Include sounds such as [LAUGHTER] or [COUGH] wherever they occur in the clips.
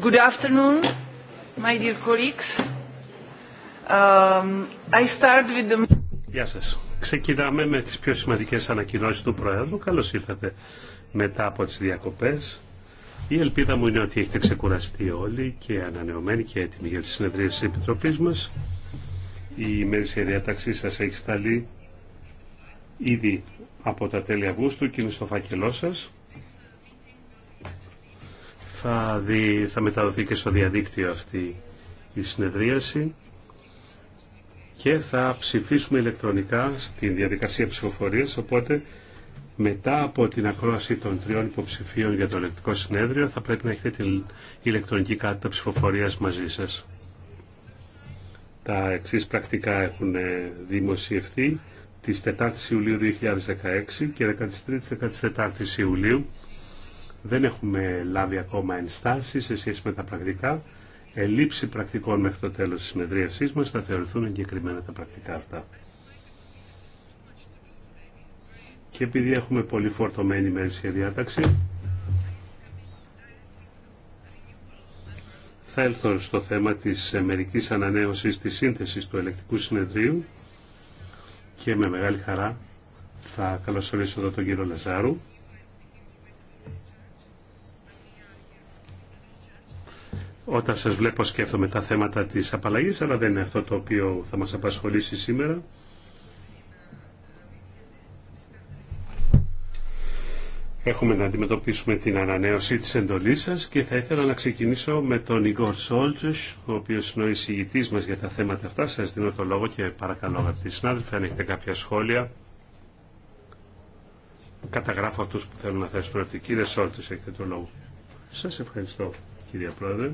Good afternoon, my dear colleagues. Um, I start with the... Γεια σας. Ξεκινάμε με τις πιο σημαντικές ανακοινώσεις του Προέδρου. Καλώς ήρθατε μετά από τις διακοπές. Η ελπίδα μου είναι ότι έχετε ξεκουραστεί όλοι και ανανεωμένοι και έτοιμοι για τις συνεδρίες της Επιτροπής μας. Η ημέρησια διάταξή σας έχει σταλεί ήδη από τα τέλη Αυγούστου και είναι στο φάκελό σας θα, δει, θα μεταδοθεί και στο διαδίκτυο αυτή η συνεδρίαση και θα ψηφίσουμε ηλεκτρονικά στη διαδικασία ψηφοφορίας, οπότε μετά από την ακρόαση των τριών υποψηφίων για το ελεκτικό συνέδριο θα πρέπει να έχετε την ηλεκτρονική κάρτα ψηφοφορίας μαζί σας. Τα εξής πρακτικά έχουν δημοσιευθεί της 4 Ιουλίου 2016 και 13-14 Ιουλίου δεν έχουμε λάβει ακόμα ενστάσεις σε σχέση με τα πρακτικά. Ελήψη πρακτικών μέχρι το τέλος της συνεδρίασής μας θα θεωρηθούν εγκεκριμένα τα πρακτικά αυτά. Και επειδή έχουμε πολύ φορτωμένη σε διάταξη, θα έλθω στο θέμα της μερικής ανανέωσης της σύνθεσης του ελεκτικού συνεδρίου και με μεγάλη χαρά θα καλωσορίσω εδώ τον κύριο Λαζάρου Όταν σας βλέπω σκέφτομαι τα θέματα της απαλλαγής, αλλά δεν είναι αυτό το οποίο θα μας απασχολήσει σήμερα. Έχουμε να αντιμετωπίσουμε την ανανέωση της εντολής σας και θα ήθελα να ξεκινήσω με τον Ιγκόρ Σόλτζος, ο οποίος είναι ο εισηγητής μας για τα θέματα αυτά. Σας δίνω το λόγο και παρακαλώ αγαπητοί συνάδελφοι, αν έχετε κάποια σχόλια. Καταγράφω αυτούς που θέλουν να θέσουν ότι κύριε Σόλτζος έχετε το λόγο. Σας ευχαριστώ κυρία Πρόεδρε.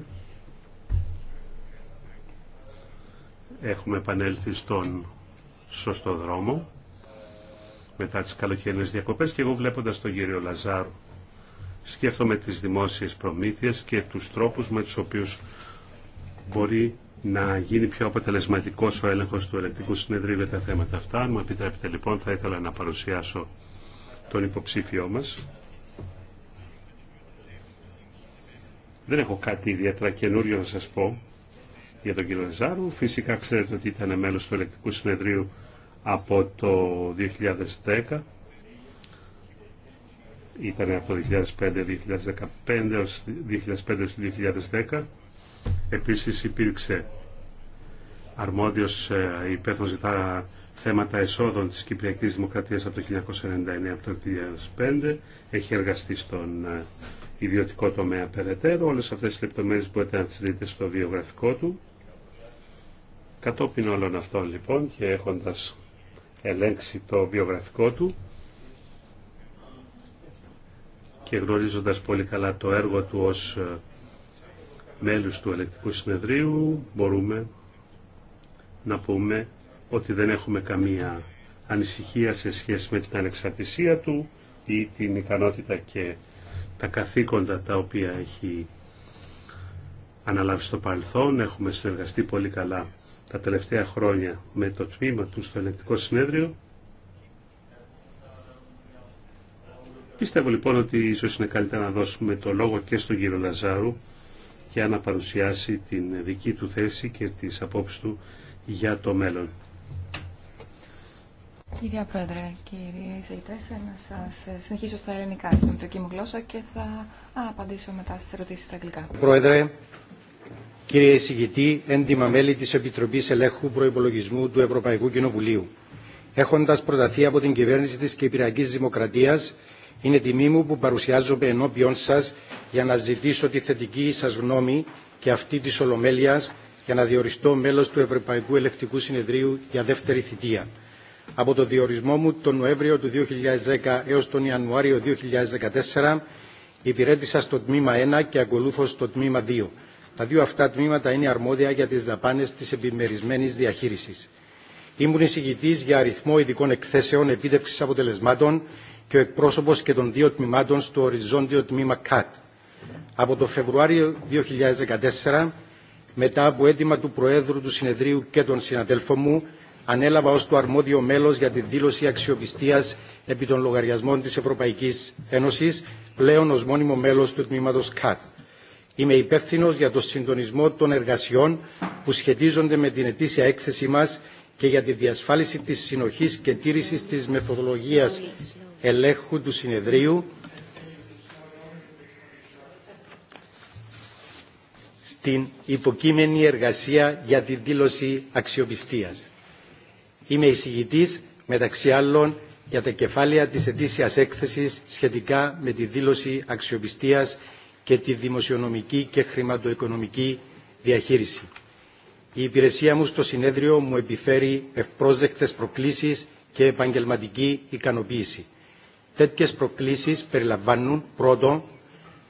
έχουμε επανέλθει στον σωστό δρόμο μετά τις καλοκαιρινές διακοπές και εγώ βλέποντας τον κύριο Λαζάρου σκέφτομαι τις δημόσιες προμήθειες και τους τρόπους με τους οποίους μπορεί να γίνει πιο αποτελεσματικός ο έλεγχος του ελεκτικού συνεδρίου για τα θέματα αυτά. Αν μου επιτρέπετε λοιπόν θα ήθελα να παρουσιάσω τον υποψήφιό μας. Δεν έχω κάτι ιδιαίτερα καινούριο να σας πω για τον κύριο Ζάρου. Φυσικά ξέρετε ότι ήταν μέλος του ελεκτικού συνεδρίου από το 2010. Ήταν από το 2005-2015 έως 2005-2010. Επίσης υπήρξε αρμόδιος ε, υπεύθυνος για τα θέματα εσόδων της Κυπριακής Δημοκρατίας από το 1999 από το 2005. 2015 εως 2005 2010 επισης υπηρξε αρμοδιος υπέρ για τα θεματα εσοδων εργαστεί στον ε, ιδιωτικό τομέα περαιτέρω. Όλες αυτές τις λεπτομέρειες μπορείτε να τις δείτε στο βιογραφικό του. Κατόπιν όλων αυτών λοιπόν και έχοντας ελέγξει το βιογραφικό του και γνωρίζοντας πολύ καλά το έργο του ως ε, μέλους του Ελεκτικού Συνεδρίου μπορούμε να πούμε ότι δεν έχουμε καμία ανησυχία σε σχέση με την ανεξαρτησία του ή την ικανότητα και τα καθήκοντα τα οποία έχει αναλάβει στο παρελθόν. Έχουμε συνεργαστεί πολύ καλά τα τελευταία χρόνια με το τμήμα του στο ελεκτικό συνέδριο. Πιστεύω λοιπόν ότι ίσως είναι καλύτερα να δώσουμε το λόγο και στον κύριο Λαζάρου για να παρουσιάσει την δική του θέση και τις απόψεις του για το μέλλον. Κυρία Πρόεδρε, κύριε Σεϊτέ, να σα συνεχίσω στα ελληνικά, στην μητρική μου γλώσσα και θα απαντήσω μετά στι ερωτήσει στα αγγλικά. Πρόεδρε, κύριε εισηγητή, έντιμα μέλη της Επιτροπής Ελέγχου Προϋπολογισμού του Ευρωπαϊκού Κοινοβουλίου. Έχοντας προταθεί από την κυβέρνηση της Κυπριακής Δημοκρατίας, είναι τιμή μου που παρουσιάζομαι ενώπιον σας για να ζητήσω τη θετική σας γνώμη και αυτή της Ολομέλειας για να διοριστώ μέλος του Ευρωπαϊκού Ελεκτικού Συνεδρίου για δεύτερη θητεία. Από το διορισμό μου τον Νοέμβριο του 2010 έως τον Ιανουάριο 2014 υπηρέτησα στο τμήμα 1 και ακολούθω στο τμήμα 2 τα δύο αυτά τμήματα είναι αρμόδια για τις δαπάνες της επιμερισμένης διαχείρισης. Ήμουν εισηγητή για αριθμό ειδικών εκθέσεων επίτευξη αποτελεσμάτων και ο εκπρόσωπο και των δύο τμήματων στο οριζόντιο τμήμα ΚΑΤ. Από το Φεβρουάριο 2014, μετά από αίτημα του Προέδρου του Συνεδρίου και των συναδέλφων μου, ανέλαβα ως το αρμόδιο μέλος για τη δήλωση αξιοπιστίας επί των λογαριασμών της Ευρωπαϊκής Ένωσης, πλέον ω μόνιμο μέλος του τμήματος ΚΑΤ. Είμαι υπεύθυνο για το συντονισμό των εργασιών που σχετίζονται με την ετήσια έκθεση μα και για τη διασφάλιση τη συνοχή και τήρηση τη μεθοδολογία ελέγχου του συνεδρίου στην υποκείμενη εργασία για την δήλωση αξιοπιστίας. Είμαι εισηγητής, μεταξύ άλλων, για τα κεφάλαια της ετήσιας έκθεσης σχετικά με τη δήλωση αξιοπιστίας και τη δημοσιονομική και χρηματοοικονομική διαχείριση. Η υπηρεσία μου στο συνέδριο μου επιφέρει ευπρόσδεκτες προκλήσεις και επαγγελματική ικανοποίηση. Τέτοιες προκλήσεις περιλαμβάνουν πρώτον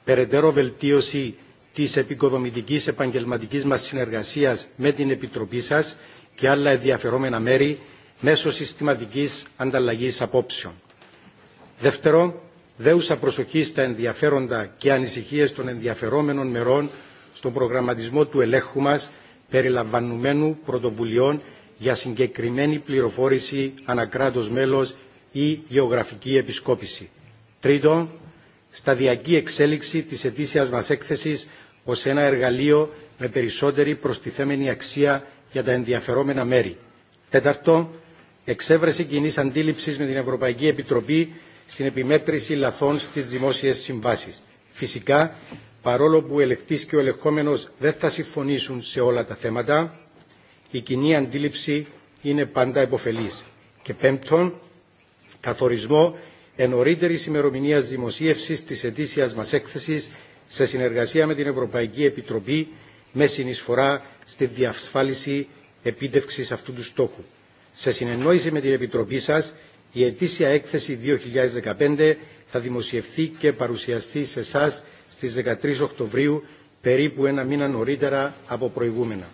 περαιτέρω βελτίωση της επικοδομητικής επαγγελματικής μας συνεργασίας με την Επιτροπή σας και άλλα ενδιαφερόμενα μέρη μέσω συστηματικής ανταλλαγής απόψεων. Δεύτερον, δέουσα προσοχή στα ενδιαφέροντα και ανησυχίες των ενδιαφερόμενων μερών στον προγραμματισμό του ελέγχου μας περιλαμβανουμένου πρωτοβουλειών για συγκεκριμένη πληροφόρηση ανακράτος μέλος ή γεωγραφική επισκόπηση. Τρίτον, σταδιακή εξέλιξη της ετήσιας μας έκθεσης ως ένα εργαλείο με περισσότερη προστιθέμενη αξία για τα ενδιαφερόμενα μέρη. Τέταρτον, εξέβρεση κοινή αντίληψη με την Ευρωπαϊκή Επιτροπή στην επιμέτρηση λαθών στις δημόσιες συμβάσεις. Φυσικά, παρόλο που ο ελεκτής και ο ελεγχόμενος δεν θα συμφωνήσουν σε όλα τα θέματα, η κοινή αντίληψη είναι πάντα υποφελής. Και πέμπτον, καθορισμό ενωρίτερη ημερομηνία δημοσίευση τη ετήσια μα έκθεση σε συνεργασία με την Ευρωπαϊκή Επιτροπή με συνεισφορά στη διασφάλιση επίτευξη αυτού του στόχου. Σε συνεννόηση με την Επιτροπή σα, η ετήσια έκθεση 2015 θα δημοσιευθεί και παρουσιαστεί σε εσά στις 13 Οκτωβρίου, περίπου ένα μήνα νωρίτερα από προηγούμενα.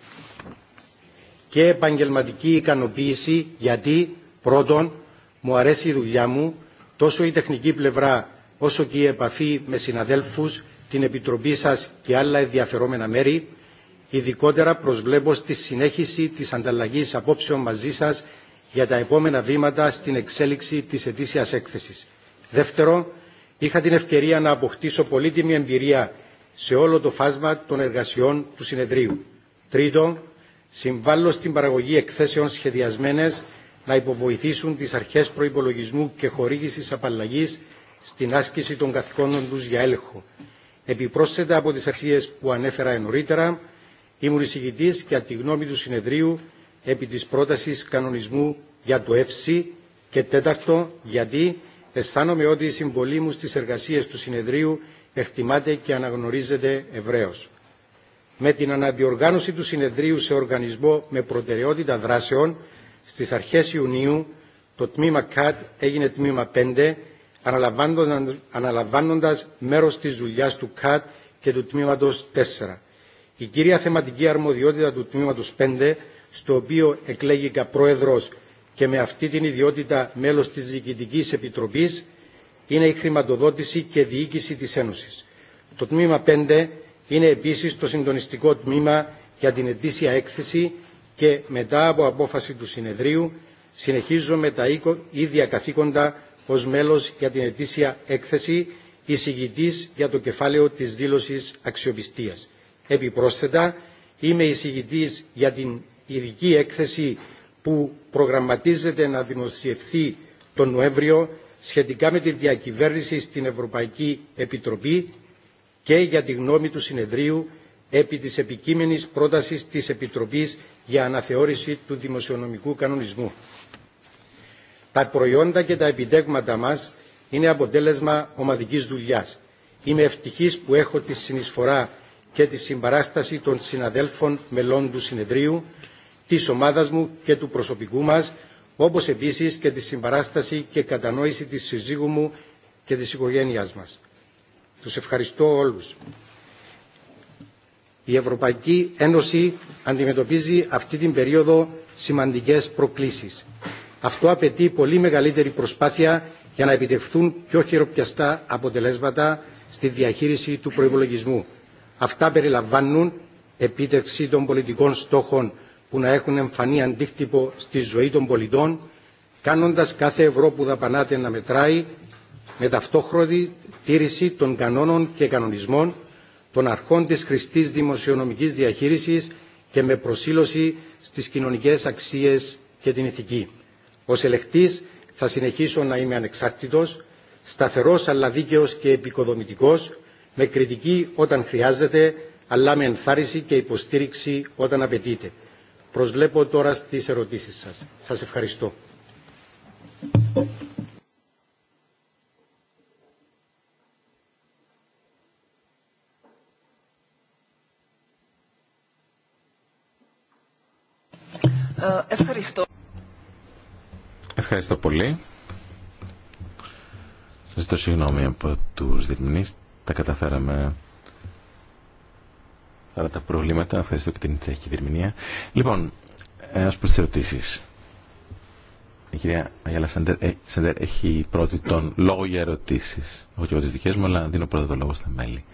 Και επαγγελματική ικανοποίηση γιατί, πρώτον, μου αρέσει η δουλειά μου, τόσο η τεχνική πλευρά όσο και η επαφή με συναδέλφους, την Επιτροπή σας και άλλα ενδιαφερόμενα μέρη, Ειδικότερα προσβλέπω στη συνέχιση της ανταλλαγής απόψεων μαζί σας για τα επόμενα βήματα στην εξέλιξη της ετήσιας έκθεσης. Δεύτερο, είχα την ευκαιρία να αποκτήσω πολύτιμη εμπειρία σε όλο το φάσμα των εργασιών του συνεδρίου. Τρίτο, συμβάλλω στην παραγωγή εκθέσεων σχεδιασμένες να υποβοηθήσουν τις αρχές προϋπολογισμού και χορήγησης απαλλαγής στην άσκηση των καθηκόντων τους για έλεγχο. Επιπρόσθετα από τις αξίες που ανέφερα νωρίτερα, ήμουν εισηγητής και από τη γνώμη του συνεδρίου επί της πρότασης κανονισμού για το ΕΦΣΥ και τέταρτο γιατί αισθάνομαι ότι η συμβολή μου στις εργασίες του συνεδρίου εκτιμάται και αναγνωρίζεται ευρέως. Με την αναδιοργάνωση του συνεδρίου σε οργανισμό με προτεραιότητα δράσεων στις αρχές Ιουνίου το τμήμα ΚΑΤ έγινε τμήμα 5 αναλαμβάνοντας μέρος της δουλειά του ΚΑΤ και του τμήματος 4. Η κύρια θεματική αρμοδιότητα του τμήματος 5 στο οποίο εκλέγηκα πρόεδρος και με αυτή την ιδιότητα μέλος της Διοικητικής Επιτροπής, είναι η χρηματοδότηση και διοίκηση της Ένωσης. Το τμήμα 5 είναι επίσης το συντονιστικό τμήμα για την ετήσια έκθεση και μετά από απόφαση του συνεδρίου συνεχίζω με τα ίδια καθήκοντα ως μέλος για την ετήσια έκθεση εισηγητής για το κεφάλαιο της δήλωσης αξιοπιστίας. Επιπρόσθετα, είμαι εισηγητής για την ειδική έκθεση που προγραμματίζεται να δημοσιευθεί τον Νοέμβριο σχετικά με τη διακυβέρνηση στην Ευρωπαϊκή Επιτροπή και για τη γνώμη του συνεδρίου επί της επικείμενης πρότασης της Επιτροπής για αναθεώρηση του δημοσιονομικού κανονισμού. Τα προϊόντα και τα επιτέγματα μας είναι αποτέλεσμα ομαδικής δουλειάς. Είμαι ευτυχής που έχω τη συνεισφορά και τη συμπαράσταση των συναδέλφων μελών του συνεδρίου της ομάδας μου και του προσωπικού μας, όπως επίσης και τη συμπαράσταση και κατανόηση της συζύγου μου και της οικογένειάς μας. Τους ευχαριστώ όλους. Η Ευρωπαϊκή Ένωση αντιμετωπίζει αυτή την περίοδο σημαντικές προκλήσεις. Αυτό απαιτεί πολύ μεγαλύτερη προσπάθεια για να επιτευχθούν πιο χειροπιαστά αποτελέσματα στη διαχείριση του προϋπολογισμού. Αυτά περιλαμβάνουν επίτευξη των πολιτικών στόχων που να έχουν εμφανή αντίκτυπο στη ζωή των πολιτών, κάνοντας κάθε ευρώ που δαπανάται να μετράει με ταυτόχρονη τήρηση των κανόνων και κανονισμών των αρχών της χρηστής δημοσιονομικής διαχείρισης και με προσήλωση στις κοινωνικές αξίες και την ηθική. Ως ελεκτής θα συνεχίσω να είμαι ανεξάρτητος, σταθερός αλλά δίκαιος και επικοδομητικός, με κριτική όταν χρειάζεται, αλλά με ενθάρρυνση και υποστήριξη όταν απαιτείται. Προσβλέπω τώρα στις ερωτήσεις σας. Σας ευχαριστώ. Ε, ευχαριστώ. Ευχαριστώ πολύ. Σας ζητώ συγγνώμη από τους διερμηνείς. Τα καταφέραμε αλλά τα προβλήματα. Ευχαριστώ και την τσέχη Διερμηνία. Λοιπόν, ένας ε, προς τις ερωτήσεις. Η κυρία Αγιάλα Σαντέρ, ε, έχει πρώτη τον λόγο για ερωτήσεις. όχι και εγώ τις δικές μου, αλλά δίνω πρώτα τον λόγο στα μέλη.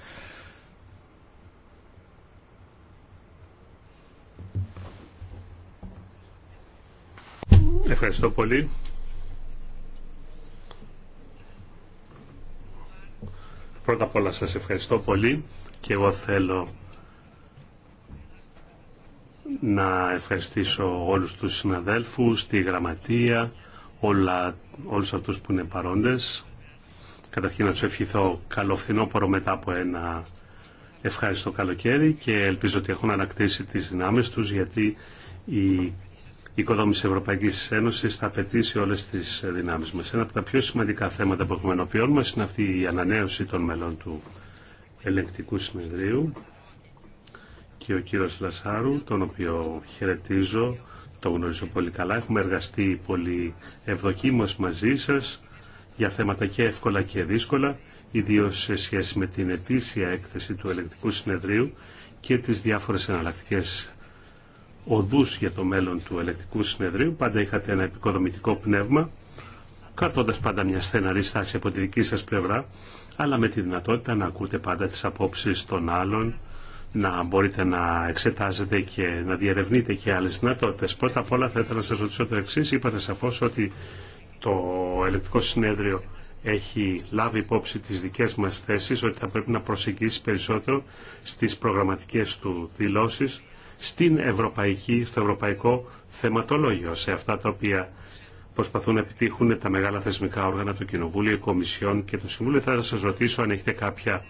Ευχαριστώ πολύ. Πρώτα απ' όλα σας ευχαριστώ πολύ και εγώ θέλω να ευχαριστήσω όλους τους συναδέλφους, τη γραμματεία, όλα, όλους αυτούς που είναι παρόντες. Καταρχήν να τους ευχηθώ καλό φθινόπωρο μετά από ένα ευχάριστο καλοκαίρι και ελπίζω ότι έχουν ανακτήσει τις δυνάμεις τους γιατί η οικοδόμηση Ευρωπαϊκής Ένωσης θα απαιτήσει όλες τις δυνάμεις μας. Ένα από τα πιο σημαντικά θέματα που έχουμε ενωπιών μας είναι αυτή η ανανέωση των μελών του ελεγκτικού συνεδρίου και ο κύριος Λασάρου, τον οποίο χαιρετίζω, το γνωρίζω πολύ καλά. Έχουμε εργαστεί πολύ ευδοκίμως μαζί σας για θέματα και εύκολα και δύσκολα, ιδίως σε σχέση με την ετήσια έκθεση του ελεκτικού συνεδρίου και τις διάφορες εναλλακτικέ οδούς για το μέλλον του ελεκτικού συνεδρίου. Πάντα είχατε ένα επικοδομητικό πνεύμα, κρατώντας πάντα μια στεναρή στάση από τη δική σας πλευρά, αλλά με τη δυνατότητα να ακούτε πάντα τις απόψεις των άλλων να μπορείτε να εξετάζετε και να διερευνείτε και άλλες δυνατότητες. Πρώτα απ' όλα θα ήθελα να σας ρωτήσω το εξή. Είπατε σαφώς ότι το ελεκτικό συνέδριο έχει λάβει υπόψη τις δικές μας θέσεις ότι θα πρέπει να προσεγγίσει περισσότερο στις προγραμματικές του δηλώσεις στην ευρωπαϊκή, στο ευρωπαϊκό θεματολόγιο σε αυτά τα οποία προσπαθούν να επιτύχουν τα μεγάλα θεσμικά όργανα του Κοινοβούλιο, η Κομισιόν και το Συμβούλιο. Θα σας ρωτήσω αν έχετε κάποια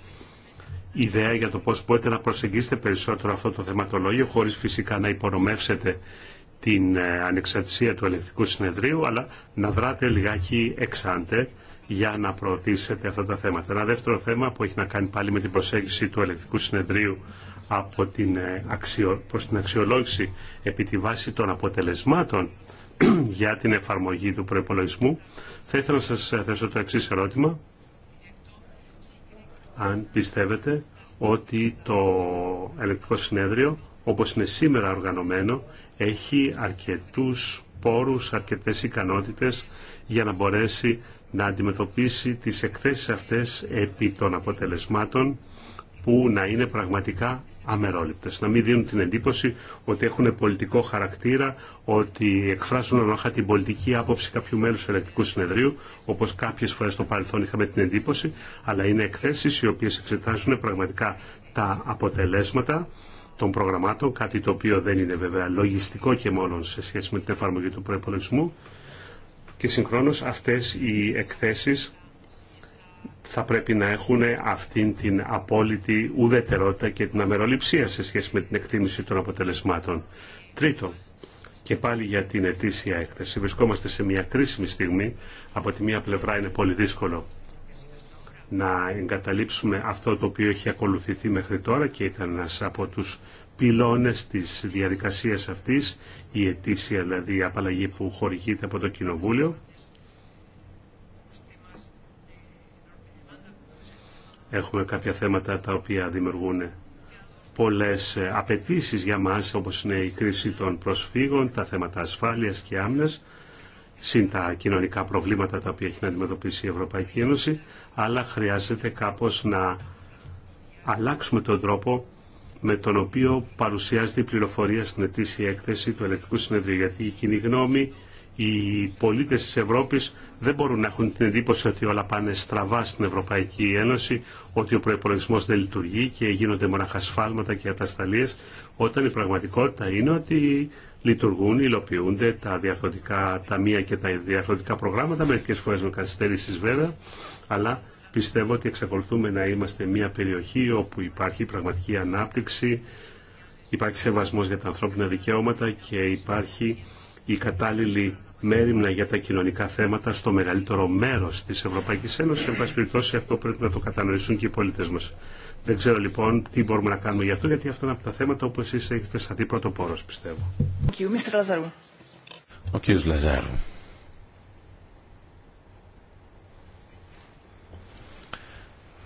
ιδέα για το πώς μπορείτε να προσεγγίσετε περισσότερο αυτό το θεματολόγιο χωρίς φυσικά να υπονομεύσετε την ε, ανεξαρτησία του ελεκτικού συνεδρίου αλλά να δράτε λιγάκι εξάντε για να προωθήσετε αυτά τα θέματα. Ένα δεύτερο θέμα που έχει να κάνει πάλι με την προσέγγιση του ελεκτικού συνεδρίου από την ε, αξιο... προς την αξιολόγηση επί τη βάση των αποτελεσμάτων [CLEARS THROAT] για την εφαρμογή του προπολογισμού. Θα ήθελα να σας ε, θέσω το εξής ερώτημα αν πιστεύετε ότι το ελεκτικό συνέδριο, όπως είναι σήμερα οργανωμένο, έχει αρκετούς πόρους, αρκετές ικανότητες για να μπορέσει να αντιμετωπίσει τις εκθέσεις αυτές επί των αποτελεσμάτων που να είναι πραγματικά αμερόληπτες. Να μην δίνουν την εντύπωση ότι έχουν πολιτικό χαρακτήρα, ότι εκφράζουν ανάχα την πολιτική άποψη κάποιου μέλους του ελεκτικού συνεδρίου, όπως κάποιες φορές στο παρελθόν είχαμε την εντύπωση, αλλά είναι εκθέσεις οι οποίες εξετάζουν πραγματικά τα αποτελέσματα των προγραμμάτων, κάτι το οποίο δεν είναι βέβαια λογιστικό και μόνο σε σχέση με την εφαρμογή του προπολογισμού. Και συγχρόνως αυτές οι εκθέσεις θα πρέπει να έχουν αυτήν την απόλυτη ουδετερότητα και την αμεροληψία σε σχέση με την εκτίμηση των αποτελεσμάτων. Τρίτο, και πάλι για την ετήσια έκθεση. Βρισκόμαστε σε μια κρίσιμη στιγμή. Από τη μία πλευρά είναι πολύ δύσκολο να εγκαταλείψουμε αυτό το οποίο έχει ακολουθηθεί μέχρι τώρα και ήταν ένας από τους πυλώνες της διαδικασίας αυτής, η ετήσια δηλαδή η απαλλαγή που χορηγείται από το Κοινοβούλιο Έχουμε κάποια θέματα τα οποία δημιουργούν πολλές ε, απαιτήσει για μας, όπως είναι η κρίση των προσφύγων, τα θέματα ασφάλειας και άμυνας, συν τα κοινωνικά προβλήματα τα οποία έχει να αντιμετωπίσει η Ευρωπαϊκή Ένωση, αλλά χρειάζεται κάπως να αλλάξουμε τον τρόπο με τον οποίο παρουσιάζεται η πληροφορία στην ετήσια έκθεση του Ελεκτικού Συνεδρίου. Γιατί η κοινή γνώμη, οι πολίτες της Ευρώπης δεν μπορούν να έχουν την εντύπωση ότι όλα πάνε στραβά στην Ευρωπαϊκή Ένωση, ότι ο προπολογισμό δεν λειτουργεί και γίνονται μοναχα και ατασταλίε, όταν η πραγματικότητα είναι ότι λειτουργούν, υλοποιούνται τα διαφορετικά ταμεία και τα διαφορετικά προγράμματα, μερικέ φορέ με καθυστέρηση βέβαια, αλλά πιστεύω ότι εξακολουθούμε να είμαστε μια περιοχή όπου υπάρχει πραγματική ανάπτυξη, υπάρχει σεβασμός για τα ανθρώπινα δικαιώματα και υπάρχει η κατάλληλη μέρημνα για τα κοινωνικά θέματα στο μεγαλύτερο μέρο τη Ευρωπαϊκή Ένωσης. Εν πάση περιπτώσει αυτό πρέπει να το κατανοήσουν και οι πολίτε μας. Δεν ξέρω λοιπόν τι μπορούμε να κάνουμε για αυτό, γιατί αυτό είναι από τα θέματα όπου εσεί έχετε σταθεί πρωτοπόρο, πιστεύω. Ο κ. Λαζάρου.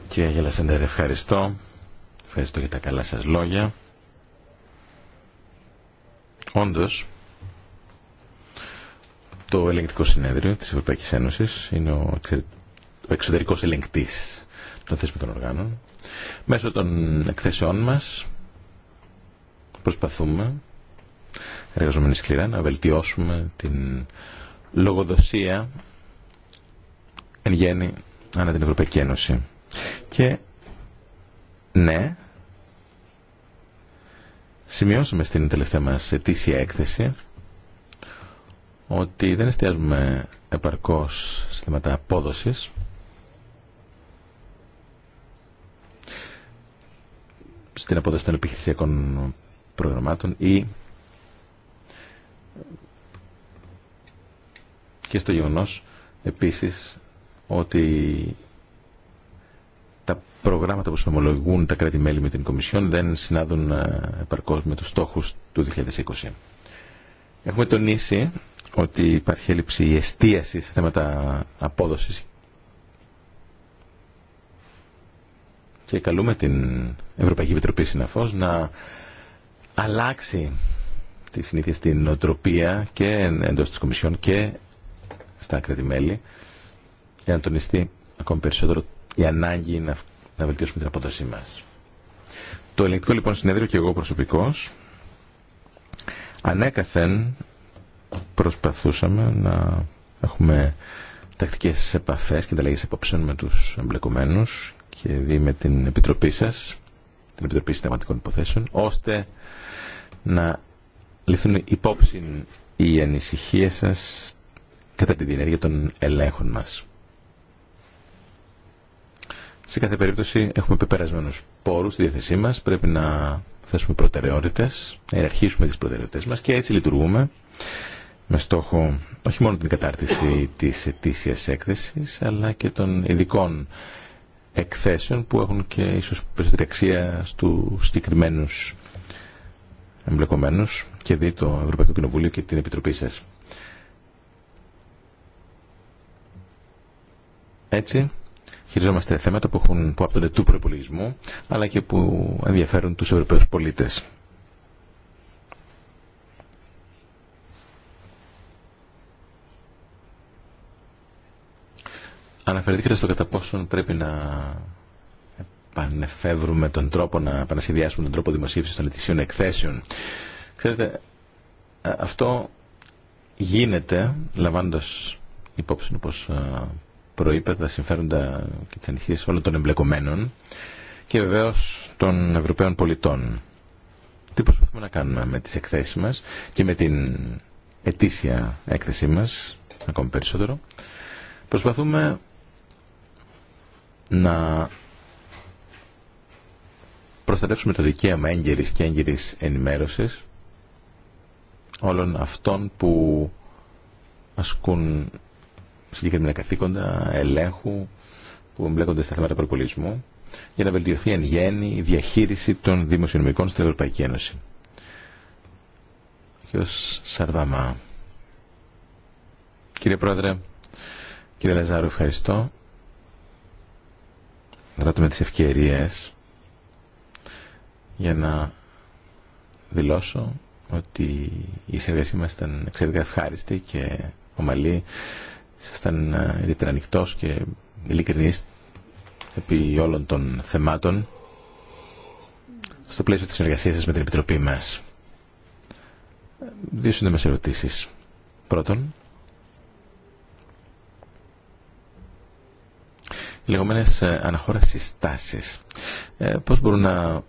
Κύριε Γελασέντερ, ευχαριστώ. Ευχαριστώ για τα καλά σας λόγια. Όντως, το ελεγκτικό συνέδριο της Ευρωπαϊκής Ένωσης είναι ο, εξωτερικός ελεγκτής των θεσμικών οργάνων. Μέσω των εκθέσεών μας προσπαθούμε εργαζόμενοι σκληρά να βελτιώσουμε την λογοδοσία εν γέννη ανά την Ευρωπαϊκή Ένωση. Και ναι, σημειώσαμε στην τελευταία μας ετήσια έκθεση ότι δεν εστιάζουμε επαρκώς σε θέματα απόδοσης. στην απόδοση των επιχειρησιακών προγραμμάτων ή και στο γεγονός επίσης ότι τα προγράμματα που συνομολογούν τα κράτη-μέλη με την Κομισιόν δεν συνάδουν ε, επαρκώς με τους στόχους του 2020. Έχουμε τονίσει ότι υπάρχει έλλειψη εστίαση σε θέματα απόδοσης. Και καλούμε την Ευρωπαϊκή Επιτροπή συναφώς να αλλάξει τη συνήθεια στην νοοτροπία και εντός της Κομισιόν και στα κρατημέλη μελη για να τονιστεί ακόμη περισσότερο η ανάγκη να, να βελτιώσουμε την απόδοσή μας. Το ελληνικό λοιπόν συνέδριο και εγώ προσωπικός ανέκαθεν προσπαθούσαμε να έχουμε τακτικές επαφές και ανταλλαγές απόψεων με τους εμπλεκομένους και δει με την Επιτροπή σας, την Επιτροπή Συνταγματικών Υποθέσεων, ώστε να ληφθούν υπόψη οι ανησυχίες σας κατά τη διενέργεια των ελέγχων μας. Σε κάθε περίπτωση έχουμε πεπερασμένους πόρους στη διάθεσή μας, πρέπει να θέσουμε προτεραιότητες, να ιεραρχήσουμε τις προτεραιότητες μας και έτσι λειτουργούμε με στόχο όχι μόνο την κατάρτιση της ετήσιας έκθεσης αλλά και των ειδικών εκθέσεων που έχουν και ίσως περισσότερη αξία στους συγκεκριμένου εμπλεκομένους και δει το Ευρωπαϊκό Κοινοβούλιο και την Επιτροπή σας. Έτσι, χειριζόμαστε θέματα που, έχουν, που άπτονται του προπολογισμού αλλά και που ενδιαφέρουν τους Ευρωπαίους πολίτες. Αναφερθήκατε στο κατά πόσον πρέπει να επανεφεύρουμε τον τρόπο, να επανασχεδιάσουμε τον τρόπο δημοσίευση των ετησίων εκθέσεων. Ξέρετε, ε, αυτό γίνεται λαμβάνοντας υπόψη, όπως ε, προείπα, τα συμφέροντα και τι ανησυχίε όλων των εμπλεκομένων και βεβαίω των Ευρωπαίων πολιτών. Τι προσπαθούμε να κάνουμε με τι εκθέσει μα και με την ετήσια έκθεσή μα, ακόμη περισσότερο. Προσπαθούμε να προστατεύσουμε το δικαίωμα έγκαιρης και έγκαιρης ενημέρωσης όλων αυτών που ασκούν συγκεκριμένα καθήκοντα, ελέγχου, που εμπλέκονται στα θέματα προπολισμού, για να βελτιωθεί εν γέννη η διαχείριση των δημοσιονομικών στην Ευρωπαϊκή Ένωση. Σαρδαμά. Κύριε Πρόεδρε, κύριε Λαζάρου, ευχαριστώ με τις ευκαιρίες για να δηλώσω ότι η συνεργασία μας ήταν εξαιρετικά ευχάριστη και ομαλή. Ήσασταν ε, ιδιαίτερα ανοιχτό και ειλικρινής επί όλων των θεμάτων στο πλαίσιο της συνεργασίας σας με την Επιτροπή μας. Δύο σύντομες ερωτήσεις. Πρώτον, λεγόμενες ε, αναχώρα συστάσεις. Ε, πώς μπορούν να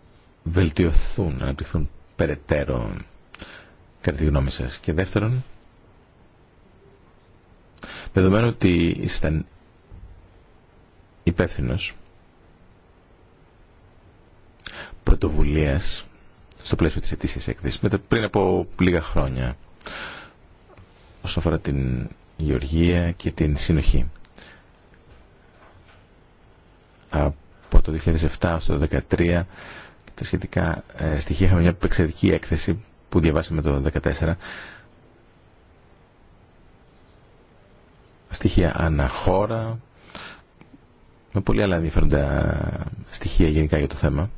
βελτιωθούν, να αναπτυχθούν περαιτέρω κατά τη γνώμη σας. Και δεύτερον, δεδομένου ότι είστε υπεύθυνο πρωτοβουλία στο πλαίσιο της ετήσιας έκθεσης πριν από λίγα χρόνια όσον αφορά την γεωργία και την συνοχή από το 2007 στο 2013 τα σχετικά ε, στοιχεία είχαμε μια εξαιρετική έκθεση που διαβάσαμε το 2014 στοιχεία αναχώρα με πολύ άλλα ενδιαφέροντα στοιχεία γενικά για το θέμα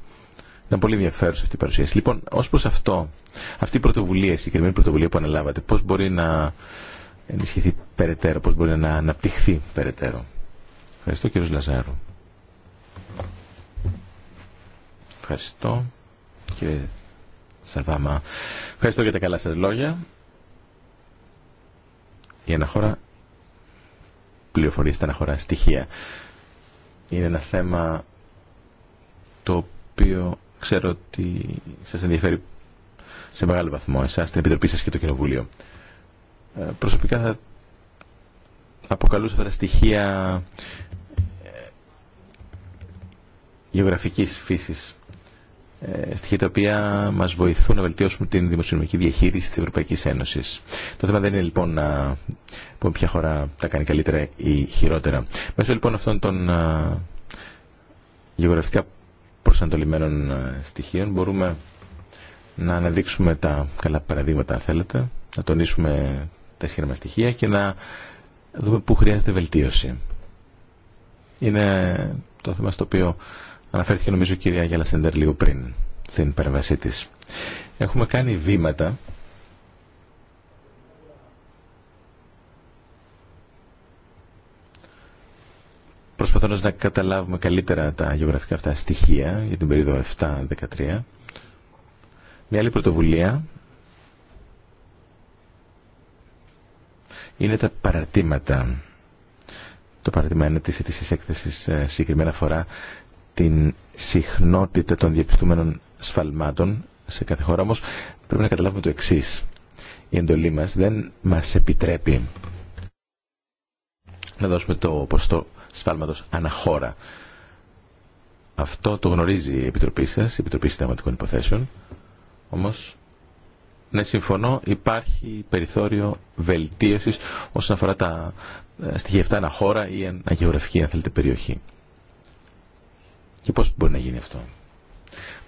ήταν πολύ ενδιαφέρουσα αυτή η παρουσίαση λοιπόν ως προς αυτό αυτή η πρωτοβουλία, η συγκεκριμένη πρωτοβουλία που αναλάβατε πώς μπορεί να ενισχυθεί περαιτέρω πώς μπορεί να αναπτυχθεί περαιτέρω Ευχαριστώ κύριος Λαζάρου Ευχαριστώ κύριε Σαρβάμα. Ευχαριστώ για τα καλά σας λόγια. Η αναχώρα πληροφορίε τα αναχώρα στοιχεία. Είναι ένα θέμα το οποίο ξέρω ότι σας ενδιαφέρει σε μεγάλο βαθμό εσάς, την Επιτροπή σας και το Κοινοβούλιο. Ε, προσωπικά θα αποκαλούσα τα στοιχεία γεωγραφικής φύσης ε, στοιχεία τα οποία μας βοηθούν να βελτιώσουμε την δημοσιονομική διαχείριση της Ευρωπαϊκής Ένωσης. Το θέμα δεν είναι λοιπόν να πούμε ποια χώρα τα κάνει καλύτερα ή χειρότερα. Μέσω λοιπόν αυτών των ε, γεωγραφικά προσανατολισμένων ε, στοιχείων μπορούμε να αναδείξουμε τα καλά παραδείγματα αν θέλετε, να τονίσουμε τα ισχυρά στοιχεία και να δούμε πού χρειάζεται βελτίωση. Είναι το θέμα στο οποίο Αναφέρθηκε νομίζω η κυρία Γιάννα Σέντερ λίγο πριν στην παρέμβασή τη. Έχουμε κάνει βήματα προσπαθώντας να καταλάβουμε καλύτερα τα γεωγραφικά αυτά στοιχεία για την περίοδο 7-13. Μια άλλη πρωτοβουλία είναι τα παρατήματα. Το παρατήμα είναι της έκθεσης ε, συγκεκριμένα φορά την συχνότητα των διαπιστούμενων σφαλμάτων σε κάθε χώρα όμως πρέπει να καταλάβουμε το εξής. Η εντολή μας δεν μας επιτρέπει να δώσουμε το ποσοστό σφάλματος αναχώρα. Αυτό το γνωρίζει η Επιτροπή σας, η Επιτροπή Συνταγματικών Υποθέσεων. Όμως, ναι, συμφωνώ, υπάρχει περιθώριο βελτίωσης όσον αφορά τα ε, στοιχεία αυτά αναχώρα ή αναγεωγραφική, αν θέλετε, περιοχή. Και πώς μπορεί να γίνει αυτό.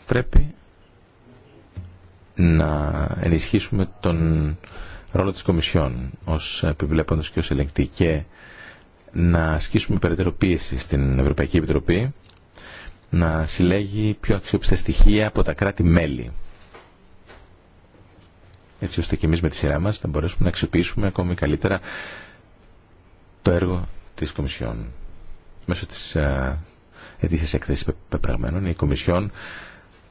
Πρέπει να ενισχύσουμε τον ρόλο της Κομισιόν ως επιβλέποντος και ως ελεγκτή και να ασκήσουμε περαιτέρω πίεση στην Ευρωπαϊκή Επιτροπή να συλλέγει πιο αξιόπιστα στοιχεία από τα κράτη-μέλη. Έτσι ώστε και εμείς με τη σειρά μας να μπορέσουμε να αξιοποιήσουμε ακόμη καλύτερα το έργο της Κομισιόν μέσω της ε, ετήσιες εκθέσει πεπραγμένων, η Κομισιόν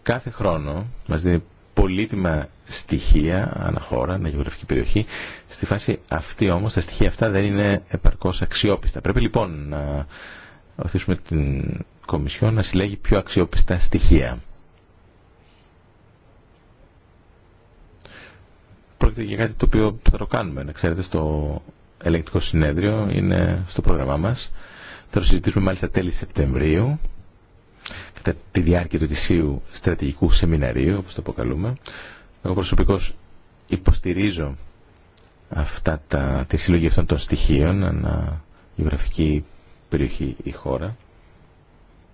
κάθε χρόνο μας δίνει πολύτιμα στοιχεία αναχώρα, γεωγραφική περιοχή. Στη φάση αυτή όμω τα στοιχεία αυτά δεν είναι επαρκώ αξιόπιστα. Πρέπει λοιπόν να οθήσουμε την Κομισιόν να συλλέγει πιο αξιόπιστα στοιχεία. Πρόκειται για κάτι το οποίο θα το κάνουμε, να ξέρετε, στο ελεγκτικό συνέδριο, είναι στο πρόγραμμά μας. Θα το συζητήσουμε μάλιστα τέλη Σεπτεμβρίου, κατά τη διάρκεια του τυσίου στρατηγικού σεμιναρίου, όπως το αποκαλούμε. Εγώ προσωπικώς υποστηρίζω αυτά τα, τη συλλογή αυτών των στοιχείων, ανά γεωγραφική περιοχή ή χώρα.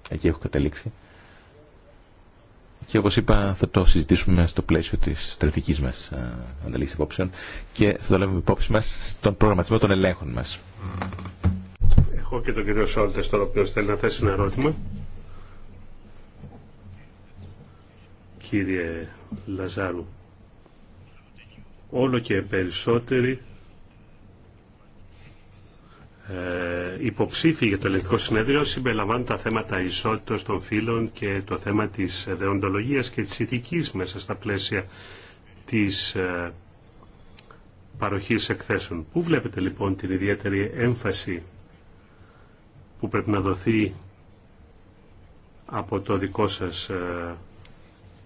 Εκεί έχω καταλήξει. Και όπως είπα θα το συζητήσουμε στο πλαίσιο της στρατηγικής μας ανταλήξης υπόψεων και θα το λάβουμε υπόψη μας στον προγραμματισμό των ελέγχων μας. Έχω και τον κύριο Σόλτες τώρα, ο οποίος θέλει να θέσει ένα ερώτημα. Κύριε Λαζάρου, όλο και περισσότεροι ε, υποψήφοι για το ελεκτικό συνέδριο συμπεριλαμβάνουν τα θέματα ισότητας των φύλων και το θέμα της δεοντολογίας και της ηθικής μέσα στα πλαίσια της ε, παροχής εκθέσεων. Πού βλέπετε λοιπόν την ιδιαίτερη έμφαση που πρέπει να δοθεί από το δικό σας ε,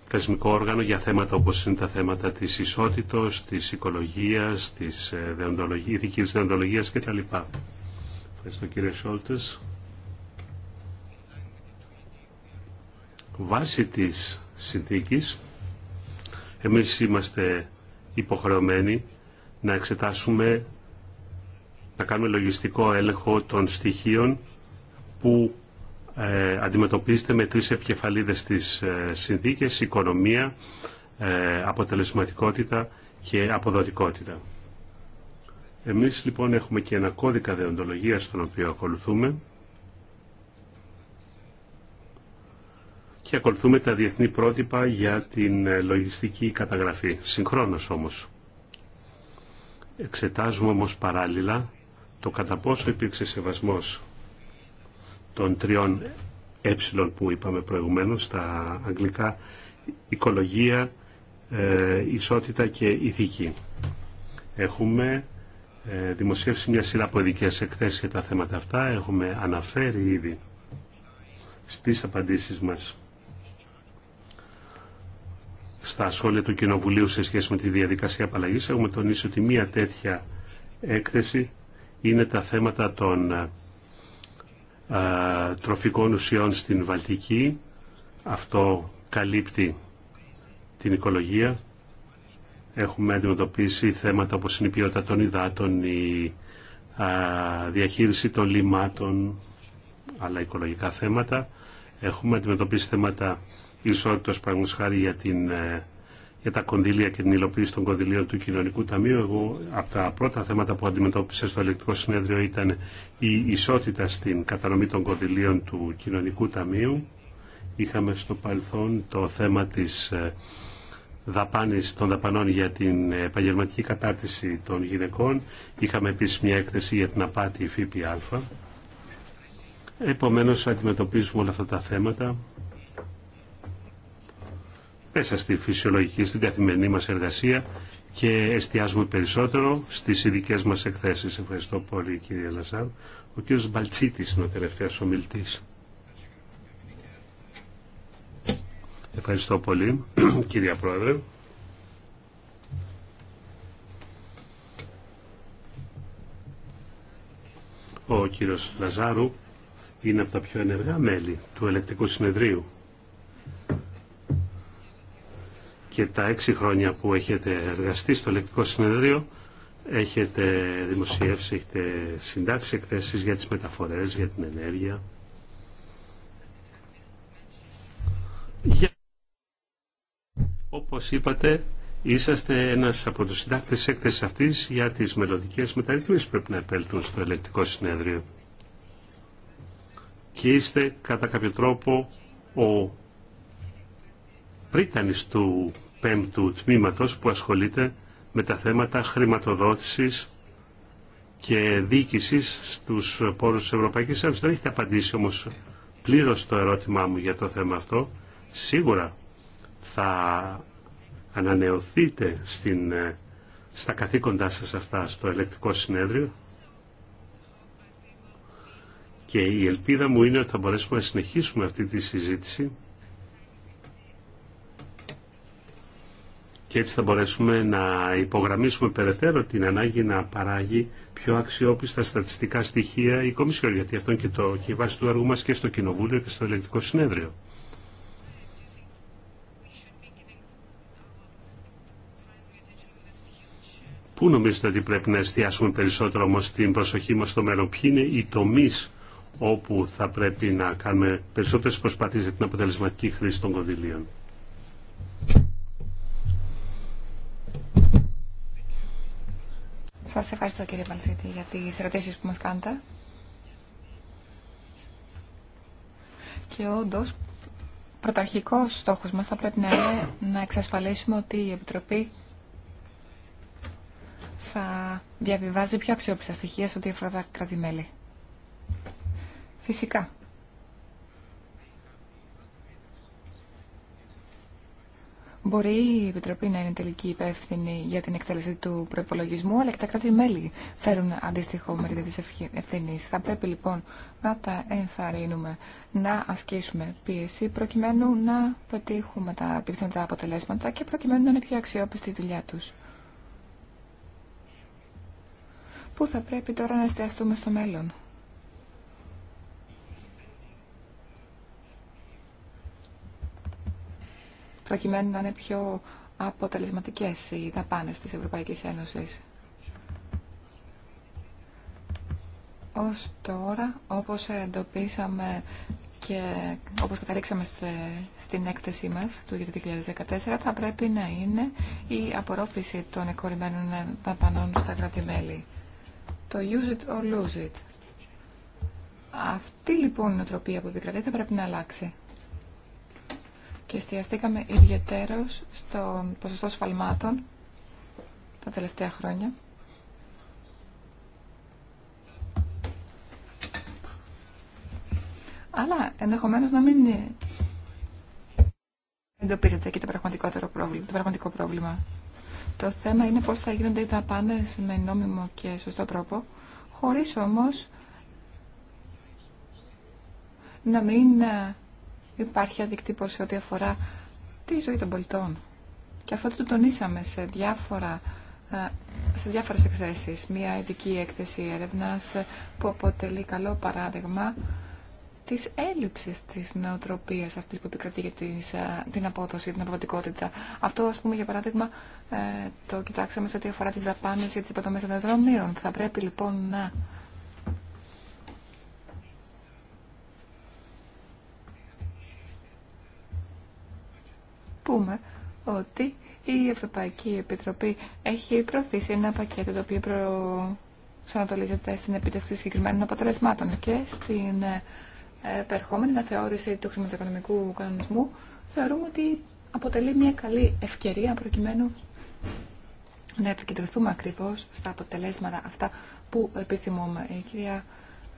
θεσμικό όργανο για θέματα όπως είναι τα θέματα της ισότητος, της οικολογίας, της και ε, δεοντολογίας κτλ. Ευχαριστώ κύριε Σόλτες. βάση της συνθήκης, εμείς είμαστε υποχρεωμένοι να εξετάσουμε, να κάνουμε λογιστικό έλεγχο των στοιχείων που ε, αντιμετωπίζεται με τρεις επικεφαλίδες της ε, συνθήκες, οικονομία, ε, αποτελεσματικότητα και αποδοτικότητα. Εμείς λοιπόν έχουμε και ένα κώδικα δεοντολογίας στον οποίο ακολουθούμε και ακολουθούμε τα διεθνή πρότυπα για την ε, λογιστική καταγραφή. Συγχρόνως όμως. Εξετάζουμε όμως παράλληλα το κατά πόσο υπήρξε σεβασμός των τριών ε που είπαμε προηγουμένως στα αγγλικά οικολογία, ε, ισότητα και ηθική. Έχουμε ε, δημοσιεύσει μια σειρά από ειδικέ εκθέσεις για τα θέματα αυτά. Έχουμε αναφέρει ήδη στις απαντήσεις μας στα σχόλια του Κοινοβουλίου σε σχέση με τη διαδικασία απαλλαγή. Έχουμε τονίσει ότι μια τέτοια έκθεση είναι τα θέματα των ε, τροφικών ουσιών στην Βαλτική. Αυτό καλύπτει την οικολογία. Έχουμε αντιμετωπίσει θέματα όπως είναι η ποιότητα των υδάτων, η διαχείριση των λιμάτων, αλλά οικολογικά θέματα. Έχουμε αντιμετωπίσει θέματα ισότητας, παραγωγής για την ε, για τα κονδύλια και την υλοποίηση των κονδυλίων του Κοινωνικού Ταμείου. Εγώ από τα πρώτα θέματα που αντιμετώπισα στο ελεκτικό συνέδριο ήταν η ισότητα στην κατανομή των κονδυλίων του Κοινωνικού Ταμείου. Είχαμε στο παρελθόν το θέμα της ε, δαπάνης, των δαπανών για την επαγγελματική κατάρτιση των γυναικών. Είχαμε επίσης μια έκθεση για την απάτη ΦΠΑ. Επομένως αντιμετωπίζουμε όλα αυτά τα θέματα μέσα στη φυσιολογική, στην καθημερινή μας εργασία και εστιάζουμε περισσότερο στις ειδικές μας εκθέσεις. Ευχαριστώ πολύ κύριε Λασάρ. Ο κύριος Μπαλτσίτης είναι ο τελευταίος ομιλητής. Ευχαριστώ πολύ [CLEARS THROAT] κύριε Πρόεδρε. Ο κύριος Λαζάρου είναι από τα πιο ενεργά μέλη του Ελεκτικού Συνεδρίου και τα έξι χρόνια που έχετε εργαστεί στο Ελεκτικό Συνεδρίο έχετε δημοσιεύσει, έχετε συντάξει εκθέσεις για τις μεταφορές, για την ενέργεια. Όπως είπατε, είσαστε ένας από τους συντάκτες της έκθεσης αυτής για τις μελλοντικές μεταρρυθμίσεις που πρέπει να επέλθουν στο ελεκτικό συνέδριο. Και είστε κατά κάποιο τρόπο ο πρίτανης του πέμπτου τμήματος που ασχολείται με τα θέματα χρηματοδότησης και διοίκησης στους πόρους της Ευρωπαϊκής Ένωσης. Δεν έχετε απαντήσει όμως πλήρως το ερώτημά μου για το θέμα αυτό. Σίγουρα θα ανανεωθείτε στην, ε, στα καθήκοντά σας αυτά στο ελεκτικό συνέδριο και η ελπίδα μου είναι ότι θα μπορέσουμε να συνεχίσουμε αυτή τη συζήτηση και έτσι θα μπορέσουμε να υπογραμμίσουμε περαιτέρω την ανάγκη να παράγει πιο αξιόπιστα στατιστικά στοιχεία η Κομισιόν, γιατί αυτό είναι και, το, και η βάση του έργου μας και στο Κοινοβούλιο και στο Ελεκτικό Συνέδριο. Πού νομίζετε ότι πρέπει να εστιάσουμε περισσότερο όμως την προσοχή μας στο μέλλον. Ποιοι είναι οι τομείς όπου θα πρέπει να κάνουμε περισσότερες προσπάθειες για την αποτελεσματική χρήση των κονδυλίων. Σας ευχαριστώ κύριε Παλσίτη για τις ερωτήσεις που μας κάνετε. Και όντω, πρωταρχικός στόχος μας θα πρέπει να είναι να εξασφαλίσουμε ότι η Επιτροπή θα διαβιβάζει πιο αξιόπιστα στοιχεία σε ό,τι αφορά τα κράτη-μέλη. Φυσικά, Μπορεί η Επιτροπή να είναι τελική υπεύθυνη για την εκτέλεση του προπολογισμού, αλλά και τα κράτη-μέλη φέρουν αντίστοιχο μερίδιο τη ευθύνη. Θα πρέπει λοιπόν να τα ενθαρρύνουμε, να ασκήσουμε πίεση, προκειμένου να πετύχουμε τα επιθυμητά αποτελέσματα και προκειμένου να είναι πιο αξιόπιστη η δουλειά του. Πού θα πρέπει τώρα να εστιαστούμε στο μέλλον. προκειμένου να είναι πιο αποτελεσματικές οι δαπάνες της Ευρωπαϊκής Ένωσης. Ως τώρα, όπως εντοπίσαμε και όπως καταλήξαμε στην έκθεσή μας του 2014, θα πρέπει να είναι η απορρόφηση των εκκορυμμένων δαπανών στα κράτη-μέλη. Το use it or lose it. Αυτή λοιπόν η νοοτροπία που επικρατεί θα πρέπει να αλλάξει και εστιαστήκαμε ιδιαίτερως στο ποσοστό σφαλμάτων τα τελευταία χρόνια. Αλλά ενδεχομένως να μην εντοπίζεται και το πραγματικότερο πρόβλημα, το πραγματικό πρόβλημα. Το θέμα είναι πώς θα γίνονται οι πάντα με νόμιμο και σωστό τρόπο, χωρίς όμως να μην υπάρχει αδικτύπωση ό,τι αφορά τη ζωή των πολιτών. Και αυτό το τονίσαμε σε, διάφορα, ε, σε διάφορες εκθέσεις. Μία ειδική έκθεση έρευνας που αποτελεί καλό παράδειγμα της έλλειψης της νοοτροπίας αυτής που επικρατεί για ε, την απόδοση, την αποδοτικότητα. Αυτό, ας πούμε, για παράδειγμα, ε, το κοιτάξαμε σε ό,τι αφορά τις δαπάνες για τις υποτομές των δρομείων. Θα πρέπει λοιπόν να ότι η Ευρωπαϊκή Επιτροπή έχει προωθήσει ένα πακέτο το οποίο προσανατολίζεται στην επίτευξη συγκεκριμένων αποτελεσμάτων και στην ε, επερχόμενη αναθεώρηση του χρηματοοικονομικού κανονισμού θεωρούμε ότι αποτελεί μια καλή ευκαιρία προκειμένου να επικεντρωθούμε ακριβώς στα αποτελέσματα αυτά που επιθυμούμε. Η κυρία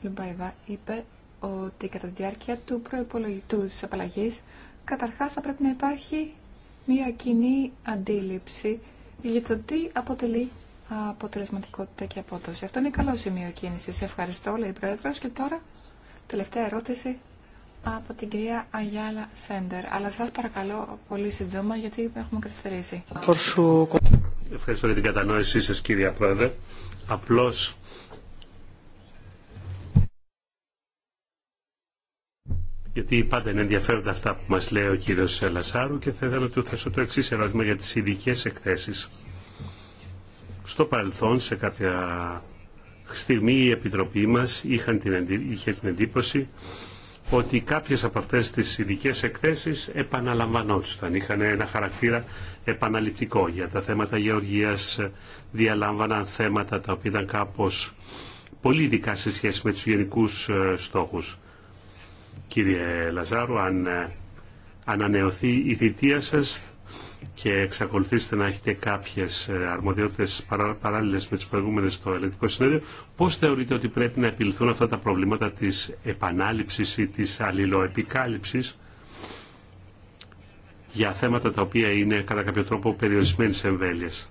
Λουμπαϊβά είπε ότι κατά τη διάρκεια του προϋπολογιτού της απαλλαγής καταρχάς θα πρέπει να υπάρχει μια κοινή αντίληψη για το τι αποτελεί αποτελεσματικότητα και απόδοση. Αυτό είναι καλό σημείο κίνηση. Σε ευχαριστώ, λέει η Πρόεδρο. Και τώρα, τελευταία ερώτηση από την κυρία Αγιάλα Σέντερ. Αλλά σα παρακαλώ πολύ σύντομα, γιατί έχουμε καθυστερήσει. Ευχαριστώ για την κατανόησή σα, κυρία Πρόεδρε. Απλώ γιατί πάντα είναι ενδιαφέροντα αυτά που μας λέει ο κύριος Λασάρου και θα ήθελα να του θέσω το εξή ερώτημα για τις ειδικέ εκθέσεις. Στο παρελθόν, σε κάποια στιγμή, η Επιτροπή μας είχαν την, είχε την εντύπωση ότι κάποιες από αυτές τις ειδικέ εκθέσεις επαναλαμβανόντουσαν, είχαν ένα χαρακτήρα επαναληπτικό για τα θέματα γεωργίας, διαλάμβαναν θέματα τα οποία ήταν κάπως πολύ ειδικά σε σχέση με τους γενικούς ε, στόχους κύριε Λαζάρου, ε, αν ανανεωθεί η θητεία σας και εξακολουθήσετε να έχετε κάποιες ε, αρμοδιότητες παράλληλες με τις προηγούμενες στο ελεκτικό συνέδριο, πώς θεωρείτε ότι πρέπει να επιληθούν αυτά τα προβλήματα της επανάληψης ή της αλληλοεπικάλυψης για θέματα τα οποία είναι κατά κάποιο τρόπο περιορισμένες εμβέλειες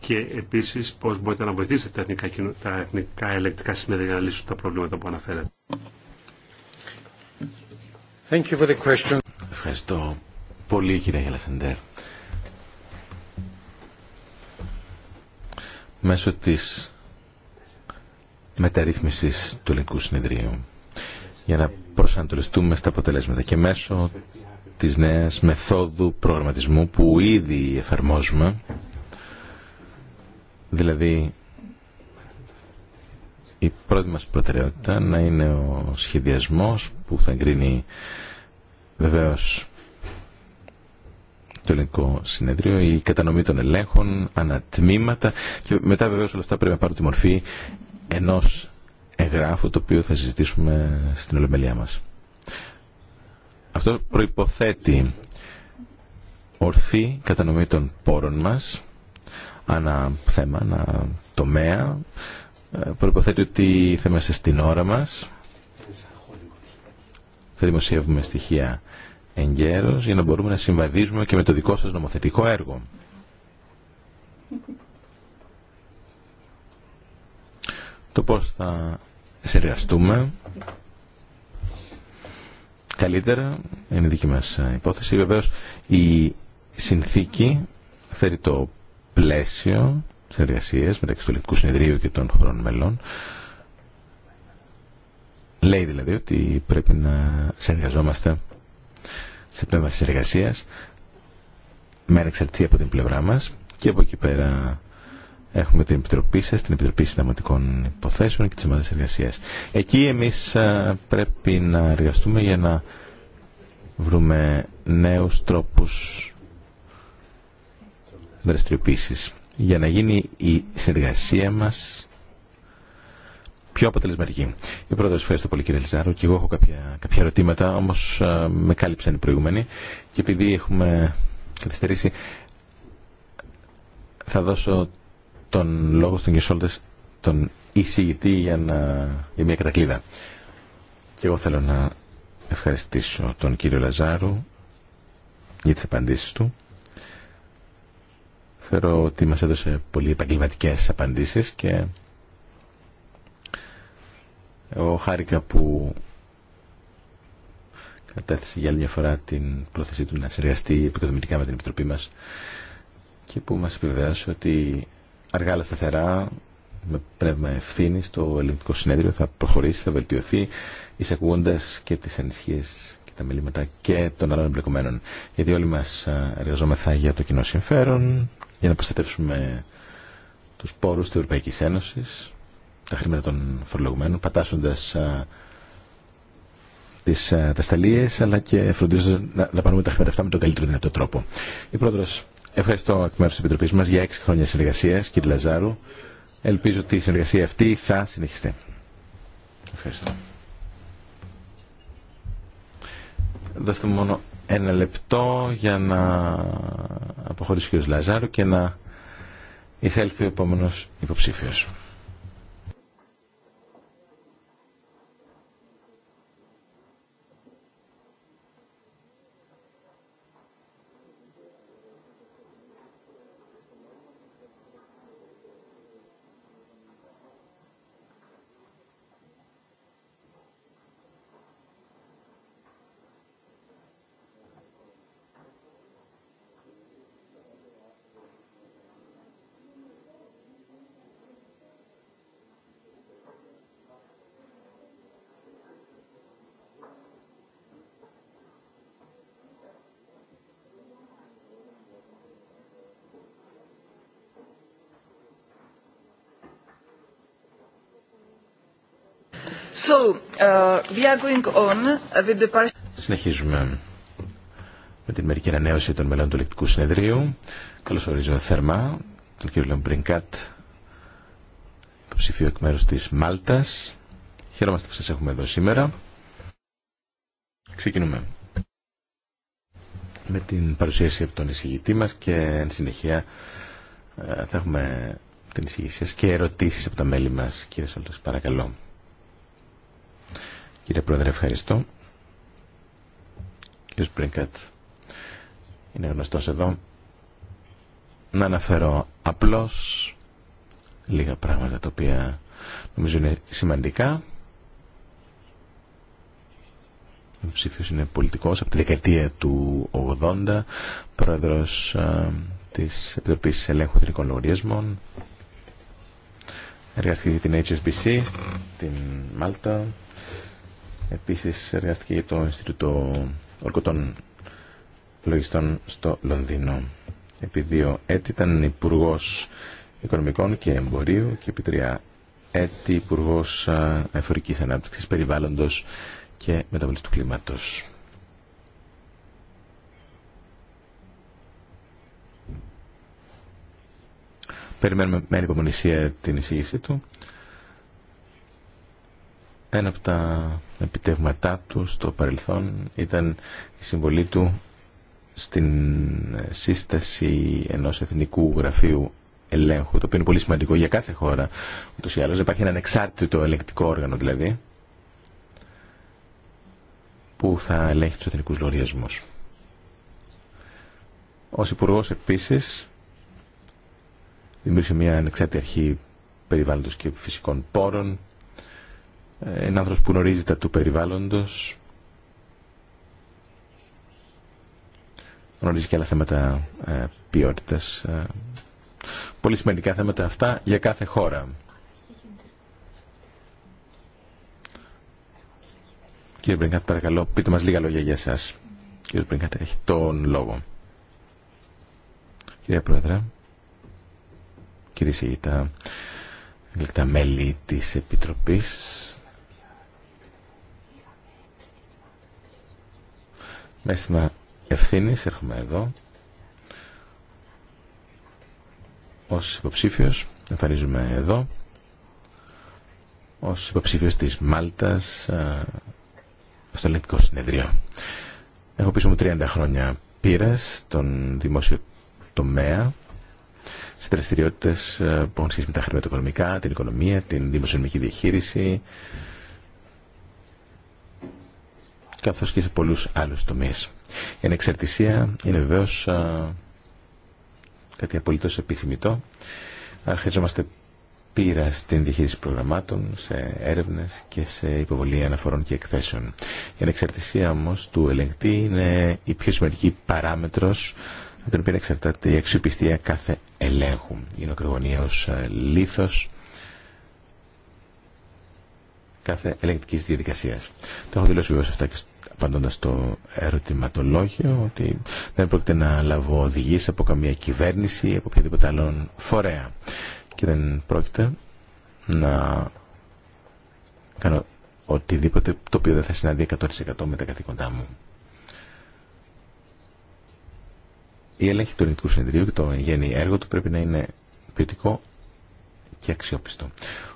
Και επίσης πώς μπορείτε να βοηθήσετε τα εθνικά, τα εθνικά ελεκτικά συνέδρια να λύσουν τα προβλήματα που αναφέρατε. Ευχαριστώ πολύ κύριε Γελασεντέρ. Μέσω της μεταρρύθμισης του Ελληνικού συνεδρίου για να προσανατολιστούμε στα αποτελέσματα και μέσω της νέας μεθόδου προγραμματισμού που ήδη εφαρμόζουμε δηλαδή η πρώτη μας προτεραιότητα να είναι ο σχεδιασμός που θα εγκρίνει βεβαίως το ελληνικό συνεδρίο, η κατανομή των ελέγχων, ανατμήματα και μετά βεβαίως όλα αυτά πρέπει να πάρουν τη μορφή ενός εγγράφου το οποίο θα συζητήσουμε στην ολομελία μας. Αυτό προϋποθέτει ορθή κατανομή των πόρων μας, ανά θέμα, ανά τομέα, Προποθέτει ότι θα είμαστε στην ώρα μας. Θα δημοσιεύουμε στοιχεία εγκαίρως για να μπορούμε να συμβαδίζουμε και με το δικό σας νομοθετικό έργο. Το πώς θα συνεργαστούμε καλύτερα είναι δική μας υπόθεση. Βεβαίως η συνθήκη φέρει το πλαίσιο μεταξύ του Ελληνικού Συνεδρίου και των χωρών μελών. Λέει δηλαδή ότι πρέπει να συνεργαζόμαστε σε πνεύμα τη με ανεξαρτησία από την πλευρά μα και από εκεί πέρα έχουμε την Επιτροπή σα, την Επιτροπή Συνταγματικών Υποθέσεων και τις ομάδε εργασία. Εκεί εμεί πρέπει να εργαστούμε για να βρούμε νέους τρόπους δραστηριοποίησης για να γίνει η συνεργασία μας πιο αποτελεσματική. Η πρόεδρος, ευχαριστώ πολύ κύριε Λιζάρο και εγώ έχω κάποια, κάποια ερωτήματα, όμως με κάλυψαν οι προηγούμενοι και επειδή έχουμε καθυστερήσει θα δώσω τον λόγο στον Κεσόλτες, τον εισηγητή για, να, για μια κατακλείδα. Και εγώ θέλω να ευχαριστήσω τον κύριο Λαζάρου για τις απαντήσεις του Θεωρώ ότι μας έδωσε πολύ επαγγελματικέ απαντήσεις και εγώ χάρηκα που κατέθεσε για άλλη μια φορά την πρόθεσή του να συνεργαστεί επικοδομητικά με την Επιτροπή μας και που μας επιβεβαίωσε ότι αργά αλλά σταθερά με πνεύμα ευθύνη στο ελληνικό συνέδριο θα προχωρήσει, θα βελτιωθεί εισακούγοντα και τις ανησυχίες και τα μελήματα και των άλλων εμπλεκομένων γιατί όλοι μας ε, εργαζόμεθα για το κοινό συμφέρον για να προστατεύσουμε τους πόρους της Ευρωπαϊκής Ένωσης, τα χρήματα των φορολογουμένων, πατάσσοντας τις, τασταλίες, αλλά και φροντίζοντας να παρούμε τα χρήματα αυτά με τον καλύτερο δυνατό τρόπο. Η Πρόεδρος, ευχαριστώ εκ μέρους της Επιτροπής μας για έξι χρόνια συνεργασίας, κύριε Λαζάρου. Ελπίζω ότι η συνεργασία αυτή θα συνεχιστεί. Ευχαριστώ ένα λεπτό για να αποχωρήσει ο κ. Λαζάρου και να εισέλθει ο επόμενος υποψήφιος. Uh, Συνεχίζουμε με την μερική ανανέωση των μελών του Ελεκτικού Συνεδρίου. Καλώς ορίζω θερμά τον κύριο Λεμπρινκάτ, υποψηφίο εκ μέρους της Μάλτας. Χαίρομαστε που σας έχουμε εδώ σήμερα. Ξεκινούμε με την παρουσίαση από τον εισηγητή μας και εν συνεχεία ε, θα έχουμε την εισηγησία και ερωτήσεις από τα μέλη μας. Κύριε Σόλτος, παρακαλώ. Κύριε Πρόεδρε, ευχαριστώ. Κύριος Σπρίγκατ, είναι γνωστός εδώ. Να αναφέρω απλώς λίγα πράγματα τα οποία νομίζω είναι σημαντικά. Ο ψήφιος είναι πολιτικός από τη δεκαετία του 80, πρόεδρος α, ε, της Επιτροπής Ελέγχου Εθνικών Λογαριασμών. Εργάστηκε την HSBC στην Μάλτα, Επίσης εργάστηκε για το Ινστιτούτο Ορκωτών Λογιστών στο Λονδίνο. Επί δύο έτη ήταν υπουργό Οικονομικών και Εμπορίου και επί τρία έτη υπουργό Εφορικής Ανάπτυξης Περιβάλλοντος και Μεταβολής του Κλίματος. Περιμένουμε με ανυπομονησία την εισήγησή του. Ένα από τα επιτεύγματά του στο παρελθόν ήταν η συμβολή του στην σύσταση ενός εθνικού γραφείου ελέγχου, το οποίο είναι πολύ σημαντικό για κάθε χώρα. Ούτως ή άλλως υπάρχει ένα ανεξάρτητο ελεγκτικό όργανο δηλαδή, που θα ελέγχει τους εθνικούς λογαριασμούς. Ως υπουργό επίσης δημιούργησε μια ανεξάρτητη αρχή περιβάλλοντος και φυσικών πόρων ένα άνθρωπος που γνωρίζει τα του περιβάλλοντος, γνωρίζει και άλλα θέματα ε, ποιότητας. Ε. πολύ σημαντικά θέματα αυτά για κάθε χώρα. Κύριε Μπρινκάτ, παρακαλώ, πείτε μας λίγα λόγια για εσάς. Κύριε Μπρινκάτ, έχει τον λόγο. Κύριε Πρόεδρε, κύριε Σιγητά, γλυκτά μέλη της Επιτροπής, με αίσθημα Ευθύνη, έρχομαι εδώ ως υποψήφιο, εμφανίζουμε εδώ ως υποψήφιο της Μάλτας στο ελληνικό συνεδρίο έχω πίσω μου 30 χρόνια πείρα στον δημόσιο τομέα σε δραστηριότητε ε, που έχουν σχέση με τα χρηματοοικονομικά, την οικονομία, την δημοσιονομική διαχείριση, καθώς και σε πολλούς άλλους τομείς. Η ανεξαρτησία είναι βεβαίως κάτι απολύτως επιθυμητό. Αρχίζομαστε πείρα στην διαχείριση προγραμμάτων, σε έρευνες και σε υποβολή αναφορών και εκθέσεων. Η ανεξαρτησία όμως του ελεγκτή είναι η πιο σημαντική παράμετρος από την οποία εξαρτάται η αξιοπιστία κάθε ελέγχου. Είναι ο κρυγωνίος λήθος κάθε ελεγκτικής διαδικασίας. Το έχω δηλώσει απαντώντα το ερωτηματολόγιο ότι δεν πρόκειται να λάβω οδηγίες από καμία κυβέρνηση ή από οποιοδήποτε άλλον φορέα και δεν πρόκειται να κάνω οτιδήποτε το οποίο δεν θα συναντεί 100% με τα καθήκοντά μου. Η έλεγχη του ελληνικού συνεδρίου και το γέννη έργο του πρέπει να είναι ποιοτικό και αξιόπιστο.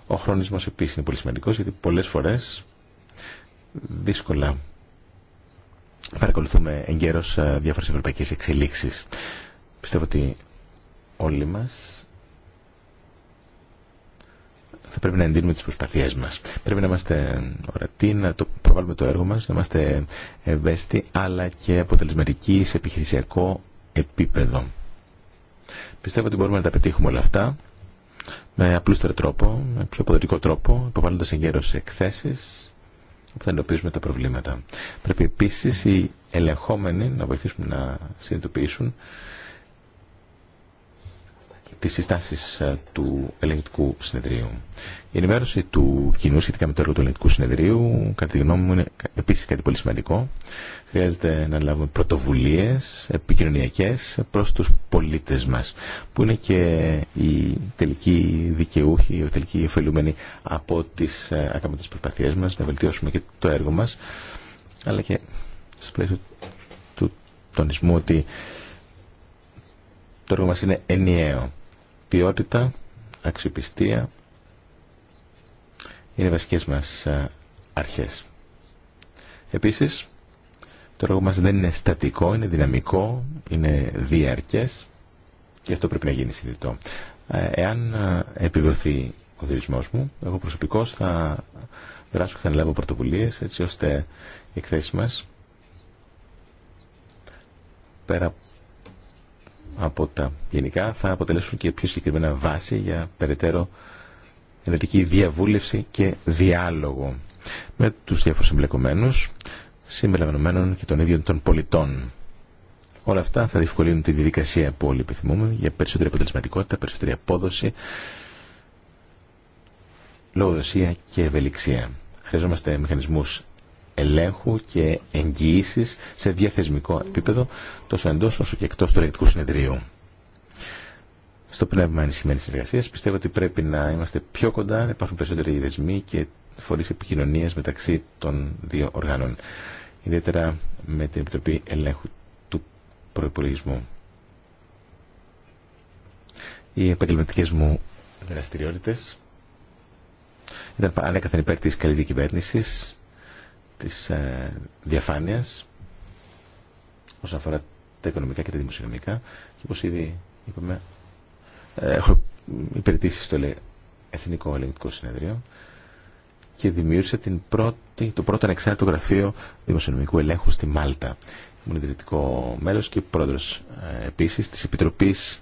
Ο χρονισμός επίσης είναι πολύ σημαντικός γιατί πολλές φορές δύσκολα παρακολουθούμε εγκαίρως ε, διάφορες ευρωπαϊκές εξελίξεις. Πιστεύω ότι όλοι μας θα πρέπει να εντείνουμε τις προσπαθίες μας. Πρέπει να είμαστε ορατοί, να το προβάλλουμε το έργο μας, να είμαστε ευαίσθητοι, αλλά και αποτελεσματικοί σε επιχειρησιακό επίπεδο. Πιστεύω ότι μπορούμε να τα πετύχουμε όλα αυτά με απλούστερο τρόπο, με πιο αποδοτικό τρόπο, υποβάλλοντας εγκαίρως εκθέσεις, που θα εντοπίζουμε τα προβλήματα. Πρέπει επίσης οι ελεγχόμενοι να βοηθήσουμε να συνειδητοποιήσουν τις συστάσεις ε, του ελεγκτικού συνεδρίου. Η ενημέρωση του κοινού σχετικά με το έργο του ελεγκτικού συνεδρίου, κατά τη γνώμη μου, είναι επίσης κάτι πολύ σημαντικό. Χρειάζεται να λάβουμε πρωτοβουλίες επικοινωνιακές προς τους πολίτες μας, που είναι και οι τελικοί δικαιούχοι, οι τελικοί ωφελούμενοι από τις ε, ακαμπτές προσπαθίες μας, να βελτιώσουμε και το έργο μας, αλλά και στο πλαίσιο του τονισμού ότι το έργο μας είναι ενιαίο. Ποιότητα, αξιοπιστία είναι βασικές μας ε, αρχές. Επίσης, το έργο μας δεν είναι στατικό, είναι δυναμικό, είναι διαρκές και αυτό πρέπει να γίνει συνειδητό. Ε, εάν ε, επιδοθεί ο διορισμός μου, εγώ προσωπικώς θα δράσω και θα αναλάβω πρωτοβουλίες έτσι ώστε οι εκθέσεις μας πέρα από τα γενικά θα αποτελέσουν και πιο συγκεκριμένα βάση για περαιτέρω ενεργική διαβούλευση και διάλογο με τους διάφορους εμπλεκομένους, συμπεριλαμβανομένων και των ίδιων των πολιτών. Όλα αυτά θα διευκολύνουν τη διαδικασία που όλοι επιθυμούμε για περισσότερη αποτελεσματικότητα, περισσότερη απόδοση, λογοδοσία και ευελιξία. Χρειαζόμαστε μηχανισμούς ελέγχου και εγγυήσει σε διαθεσμικό επίπεδο, τόσο εντό όσο και εκτό του ελεγκτικού συνεδρίου. Στο πνεύμα ενισχυμένη συνεργασία πιστεύω ότι πρέπει να είμαστε πιο κοντά, να υπάρχουν περισσότεροι δεσμοί και φορεί επικοινωνία μεταξύ των δύο οργάνων. Ιδιαίτερα με την Επιτροπή Ελέγχου του Προπολογισμού. Οι επαγγελματικέ μου δραστηριότητε ήταν ανέκαθεν υπέρ τη καλή διακυβέρνηση της ε, διαφάνειας όσον αφορά τα οικονομικά και τα δημοσιονομικά και όπως ήδη είπαμε ε, έχω υπηρετήσει στο Εθνικό Ελληνικό Συνεδρίο και δημιούργησε την πρώτη, το πρώτο ανεξάρτητο γραφείο δημοσιονομικού ελέγχου στη Μάλτα. Ήμουν ιδρυτικό μέλος και πρόεδρος ε, επίσης της Επιτροπής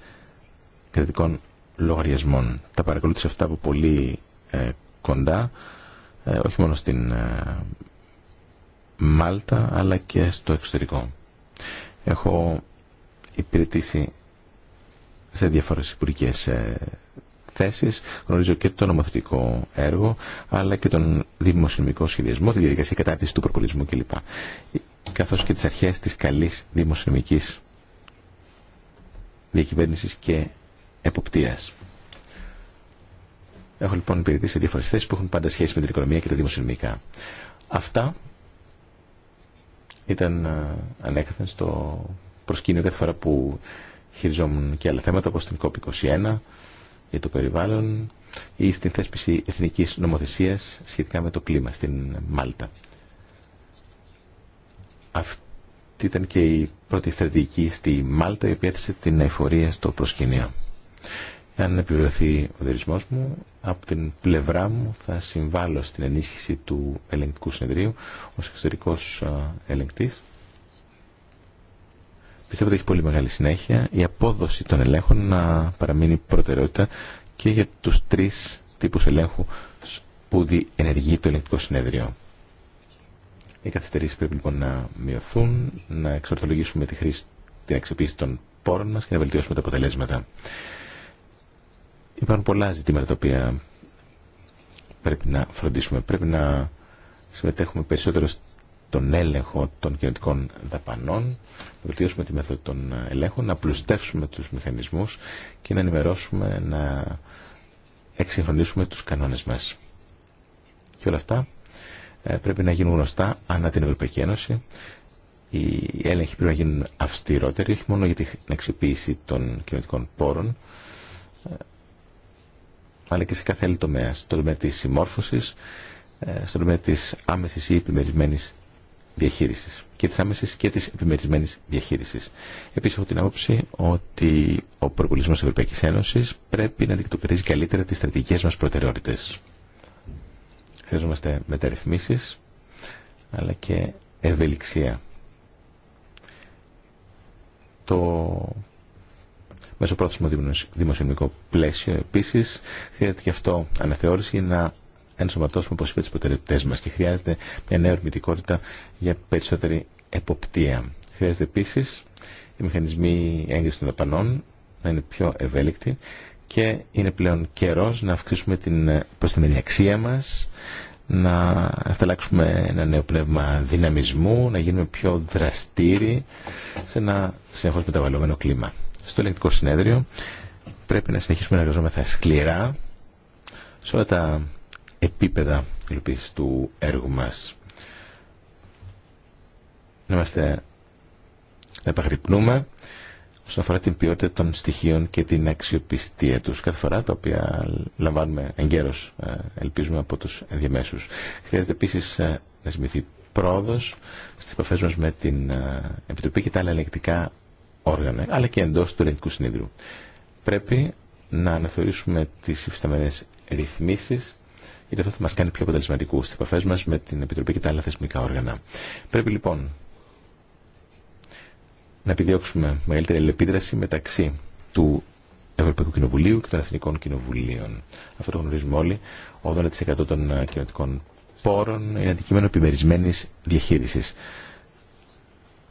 Κρατικών Λογαριασμών. Τα παρακολούθησα αυτά από πολύ κοντά, όχι μόνο στην Μάλτα αλλά και στο εξωτερικό. Έχω υπηρετήσει σε διάφορες υπουργικέ ε, θέσεις, γνωρίζω και το νομοθετικό έργο, αλλά και τον δημοσιονομικό σχεδιασμό, τη διαδικασία κατάρτιση του προπολισμού κλπ. Καθώς και τις αρχές της καλής δημοσιονομικής διακυβέρνησης και εποπτείας. Έχω λοιπόν υπηρετήσει σε διάφορες θέσεις που έχουν πάντα σχέση με την οικονομία και τα δημοσιονομικά. Αυτά ήταν ε, ανέκαθεν στο προσκήνιο κάθε φορά που χειριζόμουν και άλλα θέματα όπως την COP21 για το περιβάλλον ή στην θέσπιση εθνικής νομοθεσίας σχετικά με το κλίμα στην Μάλτα. Αυτή ήταν και η πρώτη στρατηγική στη Μάλτα η οποία έθεσε την εφορία στο προσκήνιο. Αν επιβεβαιωθεί ο διορισμός μου, από την πλευρά μου θα συμβάλλω στην ενίσχυση του ελεγκτικού συνεδρίου ως εξωτερικός ελεγκτής. Πιστεύω ότι έχει πολύ μεγάλη συνέχεια η απόδοση των ελέγχων να παραμείνει προτεραιότητα και για τους τρεις τύπους ελέγχου που διενεργεί το ελεγκτικό συνέδριο. Οι καθυστερήσεις πρέπει λοιπόν να μειωθούν, να εξορθολογήσουμε τη χρήση, την αξιοποίηση των πόρων μας και να βελτιώσουμε τα αποτελέσματα. Υπάρχουν πολλά ζητήματα τα οποία πρέπει να φροντίσουμε. Πρέπει να συμμετέχουμε περισσότερο στον έλεγχο των κοινωτικών δαπανών, να βελτιώσουμε τη μέθοδο των ελέγχων, να πλουστεύσουμε τους μηχανισμούς και να ενημερώσουμε, να εξυγχρονίσουμε τους κανόνες μας. Και όλα αυτά ε, πρέπει να γίνουν γνωστά ανά την Ευρωπαϊκή Ένωση. Οι έλεγχοι πρέπει να γίνουν αυστηρότεροι, όχι μόνο για την αξιοποίηση των κοινωτικών πόρων, ε, αλλά και σε κάθε άλλη τομέα. Στο τομέα τη συμμόρφωση, ε, στο τομέα τη άμεση ή επιμερισμένη διαχείριση. Και τη άμεση και τη επιμερισμένη διαχείριση. Επίση, έχω την άποψη ότι ο προπολισμό τη Ευρωπαϊκή Ένωση πρέπει να αντικατοπτρίζει καλύτερα τι στρατηγικέ μα προτεραιότητε. Χρειαζόμαστε μεταρρυθμίσει, αλλά και ευελιξία. Το μέσω πρόθεσμο δημοσιονομικό πλαίσιο. Επίση, χρειάζεται και αυτό αναθεώρηση για να ενσωματώσουμε, όπω είπε τι προτεραιότητέ μα και χρειάζεται μια νέα ορμητικότητα για περισσότερη εποπτεία. Χρειάζεται επίση οι μηχανισμοί έγκριση των δαπανών να είναι πιο ευέλικτοι και είναι πλέον καιρό να αυξήσουμε την προστιμένη αξία μα, να σταλάξουμε ένα νέο πνεύμα δυναμισμού, να γίνουμε πιο δραστήριοι σε ένα συνεχώ μεταβαλλόμενο κλίμα στο ηλεκτρικό συνέδριο. Πρέπει να συνεχίσουμε να εργαζόμεθα σκληρά σε όλα τα επίπεδα λοιπόν, του έργου μας. Να είμαστε να επαγρυπνούμε όσον αφορά την ποιότητα των στοιχείων και την αξιοπιστία τους κάθε φορά, τα οποία λαμβάνουμε εγκαίρως, ε, ελπίζουμε, από τους ενδιαμέσους. Χρειάζεται επίσης ε, να σημειωθεί πρόοδος στις επαφές μας με την ε, Επιτροπή και τα άλλα ελεγκτικά όργανα, αλλά και εντός του ελληνικού συνέδριου. Πρέπει να αναθεωρήσουμε τις υφισταμένες ρυθμίσεις, γιατί αυτό θα μας κάνει πιο αποτελεσματικού στις επαφές μας με την Επιτροπή και τα άλλα θεσμικά όργανα. Πρέπει λοιπόν να επιδιώξουμε μεγαλύτερη ελεπίδραση μεταξύ του Ευρωπαϊκού Κοινοβουλίου και των Εθνικών Κοινοβουλίων. Αυτό το γνωρίζουμε όλοι. 80% των ε, κοινοτικών πόρων είναι αντικείμενο επιμερισμένη διαχείριση.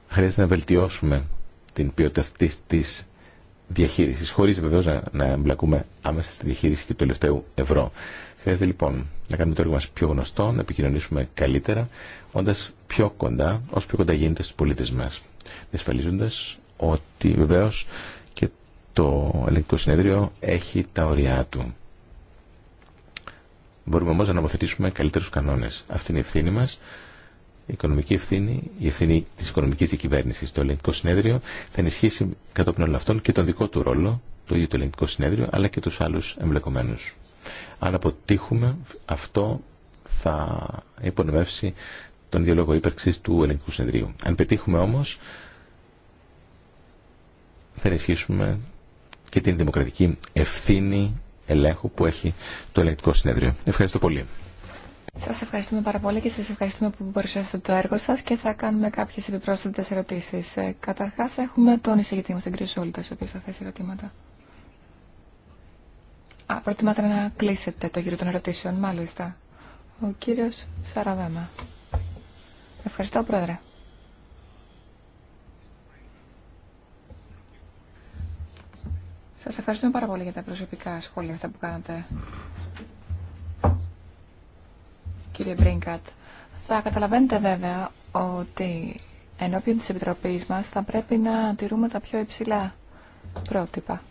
Χρειάζεται να βελτιώσουμε την ποιότητα αυτή τη διαχείριση, χωρί βεβαίω να, εμπλακούμε άμεσα στη διαχείριση και του τελευταίου ευρώ. Χρειάζεται λοιπόν να κάνουμε το έργο μα πιο γνωστό, να επικοινωνήσουμε καλύτερα, όντα πιο κοντά, όσο πιο κοντά γίνεται στου πολίτε μα. Διασφαλίζοντα ότι βεβαίω και το ελληνικό συνέδριο έχει τα ωριά του. Μπορούμε όμω να νομοθετήσουμε καλύτερου κανόνε. Αυτή είναι η ευθύνη μα η οικονομική ευθύνη, η ευθύνη τη οικονομική διακυβέρνηση. Το ελληνικό συνέδριο θα ενισχύσει κατόπιν όλων αυτών και τον δικό του ρόλο, το ίδιο το ελληνικό συνέδριο, αλλά και του άλλου εμπλεκομένου. Αν αποτύχουμε, αυτό θα υπονομεύσει τον διαλόγο ύπαρξη του ελληνικού συνεδρίου. Αν πετύχουμε όμω, θα ενισχύσουμε και την δημοκρατική ευθύνη ελέγχου που έχει το Ελληνικό συνέδριο. Ευχαριστώ πολύ. Σας ευχαριστούμε πάρα πολύ και σας ευχαριστούμε που παρουσιάσατε το έργο σας και θα κάνουμε κάποιες επιπρόσθετες ερωτήσεις. Ε, καταρχάς έχουμε τον εισηγητή μας, την κ. Σόλτα, ο οποίος θα θέσει ερωτήματα. Α, προτιμάτε να κλείσετε το γύρο των ερωτήσεων, μάλιστα. Ο κύριος Σαραβέμα. Ευχαριστώ, Πρόεδρε. Σας ευχαριστούμε πάρα πολύ για τα προσωπικά σχόλια αυτά που κάνατε κύριε Μπρίνκατ. Θα καταλαβαίνετε βέβαια ότι ενώπιον της Επιτροπής μας θα πρέπει να τηρούμε τα πιο υψηλά πρότυπα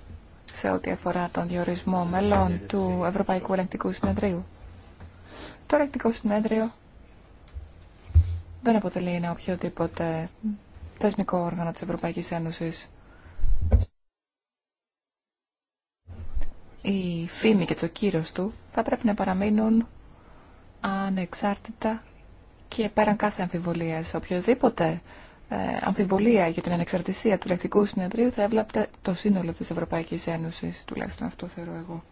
σε ό,τι αφορά τον διορισμό μελών του Ευρωπαϊκού Ελεκτικού Συνεδρίου. Το Ελεκτικό Συνέδριο δεν αποτελεί ένα οποιοδήποτε θεσμικό όργανο της Ευρωπαϊκής Ένωσης. Η φήμη και το κύρος του θα πρέπει να παραμείνουν ανεξάρτητα και πέραν κάθε αμφιβολίας. Οποιοδήποτε ε, αμφιβολία για την ανεξαρτησία του λεκτικού συνεδρίου θα έβλαπτε το σύνολο της Ευρωπαϊκής Ένωσης, τουλάχιστον αυτό θεωρώ εγώ.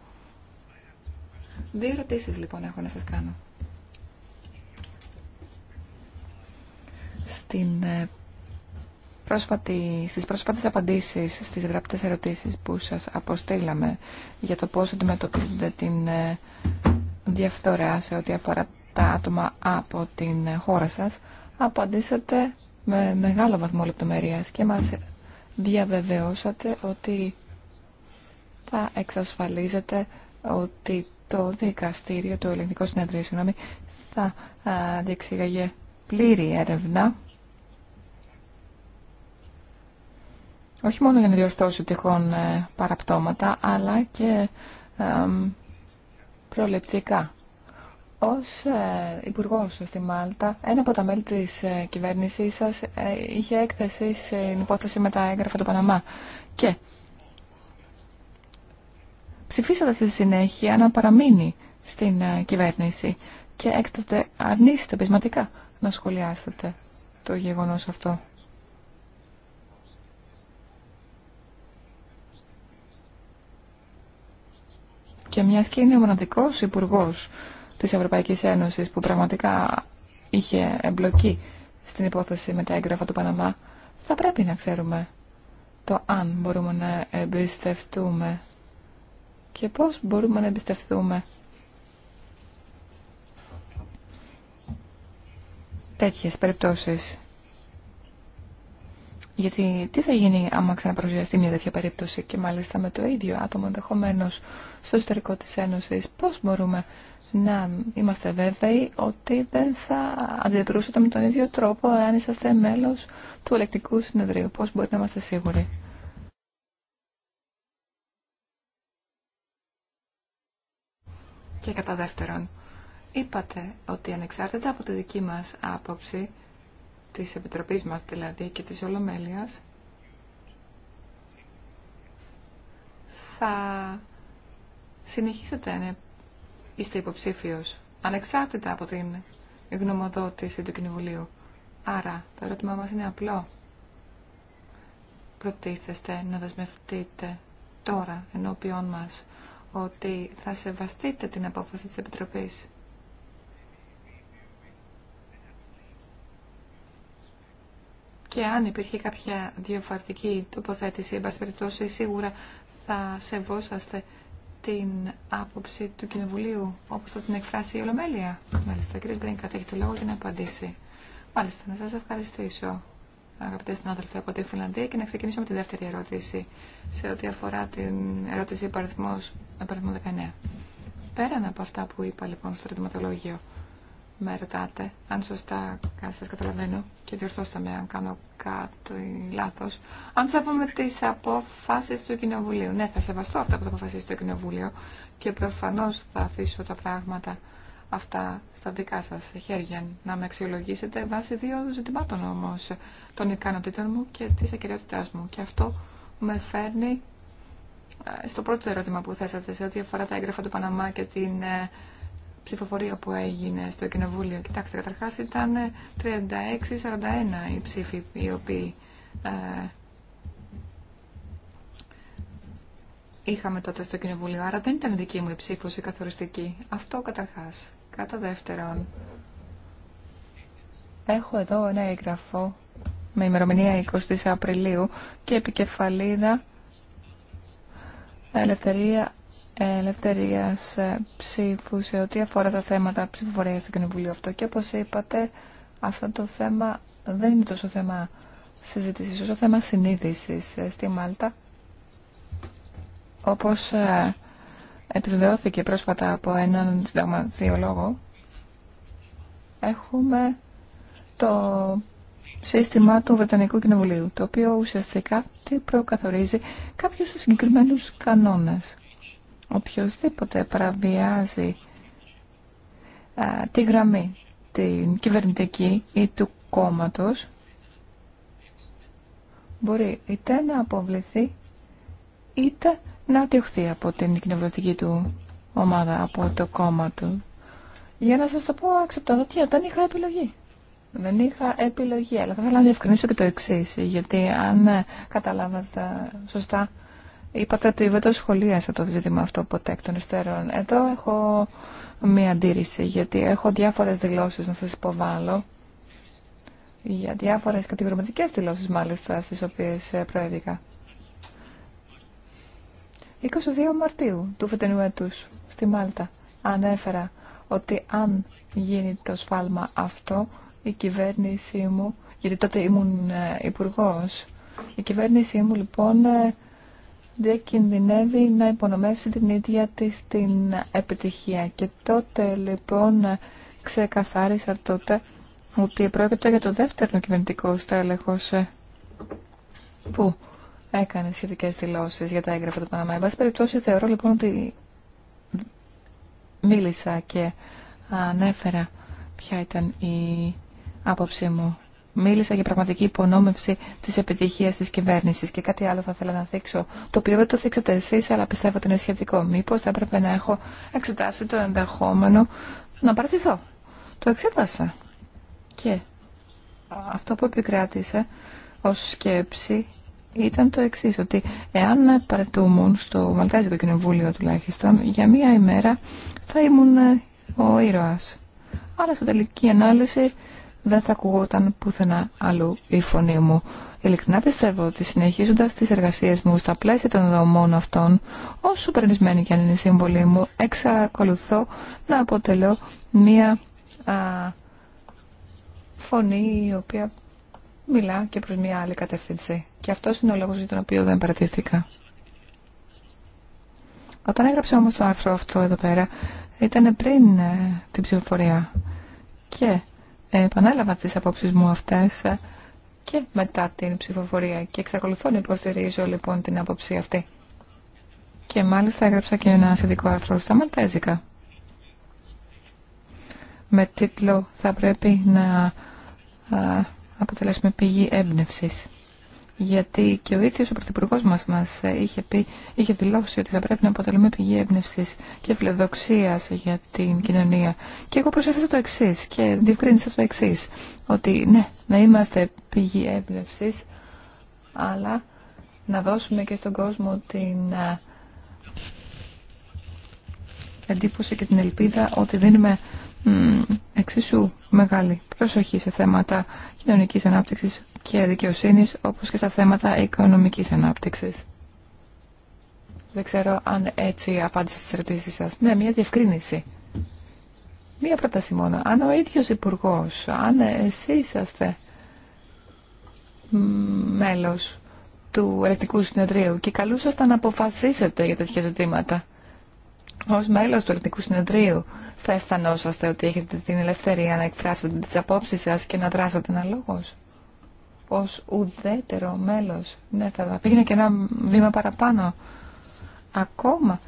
Δύο ερωτήσει, λοιπόν έχω να σας κάνω. Στην ε, πρόσφατη, στις πρόσφατες απαντήσεις στις γραπτές ερωτήσεις που σας αποστήλαμε για το πώς αντιμετωπίζετε την ε, διαφθορά σε ό,τι αφορά τα άτομα από την χώρα σας, απαντήσατε με μεγάλο βαθμό λεπτομερίας και μας διαβεβαιώσατε ότι θα εξασφαλίζετε ότι το δικαστήριο, το ελληνικό συνεδρίο, συγγνώμη, θα διεξήγαγε πλήρη έρευνα όχι μόνο για να διορθώσει τυχόν ε, παραπτώματα, αλλά και προληπτικά. Ως ε, υπουργό στη Μάλτα, ένα από τα μέλη της ε, κυβέρνησής σας ε, είχε έκθεση στην υπόθεση με τα έγγραφα του Παναμά. Και ψηφίσατε στη συνέχεια να παραμείνει στην κυβέρνηση και έκτοτε αρνήσετε πεισματικά να σχολιάσετε το γεγονός αυτό. Και μια και είναι ο μοναδικό υπουργό τη Ευρωπαϊκή Ένωση που πραγματικά είχε εμπλοκή στην υπόθεση με τα έγγραφα του Παναμά, θα πρέπει να ξέρουμε το αν μπορούμε να εμπιστευτούμε και πώς μπορούμε να εμπιστευτούμε τέτοιες περιπτώσεις. Γιατί τι θα γίνει άμα ξαναπροσδιοριστεί μια τέτοια περίπτωση και μάλιστα με το ίδιο άτομο ενδεχομένω στο ιστορικό της Ένωσης. Πώς μπορούμε να είμαστε βέβαιοι ότι δεν θα αντιδρούσατε με τον ίδιο τρόπο αν είσαστε μέλος του ελεκτικού συνεδρίου. Πώς μπορεί να είμαστε σίγουροι. Και κατά δεύτερον, είπατε ότι ανεξάρτητα από τη δική μας άποψη της Επιτροπής μας δηλαδή και της Ολομέλειας θα συνεχίσετε να είστε υποψήφιος ανεξάρτητα από την γνωμοδότηση του Κοινοβουλίου. Άρα το ερώτημά μας είναι απλό. Προτίθεστε να δεσμευτείτε τώρα ενώπιόν μας ότι θα σεβαστείτε την απόφαση της Επιτροπής και αν υπήρχε κάποια διαφορετική τοποθέτηση, εν πάση περιπτώσει, σίγουρα θα σεβόσαστε την άποψη του Κοινοβουλίου, όπως θα την εκφράσει η Ολομέλεια. Μάλιστα, κύριε Μπρίνκατ, έχει το λόγο για να απαντήσει. Μάλιστα, να σας ευχαριστήσω, αγαπητές συνάδελφοι από τη Φιλανδία, και να ξεκινήσω με τη δεύτερη ερώτηση, σε ό,τι αφορά την ερώτηση υπαριθμό 19. Πέραν από αυτά που είπα λοιπόν στο ερωτηματολόγιο, με ρωτάτε, αν σωστά σας καταλαβαίνω και διορθώστε με αν κάνω κάτι λάθος, αν σέβομαι τις αποφάσεις του Κοινοβουλίου. Ναι, θα σεβαστώ αυτά που θα αποφασίσει το Κοινοβούλιο και προφανώς θα αφήσω τα πράγματα αυτά στα δικά σας χέρια να με αξιολογήσετε βάσει δύο ζητημάτων όμως των ικανοτήτων μου και της ακυριότητάς μου. Και αυτό με φέρνει ε, στο πρώτο ερώτημα που θέσατε σε ό,τι αφορά τα έγγραφα του Παναμά και την ε, ψηφοφορία που έγινε στο Κοινοβούλιο. Κοιτάξτε, καταρχάς ήταν 36-41 οι ψήφοι οι οποίοι ε, είχαμε τότε στο Κοινοβούλιο. Άρα δεν ήταν δική μου η ψήφο η καθοριστική. Αυτό καταρχάς. Κατά δεύτερον, έχω εδώ ένα έγγραφο με ημερομηνία 20 Απριλίου και επικεφαλίδα Ελευθερία ελευθερίας ε, ψήφου σε ό,τι αφορά τα θέματα ψηφοφορία στο Κοινοβουλίο αυτό. Και όπως είπατε, αυτό το θέμα δεν είναι τόσο θέμα συζήτησης, όσο θέμα συνείδησης ε, στη Μάλτα. Όπως ε, επιβεβαιώθηκε πρόσφατα από έναν συνταγματιολόγο, έχουμε το σύστημα του Βρετανικού Κοινοβουλίου, το οποίο ουσιαστικά τι προκαθορίζει κάποιους συγκεκριμένους κανόνες οποιοδήποτε παραβιάζει α, τη γραμμή την κυβερνητική ή του κόμματος μπορεί είτε να αποβληθεί είτε να ατυχθεί από την κοινοβουλευτική του ομάδα, από το κόμμα του. Για να σας το πω αξιπτοδοτία δεν είχα επιλογή. Δεν είχα επιλογή, αλλά θα ήθελα να διευκρινίσω και το εξής. γιατί αν ε, καταλάβατε σωστά Είπατε ότι δεν το σχολίασα το ζήτημα αυτό ποτέ εκ των υστέρων. Εδώ έχω μία αντίρρηση, γιατί έχω διάφορες δηλώσεις να σας υποβάλω για διάφορες κατηγορηματικές δηλώσεις μάλιστα στις οποίες ε, προέβηκα. 22 Μαρτίου του φετινού έτους στη Μάλτα ανέφερα ότι αν γίνει το σφάλμα αυτό η κυβέρνησή μου, γιατί τότε ήμουν ε, υπουργό. η κυβέρνησή μου λοιπόν ε, διακινδυνεύει να υπονομεύσει την ίδια της την επιτυχία. Και τότε λοιπόν ξεκαθάρισα τότε ότι πρόκειται για το δεύτερο κυβερνητικό στέλεχος ε, που έκανε σχετικέ δηλώσει για τα έγγραφα του Παναμά. Εν πάση περιπτώσει θεωρώ λοιπόν ότι μίλησα και ανέφερα ποια ήταν η άποψή μου μίλησα για πραγματική υπονόμευση τη επιτυχία τη κυβέρνηση. Και κάτι άλλο θα ήθελα να δείξω, το οποίο δεν το δείξατε εσεί, αλλά πιστεύω ότι είναι σχετικό. Μήπω θα έπρεπε να έχω εξετάσει το ενδεχόμενο να παρατηθώ. Το εξέτασα. Και αυτό που επικράτησε ω σκέψη ήταν το εξή, ότι εάν παρετούμουν στο Μαλτάζικο Κοινοβούλιο τουλάχιστον, για μία ημέρα θα ήμουν ο ήρωας. Αλλά στην τελική ανάλυση δεν θα ακουγόταν πουθενά αλλού η φωνή μου. Ειλικρινά πιστεύω ότι συνεχίζοντα τι εργασίε μου στα πλαίσια των δομών αυτών, όσο περνισμένη και αν είναι η σύμβολή μου, εξακολουθώ να αποτελώ μία α, φωνή η οποία μιλά και προ μία άλλη κατεύθυνση. Και αυτό είναι ο λόγο για τον οποίο δεν παρατήθηκα. Όταν έγραψα όμω το άρθρο αυτό εδώ πέρα, ήταν πριν ε, την ψηφοφορία. Και επανέλαβα τις απόψεις μου αυτές και μετά την ψηφοφορία και εξακολουθώ να υποστηρίζω λοιπόν την άποψη αυτή. Και μάλιστα έγραψα και ένα σχετικό άρθρο στα Μαλτέζικα με τίτλο «Θα πρέπει να αποτελέσουμε πηγή έμπνευσης» γιατί και ο ίδιος ο Πρωθυπουργό μας μας είχε, πει, είχε δηλώσει ότι θα πρέπει να αποτελούμε πηγή έμπνευση και φιλοδοξία για την κοινωνία. Και εγώ προσέθεσα το εξή και διευκρίνησα το εξή ότι ναι, να είμαστε πηγή έμπνευση, αλλά να δώσουμε και στον κόσμο την ε, εντύπωση και την ελπίδα ότι δίνουμε εξίσου μεγάλη προσοχή σε θέματα Κοινωνική ανάπτυξης και δικαιοσύνη, όπως και στα θέματα οικονομικής ανάπτυξης. Δεν ξέρω αν έτσι απάντησα στι ερωτήσει σα. Ναι, μια διευκρίνηση. Μία πρόταση μόνο. Αν ο ίδιο υπουργό, αν εσείς είσαστε μέλο του Ελεκτικού Συνεδρίου και καλούσασταν να αποφασίσετε για τέτοια ζητήματα, Ω μέλο του Ελληνικού Συνεδρίου, θα αισθανόσαστε ότι έχετε την ελευθερία να εκφράσετε τι απόψει σα και να δράσετε αναλόγω. Ω ουδέτερο μέλο. Ναι, θα πήγαινε και ένα βήμα παραπάνω. Ακόμα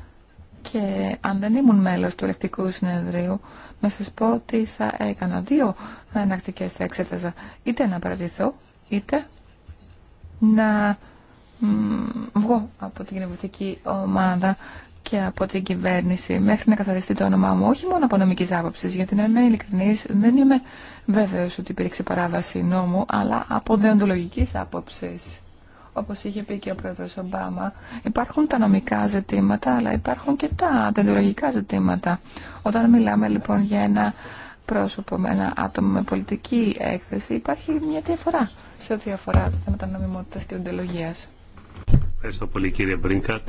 και αν δεν ήμουν μέλος του Ελεκτικού Συνεδρίου, να σας πω ότι θα έκανα δύο ενακτικές, θα εξέταζα είτε να παρατηθώ, είτε να βγω από την κοινοβουλευτική ομάδα και από την κυβέρνηση μέχρι να καθαριστεί το όνομά μου, όχι μόνο από νομική άποψη, γιατί να είμαι ειλικρινή, δεν είμαι βέβαιο ότι υπήρξε παράβαση νόμου, αλλά από δεοντολογική άποψη. Όπω είχε πει και ο πρόεδρο Ομπάμα, υπάρχουν τα νομικά ζητήματα, αλλά υπάρχουν και τα δεοντολογικά ζητήματα. Όταν μιλάμε λοιπόν για ένα πρόσωπο με ένα άτομο με πολιτική έκθεση, υπάρχει μια διαφορά σε ό,τι αφορά τα θέματα νομιμότητα και δεοντολογία. Ευχαριστώ πολύ κύριε Μπρίνκατ.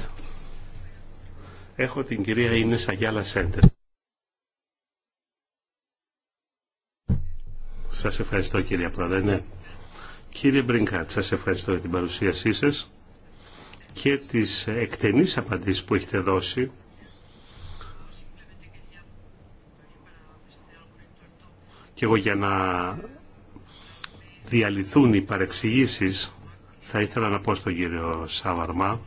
Έχω την κυρία Ίνες Αγιάλα Σέντερ. Σας ευχαριστώ κύριε Πρόεδρε. Ναι. Κύριε Μπρινκάτ, σας ευχαριστώ για την παρουσίασή σας και τις εκτενείς απαντήσεις που έχετε δώσει. Και εγώ για να διαλυθούν οι παρεξηγήσεις θα ήθελα να πω στον κύριο Σαβαρμά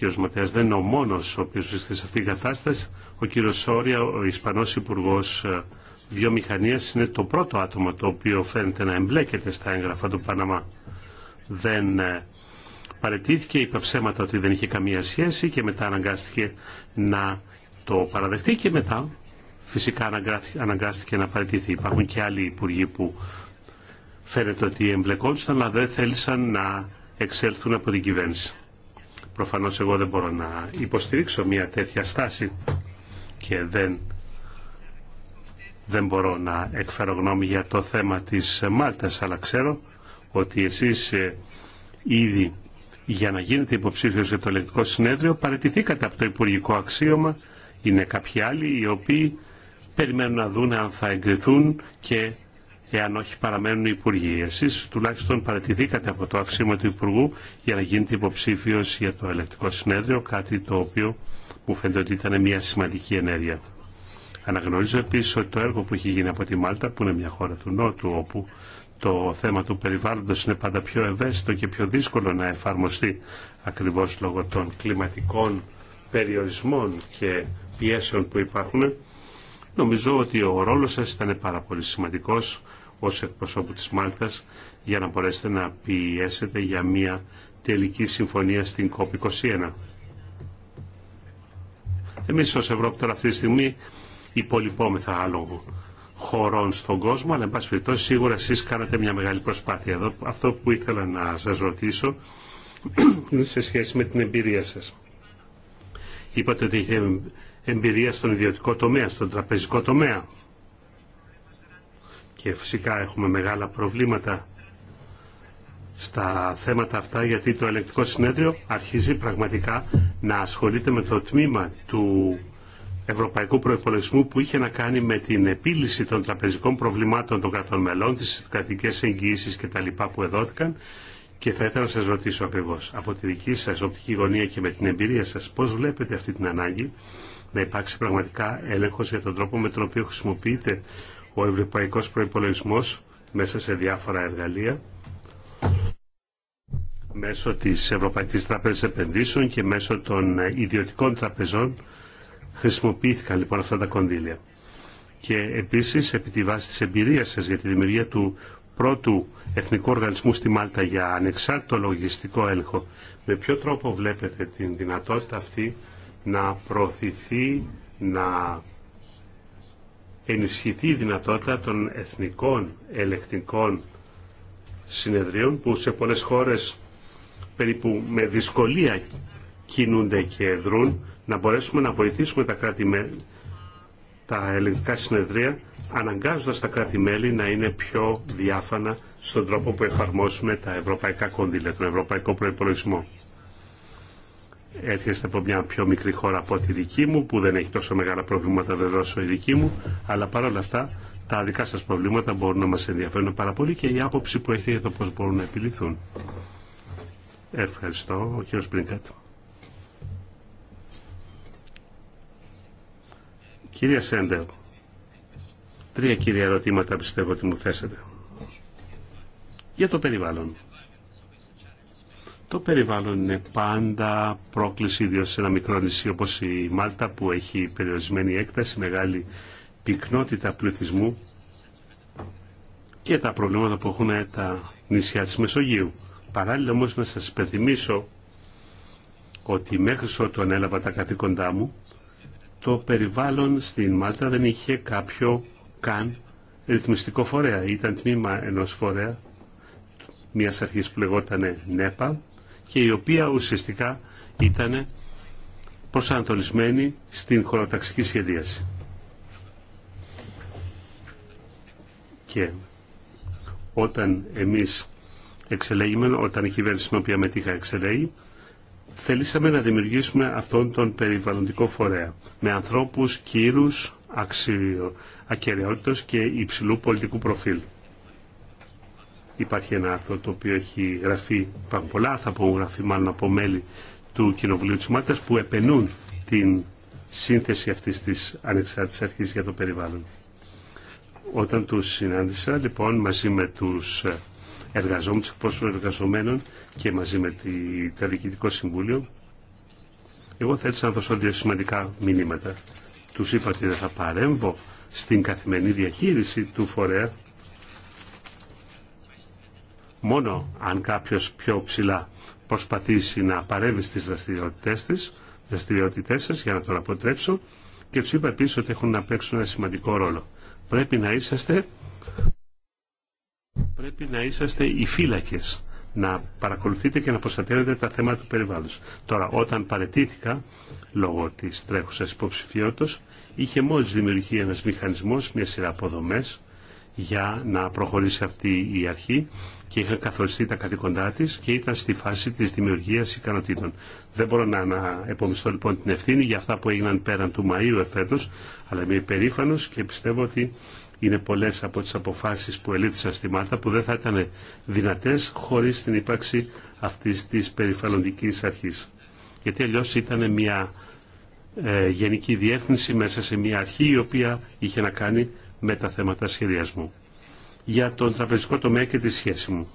κ. Ματέας δεν είναι ο μόνος ο οποίος βρίσκεται σε αυτήν την κατάσταση. Ο κ. Σόρια, ο Ισπανός υπουργό ε, Βιομηχανίας, είναι το πρώτο άτομο το οποίο φαίνεται να εμπλέκεται στα έγγραφα του Παναμά. Δεν ε, παρετήθηκε, είπε ψέματα ότι δεν είχε καμία σχέση και μετά αναγκάστηκε να το παραδεχτεί και μετά φυσικά αναγκάστηκε να παραιτηθεί. Υπάρχουν και άλλοι υπουργοί που φαίνεται ότι εμπλεκόντουσαν αλλά δεν θέλησαν να εξέλθουν από την κυβέρνηση. Προφανώς εγώ δεν μπορώ να υποστηρίξω μια τέτοια στάση και δεν, δεν μπορώ να εκφέρω γνώμη για το θέμα της Μάλτας, αλλά ξέρω ότι εσείς ε, ήδη για να γίνετε υποψήφιος για το ελεκτικό συνέδριο παραιτηθήκατε από το υπουργικό αξίωμα. Είναι κάποιοι άλλοι οι οποίοι περιμένουν να δουν αν θα εγκριθούν και εάν όχι παραμένουν οι υπουργοί. Εσεί τουλάχιστον παρατηθήκατε από το αξίωμα του Υπουργού για να γίνετε υποψήφιο για το ελεκτικό συνέδριο, κάτι το οποίο μου φαίνεται ότι ήταν μια σημαντική ενέργεια. Αναγνωρίζω επίση ότι το έργο που έχει γίνει από τη Μάλτα, που είναι μια χώρα του Νότου, όπου το θέμα του περιβάλλοντος είναι πάντα πιο ευαίσθητο και πιο δύσκολο να εφαρμοστεί ακριβώς λόγω των κλιματικών περιορισμών και πιέσεων που υπάρχουν, νομίζω ότι ο ρόλος σας ήταν πάρα πολύ σημαντικός ως εκπροσώπου της Μάλτας για να μπορέσετε να πιέσετε για μια τελική συμφωνία στην COP21. Εμείς ως Ευρώπη τώρα αυτή τη στιγμή υπολοιπόμεθα άλλων χωρών στον κόσμο, αλλά εν πάση περιπτώσει σίγουρα εσείς κάνατε μια μεγάλη προσπάθεια. Εδώ, αυτό που ήθελα να σας ρωτήσω [CLEARS THROAT] είναι σε σχέση με την εμπειρία σας. Είπατε ότι είχε εμπειρία στον ιδιωτικό τομέα, στον τραπεζικό τομέα και φυσικά έχουμε μεγάλα προβλήματα στα θέματα αυτά γιατί το ελεκτικό συνέδριο αρχίζει πραγματικά να ασχολείται με το τμήμα του ευρωπαϊκού προϋπολογισμού που είχε να κάνει με την επίλυση των τραπεζικών προβλημάτων των κρατών μελών, τις κρατικές εγγυήσεις και τα λοιπά που εδόθηκαν και θα ήθελα να σας ρωτήσω ακριβώς από τη δική σας οπτική γωνία και με την εμπειρία σας πώς βλέπετε αυτή την ανάγκη να υπάρξει πραγματικά έλεγχος για τον τρόπο με τον οποίο χρησιμοποιείται ο ευρωπαϊκός προϋπολογισμός μέσα σε διάφορα εργαλεία μέσω της Ευρωπαϊκής Τράπεζας Επενδύσεων και μέσω των ιδιωτικών τραπεζών χρησιμοποιήθηκαν λοιπόν αυτά τα κονδύλια. Και επίσης επί τη βάση της εμπειρίας σας για τη δημιουργία του πρώτου εθνικού οργανισμού στη Μάλτα για ανεξάρτητο λογιστικό έλεγχο, με ποιο τρόπο βλέπετε την δυνατότητα αυτή να προωθηθεί, να ενισχυθεί η δυνατότητα των εθνικών ελεκτικών συνεδρίων που σε πολλές χώρες περίπου με δυσκολία κινούνται και δρούν να μπορέσουμε να βοηθήσουμε τα κράτη τα συνεδρία αναγκάζοντας τα κράτη-μέλη να είναι πιο διάφανα στον τρόπο που εφαρμόσουμε τα ευρωπαϊκά κονδύλια, τον ευρωπαϊκό προϋπολογισμό έρχεστε από μια πιο μικρή χώρα από τη δική μου, που δεν έχει τόσο μεγάλα προβλήματα βεβαίω όσο η δική μου, αλλά παρόλα αυτά τα δικά σας προβλήματα μπορούν να μας ενδιαφέρουν πάρα πολύ και η άποψη που έχετε για το πώς μπορούν να επιληθούν. Ευχαριστώ. Ο κύριος Μπρίνκατ. Κυρία Σέντερ, τρία κύρια ερωτήματα πιστεύω ότι μου θέσατε. Για το περιβάλλον. Το περιβάλλον είναι πάντα πρόκληση, ιδίω σε ένα μικρό νησί όπως η Μάλτα που έχει περιορισμένη έκταση, μεγάλη πυκνότητα πληθυσμού και τα προβλήματα που έχουν τα νησιά της Μεσογείου. Παράλληλα όμως να σας υπενθυμίσω ότι μέχρι ότου ανέλαβα τα καθήκοντά μου, το περιβάλλον στην Μάλτα δεν είχε κάποιο καν ρυθμιστικό φορέα. Ήταν τμήμα ενός φορέα, μιας αρχής που λεγόταν ΝΕΠΑ και η οποία ουσιαστικά ήταν προσανατολισμένη στην χωροταξική σχεδίαση. Και όταν εμείς εξελέγημε, όταν η κυβέρνηση στην οποία μετήχα εξελέγει, θέλησαμε να δημιουργήσουμε αυτόν τον περιβαλλοντικό φορέα με ανθρώπους, κύρους, αξιο, και υψηλού πολιτικού προφίλ. Υπάρχει ένα άρθρο το οποίο έχει γραφεί, υπάρχουν πολλά θα πω γραφεί μάλλον από μέλη του Κοινοβουλίου της Μάρτας που επενούν την σύνθεση αυτής της ανεξάρτητης αρχής για το περιβάλλον. Όταν του συνάντησα λοιπόν μαζί με τους ε, εργαζόμενους, εκπρόσωπους εργαζομένων και μαζί με τη, το Διοικητικό Συμβούλιο, εγώ θέλησα να δώσω δύο σημαντικά μηνύματα. Τους είπα ότι δεν θα παρέμβω στην καθημερινή διαχείριση του φορέα Μόνο αν κάποιος πιο ψηλά προσπαθήσει να παρέμβει στις δραστηριότητές της, δραστηριότητές σας για να τον αποτρέψω και του είπα επίσης ότι έχουν να παίξουν ένα σημαντικό ρόλο. Πρέπει να είσαστε, πρέπει να είσαστε οι φύλακες να παρακολουθείτε και να προστατεύετε τα θέματα του περιβάλλοντος. Τώρα, όταν παρετήθηκα, λόγω της τρέχουσας υποψηφιότητας, είχε μόλις δημιουργηθεί ένας μηχανισμός, μια σειρά αποδομές, για να προχωρήσει αυτή η αρχή και είχαν καθοριστεί τα καθήκοντά τη και ήταν στη φάση τη δημιουργία ικανοτήτων. Δεν μπορώ να, να λοιπόν την ευθύνη για αυτά που έγιναν πέραν του Μαΐου εφέτο, αλλά είμαι υπερήφανο και πιστεύω ότι είναι πολλέ από τι αποφάσει που ελήφθησαν στη Μάλτα που δεν θα ήταν δυνατέ χωρί την ύπαρξη αυτή τη περιφαλλοντική αρχή. Γιατί αλλιώ ήταν μια ε, γενική διεύθυνση μέσα σε μια αρχή η οποία είχε να κάνει με τα θέματα σχεδιασμού. Για τον τραπεζικό τομέα και τη σχέση μου.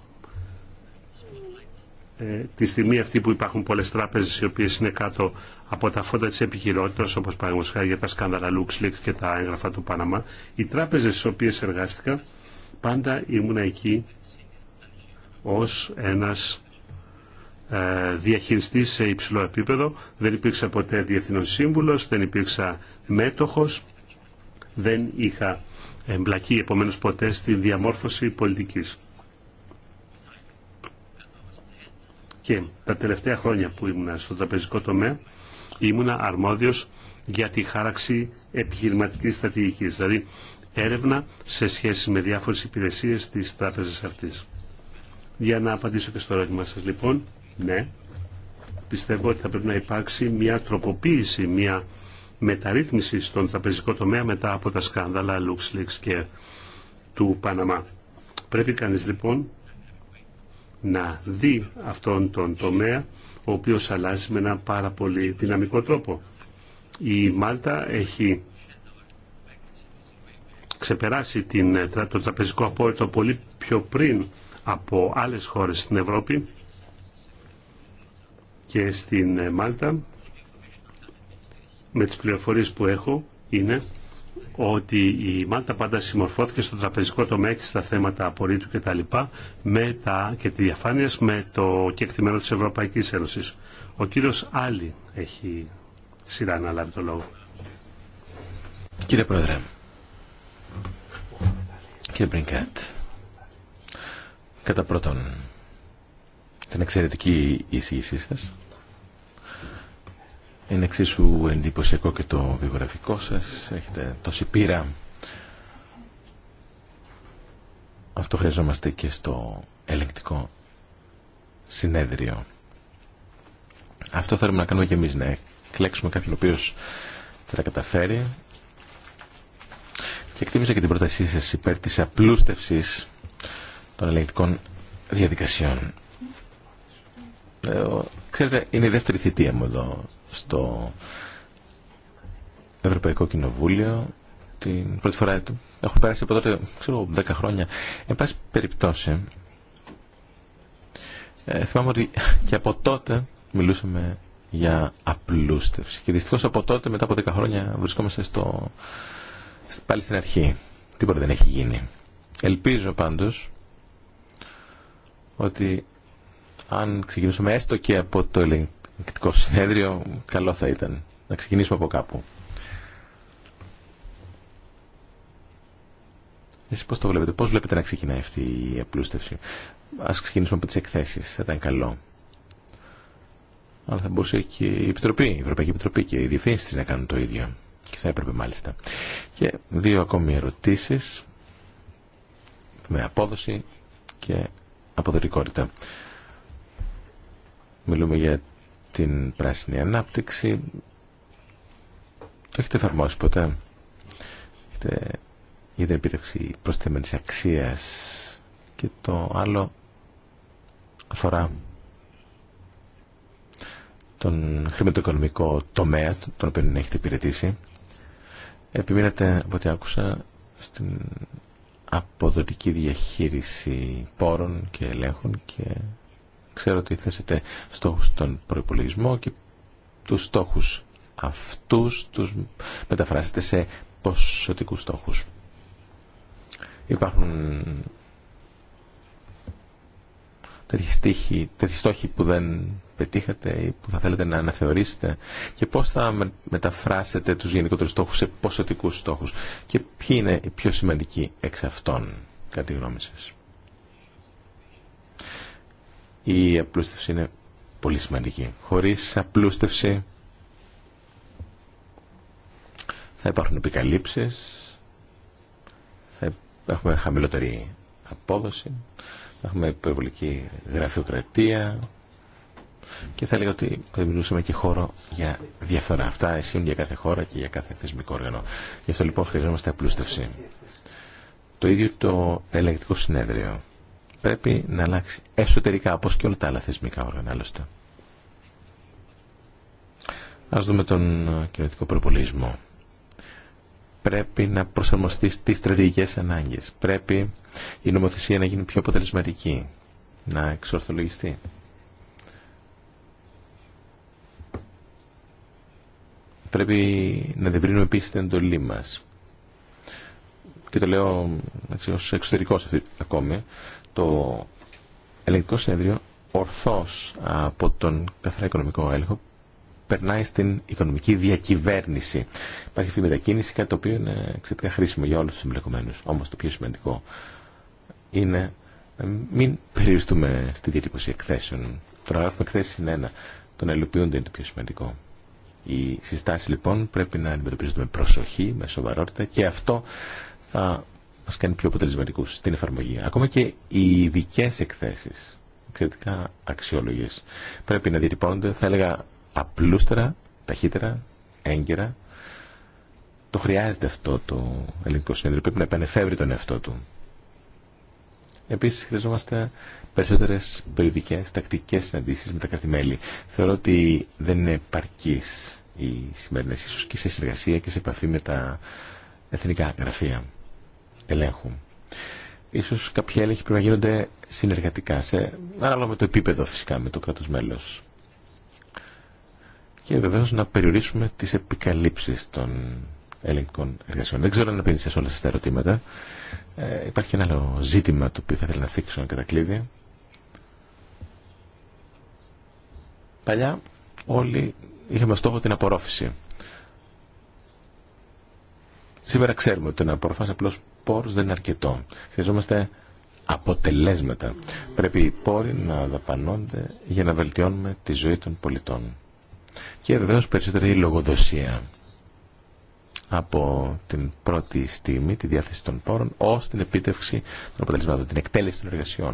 Ε, τη στιγμή αυτή που υπάρχουν πολλές τράπεζες οι οποίες είναι κάτω από τα φώτα της επιχειρότητας, όπως παραδείγματος για τα σκάνδαλα LuxLeaks και τα έγγραφα του Παναμά, οι τράπεζες στις οποίες εργάστηκα πάντα ήμουν εκεί ως ένας ε, διαχειριστής σε υψηλό επίπεδο. Δεν υπήρξα ποτέ διεθνός σύμβουλος, δεν υπήρξα μέτοχος δεν είχα εμπλακεί επομένως ποτέ στη διαμόρφωση πολιτικής. Και τα τελευταία χρόνια που ήμουνα στο τραπεζικό τομέα ήμουνα αρμόδιος για τη χάραξη επιχειρηματικής στρατηγικής, δηλαδή έρευνα σε σχέση με διάφορες υπηρεσίες της τράπεζας αυτής. Για να απαντήσω και στο ερώτημα σας λοιπόν, ναι, πιστεύω ότι θα πρέπει να υπάρξει μια τροποποίηση, μια μεταρρύθμιση στον τραπεζικό τομέα μετά από τα σκάνδαλα LuxLeaks και του Παναμά. Πρέπει κανείς λοιπόν να δει αυτόν τον τομέα ο οποίος αλλάζει με ένα πάρα πολύ δυναμικό τρόπο. Η Μάλτα έχει ξεπεράσει την, το τραπεζικό απόρριτο πολύ πιο πριν από άλλες χώρες στην Ευρώπη και στην ε, Μάλτα με τις πληροφορίες που έχω είναι ότι η Μάλτα πάντα συμμορφώθηκε στο τραπεζικό τομέα και στα θέματα απορρίτου και τα λοιπά με τα, και τη διαφάνεια με το κεκτημένο της Ευρωπαϊκής Ένωσης. Ο κύριος Άλλη έχει σειρά να λάβει το λόγο. Κύριε Πρόεδρε, κύριε Μπρινκάτ, κατά πρώτον την εξαιρετική εισήγησή σας είναι εξίσου εντυπωσιακό και το βιογραφικό σας. Έχετε τόση πείρα. Αυτό χρειαζόμαστε και στο ελεγκτικό συνέδριο. Αυτό θέλουμε να κάνουμε και εμείς, να εκλέξουμε κάποιον ο οποίος θα τα καταφέρει. Και εκτίμησα και την πρότασή σας υπέρ της απλούστευσης των ελεγκτικών διαδικασιών. Ε, ξέρετε, είναι η δεύτερη θητεία μου εδώ στο Ευρωπαϊκό Κοινοβούλιο την πρώτη φορά του. Έχω περάσει από τότε, ξέρω, 10 χρόνια. Εν πάση περιπτώσει, ε, θυμάμαι ότι και από τότε μιλούσαμε για απλούστευση. Και δυστυχώς από τότε, μετά από 10 χρόνια, βρισκόμαστε στο, πάλι στην αρχή. Τίποτα δεν έχει γίνει. Ελπίζω πάντως ότι αν ξεκινήσουμε έστω και από το ελληνικό εκτικό συνέδριο, καλό θα ήταν. Να ξεκινήσουμε από κάπου. Εσείς πώς το βλέπετε, πώς βλέπετε να ξεκινάει αυτή η απλούστευση. Ας ξεκινήσουμε από τις εκθέσεις, θα ήταν καλό. Αλλά θα μπορούσε και η Επιτροπή, η Ευρωπαϊκή Επιτροπή και οι διευθύνσεις να κάνουν το ίδιο. Και θα έπρεπε μάλιστα. Και δύο ακόμη ερωτήσεις με απόδοση και αποδοτικότητα. Μιλούμε για την πράσινη ανάπτυξη. Το έχετε εφαρμόσει ποτέ. Για την επίτευξη προσθέμενης αξίας και το άλλο αφορά τον χρηματοοικονομικό τομέα τον οποίο έχετε υπηρετήσει. επιμείνετε από ό,τι άκουσα στην αποδοτική διαχείριση πόρων και ελέγχων και Ξέρω ότι θέσετε στόχους στον προϋπολογισμό και τους στόχους αυτούς τους μεταφράσετε σε ποσοτικούς στόχους. Υπάρχουν τέτοιοι στόχοι, που δεν πετύχατε ή που θα θέλετε να αναθεωρήσετε και πώς θα μεταφράσετε τους γενικότερους στόχους σε ποσοτικούς στόχους και ποιοι είναι οι πιο σημαντικοί εξ αυτών κατά τη γνώμη σας η απλούστευση είναι πολύ σημαντική. Χωρίς απλούστευση θα υπάρχουν επικαλύψεις, θα έχουμε χαμηλότερη απόδοση, θα έχουμε υπερβολική γραφειοκρατία και θα λέγω ότι θα δημιουργούσαμε και χώρο για διαφθορά. Αυτά ισχύουν για κάθε χώρα και για κάθε θεσμικό όργανο. Γι' αυτό λοιπόν χρειαζόμαστε απλούστευση. Το ίδιο το ελεγκτικό συνέδριο πρέπει να αλλάξει εσωτερικά, όπως και όλα τα άλλα θεσμικά όργανα, άλλωστε. Ας δούμε τον ε, κοινωτικό προπολισμό. Πρέπει να προσαρμοστεί στις στρατηγικές ανάγκες. Πρέπει η νομοθεσία να γίνει πιο αποτελεσματική, να εξορθολογιστεί. Πρέπει να διευρύνουμε επίση την εντολή μας. Και το λέω εξωτερικός αυτή, ακόμη, το ελεγκτικό συνέδριο ορθώς από τον καθαρά οικονομικό έλεγχο περνάει στην οικονομική διακυβέρνηση. Υπάρχει αυτή η μετακίνηση, κάτι το οποίο είναι εξαιρετικά χρήσιμο για όλους τους εμπλεκομένους. Όμως το πιο σημαντικό είναι να μην περιοριστούμε στη διατύπωση εκθέσεων. Το να γράφουμε εκθέσεις είναι ένα. Το να υλοποιούνται είναι το πιο σημαντικό. Οι συστάσει λοιπόν πρέπει να αντιμετωπίζονται με προσοχή, με σοβαρότητα και αυτό θα μας κάνει πιο αποτελεσματικούς στην εφαρμογή. Ακόμα και οι ειδικέ εκθέσεις, εξαιρετικά αξιόλογες, πρέπει να διατυπώνονται, θα έλεγα, απλούστερα, ταχύτερα, έγκαιρα. Το χρειάζεται αυτό το ελληνικό συνέδριο, πρέπει να επανεφεύρει τον εαυτό του. Επίσης χρειαζόμαστε περισσότερες περιοδικές τακτικές συναντήσεις με τα κρατημέλη. Θεωρώ ότι δεν είναι επαρκής η σημερινή ίσως και σε συνεργασία και σε επαφή με τα εθνικά γραφεία ελέγχου. Ίσως κάποια έλεγχη πρέπει να γίνονται συνεργατικά, σε, ανάλογα με το επίπεδο φυσικά με το κράτο μέλο. Και βεβαίω να περιορίσουμε τι επικαλύψει των ελληνικών εργασιών. Δεν ξέρω αν απέντησα σε όλα αυτά τα ερωτήματα. Ε, υπάρχει ένα άλλο ζήτημα το οποίο θα ήθελα να θίξω κατά κλείδι. Παλιά όλοι είχαμε στόχο την απορρόφηση. Σήμερα ξέρουμε ότι το να απορροφάς απλώς πόρους δεν είναι αρκετό. Χρειαζόμαστε αποτελέσματα. Πρέπει οι πόροι να δαπανώνται για να βελτιώνουμε τη ζωή των πολιτών. Και βεβαίως περισσότερη η λογοδοσία από την πρώτη στιγμή, τη διάθεση των πόρων, ως την επίτευξη των αποτελεσμάτων, την εκτέλεση των εργασιών.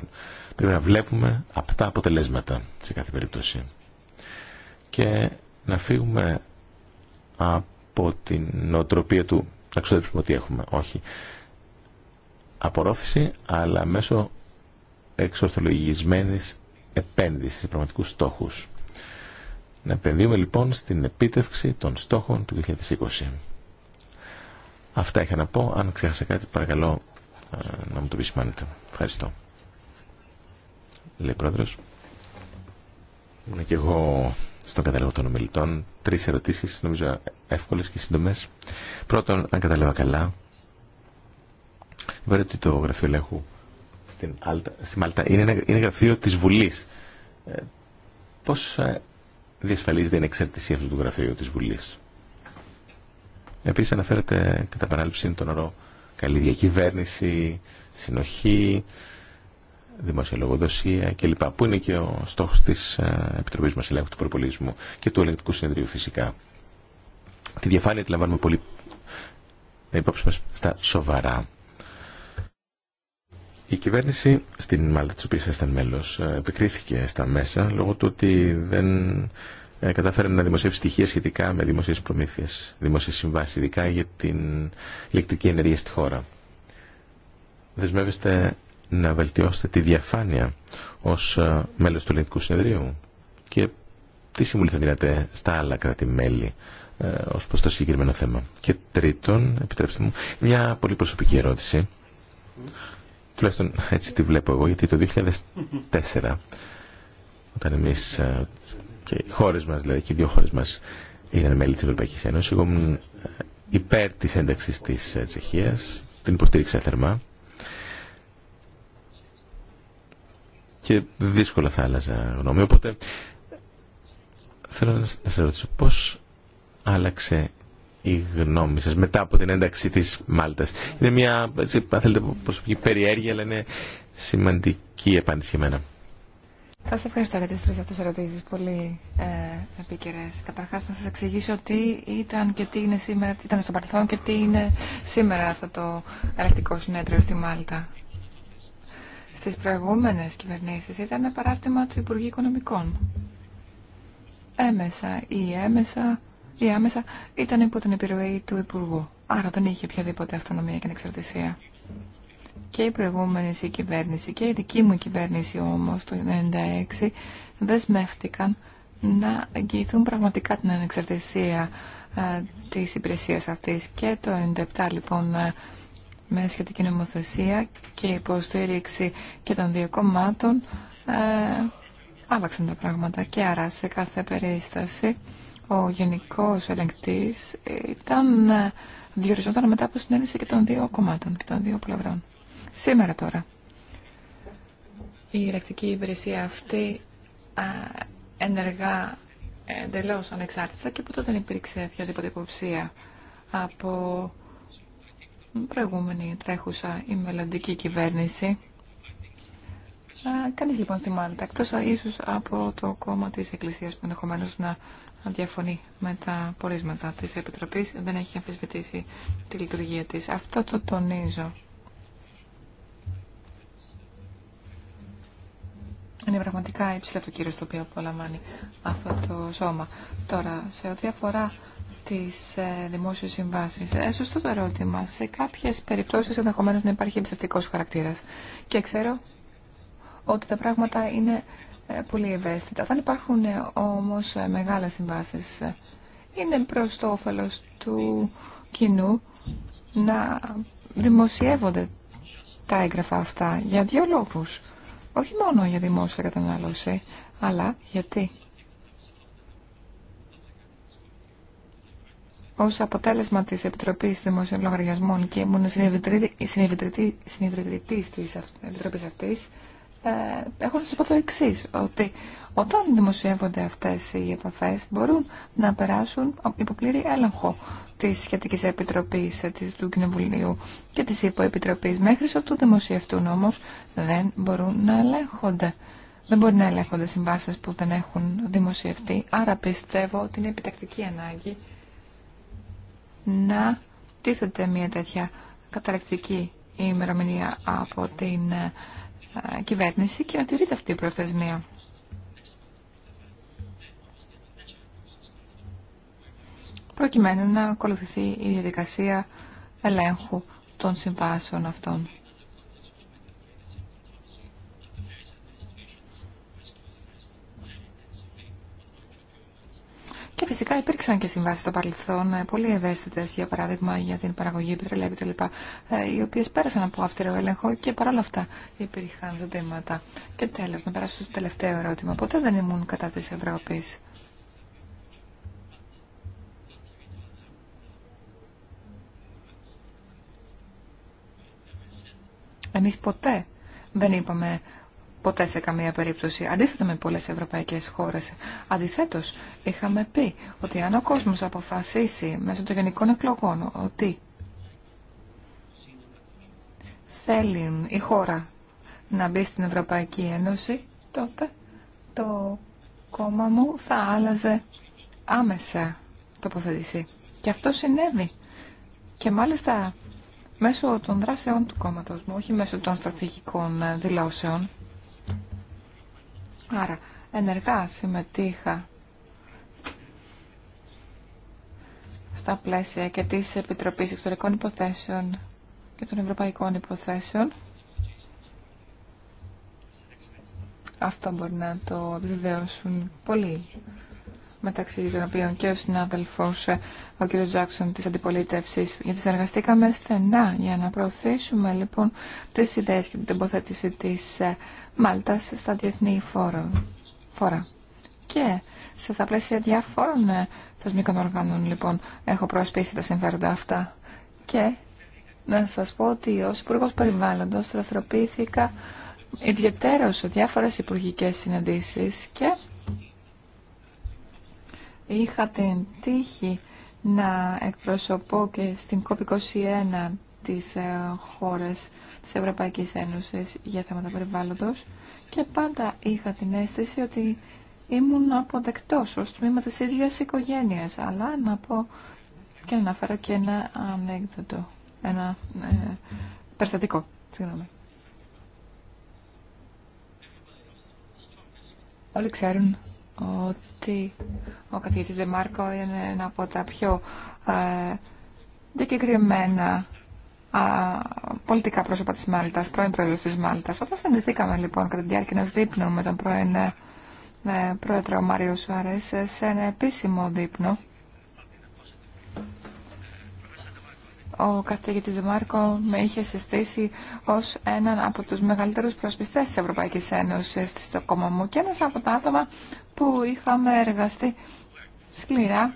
Πρέπει να βλέπουμε απτά αποτελέσματα σε κάθε περίπτωση. Και να φύγουμε από την νοοτροπία του να ξοδέψουμε ό,τι έχουμε. Όχι απορρόφηση αλλά μέσω εξορθολογισμένης επένδυσης σε πραγματικούς στόχους. Να επενδύουμε λοιπόν στην επίτευξη των στόχων του 2020. Αυτά είχα να πω. Αν ξέχασα κάτι παρακαλώ ε, να μου το επισημάνετε. Ευχαριστώ. Λέει πρόεδρος. Ήμουν και εγώ στον καταλόγο των ομιλητών. Τρεις ερωτήσεις, νομίζω εύκολες και σύντομες. Πρώτον, αν καταλάβα καλά, ότι το γραφείο ελέγχου στην, Άλτα, στη Μάλτα. Είναι, είναι γραφείο της Βουλής. Ε, πώς ε, διασφαλίζεται η εξαρτησία αυτού του γραφείου της Βουλής. Επίσης αναφέρεται κατά παράληψη τον όρο καλή διακυβέρνηση, συνοχή, δημόσια λογοδοσία κλπ. Που είναι και ο στόχος της ε, Επιτροπής μας Ελέγχου του Προπολισμού και του Ελεγκτικού Συνεδρίου φυσικά. Τη διαφάνεια τη λαμβάνουμε πολύ ε, υπόψη μας στα σοβαρά. Η κυβέρνηση στην Μάλτα της οποίας ήταν μέλος ε, επικρίθηκε στα μέσα λόγω του ότι δεν ε, κατάφερε να δημοσιεύσει στοιχεία σχετικά με δημοσίες προμήθειες, δημοσίες συμβάσεις, ειδικά για την ηλεκτρική ενέργεια στη χώρα. Δεσμεύεστε να βελτιώσετε τη διαφάνεια ως ε, μέλος του Ελληνικού Συνεδρίου και τι συμβουλή θα δίνετε στα άλλα κράτη-μέλη ως προς το συγκεκριμένο θέμα. Και τρίτον, επιτρέψτε μου, μια πολύ προσωπική ερώτηση. Τουλάχιστον έτσι τη βλέπω εγώ, γιατί το 2004, όταν εμεί ε, και οι χώρε μα, δηλαδή και οι δύο χώρε μα, ήταν μέλη τη Ευρωπαϊκή Ένωση, εγώ ήμουν ε, υπέρ τη ένταξη τη ε, Τσεχία, την υποστήριξα θερμά. Και δύσκολα θα άλλαζα γνώμη. Οπότε θέλω να σα ρωτήσω πώ άλλαξε η γνώμη σας μετά από την ένταξη της Μάλτας. Είναι μια, έτσι, θέλετε, προσωπική περιέργεια, αλλά είναι σημαντική επάντηση για μένα. Σας ευχαριστώ για τις τρεις αυτές ερωτήσεις, πολύ ε, επίκαιρες. Καταρχάς να σας εξηγήσω τι ήταν και τι είναι σήμερα, τι ήταν στο παρελθόν και τι είναι σήμερα αυτό το ελεκτικό συνέδριο στη Μάλτα. Στις προηγούμενες κυβερνήσεις ήταν παράρτημα του Υπουργείου Οικονομικών. Έμεσα ή έμεσα ή άμεσα ήταν υπό την επιρροή του Υπουργού. Άρα δεν είχε οποιαδήποτε αυτονομία και ανεξαρτησία. Και η προηγούμενη η κυβέρνηση και η δική μου κυβέρνηση όμως το 1996 δεσμεύτηκαν να εγγυηθούν πραγματικά την ανεξαρτησία ε, της υπηρεσίας αυτής. Και το 1997 λοιπόν ε, με σχετική νομοθεσία και υποστήριξη και των δύο κομμάτων ε, άλλαξαν τα πράγματα και άρα σε κάθε περίσταση ο Γενικός Ελεγκτής ήταν, διοριζόταν μετά από συνένεση και των δύο κομμάτων και των δύο πλευρών. Σήμερα τώρα, η ηλεκτρική υπηρεσία αυτή α, ενεργά εντελώ ανεξάρτητα και ποτέ δεν υπήρξε οποιαδήποτε υποψία από προηγούμενη τρέχουσα ή μελλοντική κυβέρνηση. Κανεί λοιπόν στη Μάλτα, εκτό ίσω από το κόμμα τη Εκκλησία που ενδεχομένω να διαφωνεί με τα πορίσματα της Επιτροπής, δεν έχει αμφισβητήσει τη λειτουργία της. Αυτό το τονίζω. Είναι πραγματικά υψηλά το κύριο στο οποίο απολαμβάνει αυτό το σώμα. Τώρα, σε ό,τι αφορά τις ε, δημόσιες συμβάσεις, ε, σωστό το ερώτημα. Σε κάποιες περιπτώσεις ενδεχομένως να υπάρχει εμπιστευτικός χαρακτήρας. Και ξέρω ότι τα πράγματα είναι ε, πολύ ευαίσθητα. Όταν υπάρχουν ε, όμως ε, μεγάλες συμβάσεις, είναι προς το όφελος του κοινού να δημοσιεύονται τα έγγραφα αυτά για δύο λόγους. Όχι μόνο για δημόσια κατανάλωση, αλλά γιατί. Ως αποτέλεσμα της Επιτροπής Δημοσίων Λογαριασμών και ήμουν συνειδητρητής της Επιτροπής αυτής, ε, έχω να σας πω το εξή ότι όταν δημοσιεύονται αυτές οι επαφές μπορούν να περάσουν πλήρη έλεγχο της σχετικής επιτροπής ε, του Κοινοβουλίου και της υποεπιτροπής μέχρι ότου δημοσιευτούν όμως δεν μπορούν να ελέγχονται. Δεν μπορεί να ελέγχονται συμβάσει που δεν έχουν δημοσιευτεί, άρα πιστεύω ότι είναι επιτακτική ανάγκη να τίθεται μια τέτοια καταρακτική ημερομηνία από την ε, κυβέρνηση και να τηρείται αυτή η προθεσμία. προκειμένου να ακολουθηθεί η διαδικασία ελέγχου των συμβάσεων αυτών. Και φυσικά υπήρξαν και συμβάσει στο παρελθόν ε, πολύ ευαίσθητε, για παράδειγμα για την παραγωγή πετρελαίου κτλ. Ε, οι οποίε πέρασαν από αυστηρό έλεγχο και παρόλα αυτά υπήρχαν ζητήματα. Και τέλο, να περάσω στο τελευταίο ερώτημα. Ποτέ δεν ήμουν κατά τη Ευρώπη. Εμείς ποτέ δεν είπαμε ποτέ σε καμία περίπτωση, αντίθετα με πολλές ευρωπαϊκές χώρες. Αντιθέτως, είχαμε πει ότι αν ο κόσμος αποφασίσει μέσω των γενικών εκλογών ότι θέλει η χώρα να μπει στην Ευρωπαϊκή Ένωση, τότε το κόμμα μου θα άλλαζε άμεσα τοποθετηθεί. Και αυτό συνέβη. Και μάλιστα μέσω των δράσεων του κόμματος μου, όχι μέσω των στρατηγικών δηλώσεων. Άρα, ενεργά συμμετείχα στα πλαίσια και της Επιτροπής Εξωτερικών Υποθέσεων και των Ευρωπαϊκών Υποθέσεων. Αυτό μπορεί να το επιβεβαιώσουν πολλοί μεταξύ των οποίων και ο συνάδελφο ε, ο κ. Τζάξον τη αντιπολίτευση, γιατί συνεργαστήκαμε στενά για να προωθήσουμε λοιπόν τι ιδέε και την τοποθέτηση τη ε, Μάλτα στα διεθνή φόρα. Και σε τα πλαίσια διαφόρων ε, θεσμικών οργάνων, λοιπόν, έχω προασπίσει τα συμφέροντα αυτά. Και να σας πω ότι ως Υπουργός Περιβάλλοντος δραστηριοποιήθηκα ιδιαιτέρως σε διάφορες υπουργικές συναντήσεις και Είχα την τύχη να εκπροσωπώ και στην COP21 τις ε, χώρες της Ευρωπαϊκής Ένωσης για θέματα περιβάλλοντος και πάντα είχα την αίσθηση ότι ήμουν αποδεκτός ως τμήμα της ίδιας οικογένειας. Αλλά να πω και να αναφέρω και ένα ανέκδοτο, ένα ε, περιστατικό, συγγνώμη. Όλοι ξέρουν ότι ο καθηγητής Δεμάρκο είναι ένα από τα πιο ε, δικαιωμένα πολιτικά πρόσωπα της Μάλτας, πρώην πρόεδρος της Μάλτας. Όταν συνδεθήκαμε λοιπόν κατά τη διάρκεια ενός δείπνου με τον πρώην ε, ε πρόεδρο Μάριο Σουαρές σε ένα επίσημο δείπνο, Ο καθηγητής Δημάρκο με είχε συστήσει ως έναν από τους μεγαλύτερους προσπιστές της Ευρωπαϊκής Ένωσης στο κόμμα μου και ένας από τα άτομα που είχαμε εργαστεί σκληρά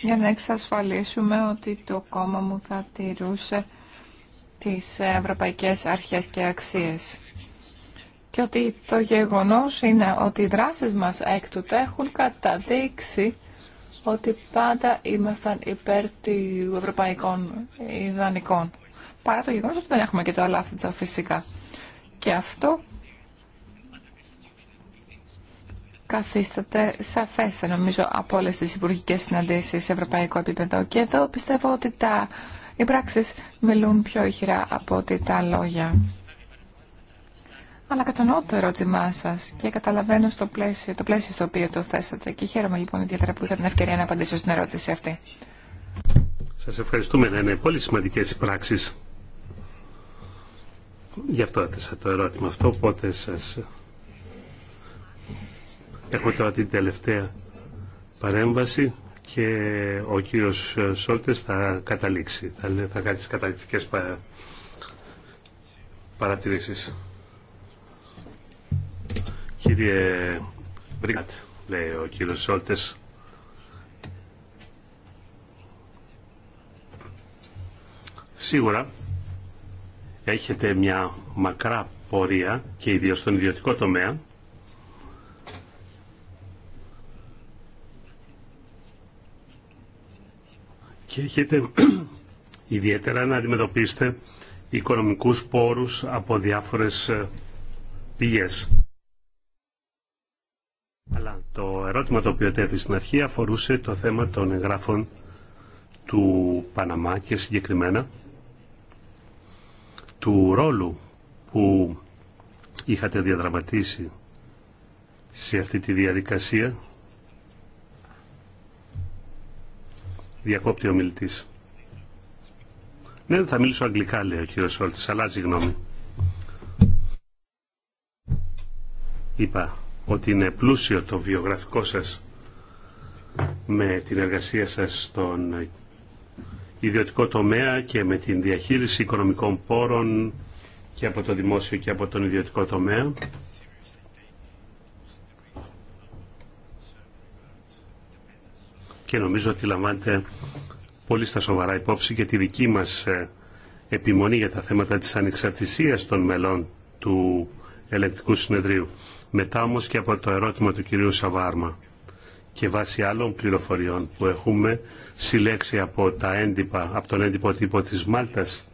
για να εξασφαλίσουμε ότι το κόμμα μου θα τηρούσε τις ευρωπαϊκές αρχές και αξίες. Και ότι το γεγονός είναι ότι οι δράσεις μας έκτοτε έχουν καταδείξει ότι πάντα ήμασταν υπέρ του ευρωπαϊκών ιδανικών. Παρά το γεγονός ότι δεν έχουμε και το τα φυσικά. Και αυτό καθίσταται σαφέ νομίζω, από όλε τι υπουργικέ συναντήσει σε ευρωπαϊκό επίπεδο. Και εδώ πιστεύω ότι τα... οι πράξεις μιλούν πιο ηχηρά από ότι τα λόγια. Αλλά κατανοώ το ερώτημά σα και καταλαβαίνω στο πλαίσιο, το πλαίσιο στο οποίο το θέσατε και χαίρομαι λοιπόν ιδιαίτερα που είχα την ευκαιρία να απαντήσω στην ερώτηση αυτή. Σα ευχαριστούμε να είναι πολύ σημαντικέ οι πράξει. Γι' αυτό έθεσα το ερώτημα αυτό, οπότε σας... Έχουμε τώρα την τελευταία παρέμβαση και ο κύριος Σόλτες θα καταλήξει, θα, κάνει τις καταληκτικές παρατηρήσει. Κύριε Μπριγκάτ, λέει ο κύριος Σόλτες, σίγουρα έχετε μια μακρά πορεία και ιδίω στον ιδιωτικό τομέα και έχετε [CLEARS THROAT] ιδιαίτερα να αντιμετωπίσετε οικονομικούς πόρους από διάφορες ε, πηγές. Αλλά το ερώτημα το οποίο τέθη στην αρχή αφορούσε το θέμα των εγγράφων του Παναμά και συγκεκριμένα του ρόλου που είχατε διαδραματίσει σε αυτή τη διαδικασία διακόπτει ο μιλητής. Ναι, θα μιλήσω αγγλικά, λέει ο κ. Σόλτης, αλλάζει γνώμη. Είπα ότι είναι πλούσιο το βιογραφικό σας με την εργασία σας στον ιδιωτικό τομέα και με την διαχείριση οικονομικών πόρων και από το δημόσιο και από τον ιδιωτικό τομέα. Και νομίζω ότι λαμβάνετε πολύ στα σοβαρά υπόψη και τη δική μας ε, επιμονή για τα θέματα της ανεξαρτησίας των μελών του ελεκτικού συνεδρίου. Μετά όμως και από το ερώτημα του κυρίου Σαβάρμα και βάσει άλλων πληροφοριών που έχουμε συλλέξει από, τα έντυπα, από τον έντυπο τύπο της Μάλτας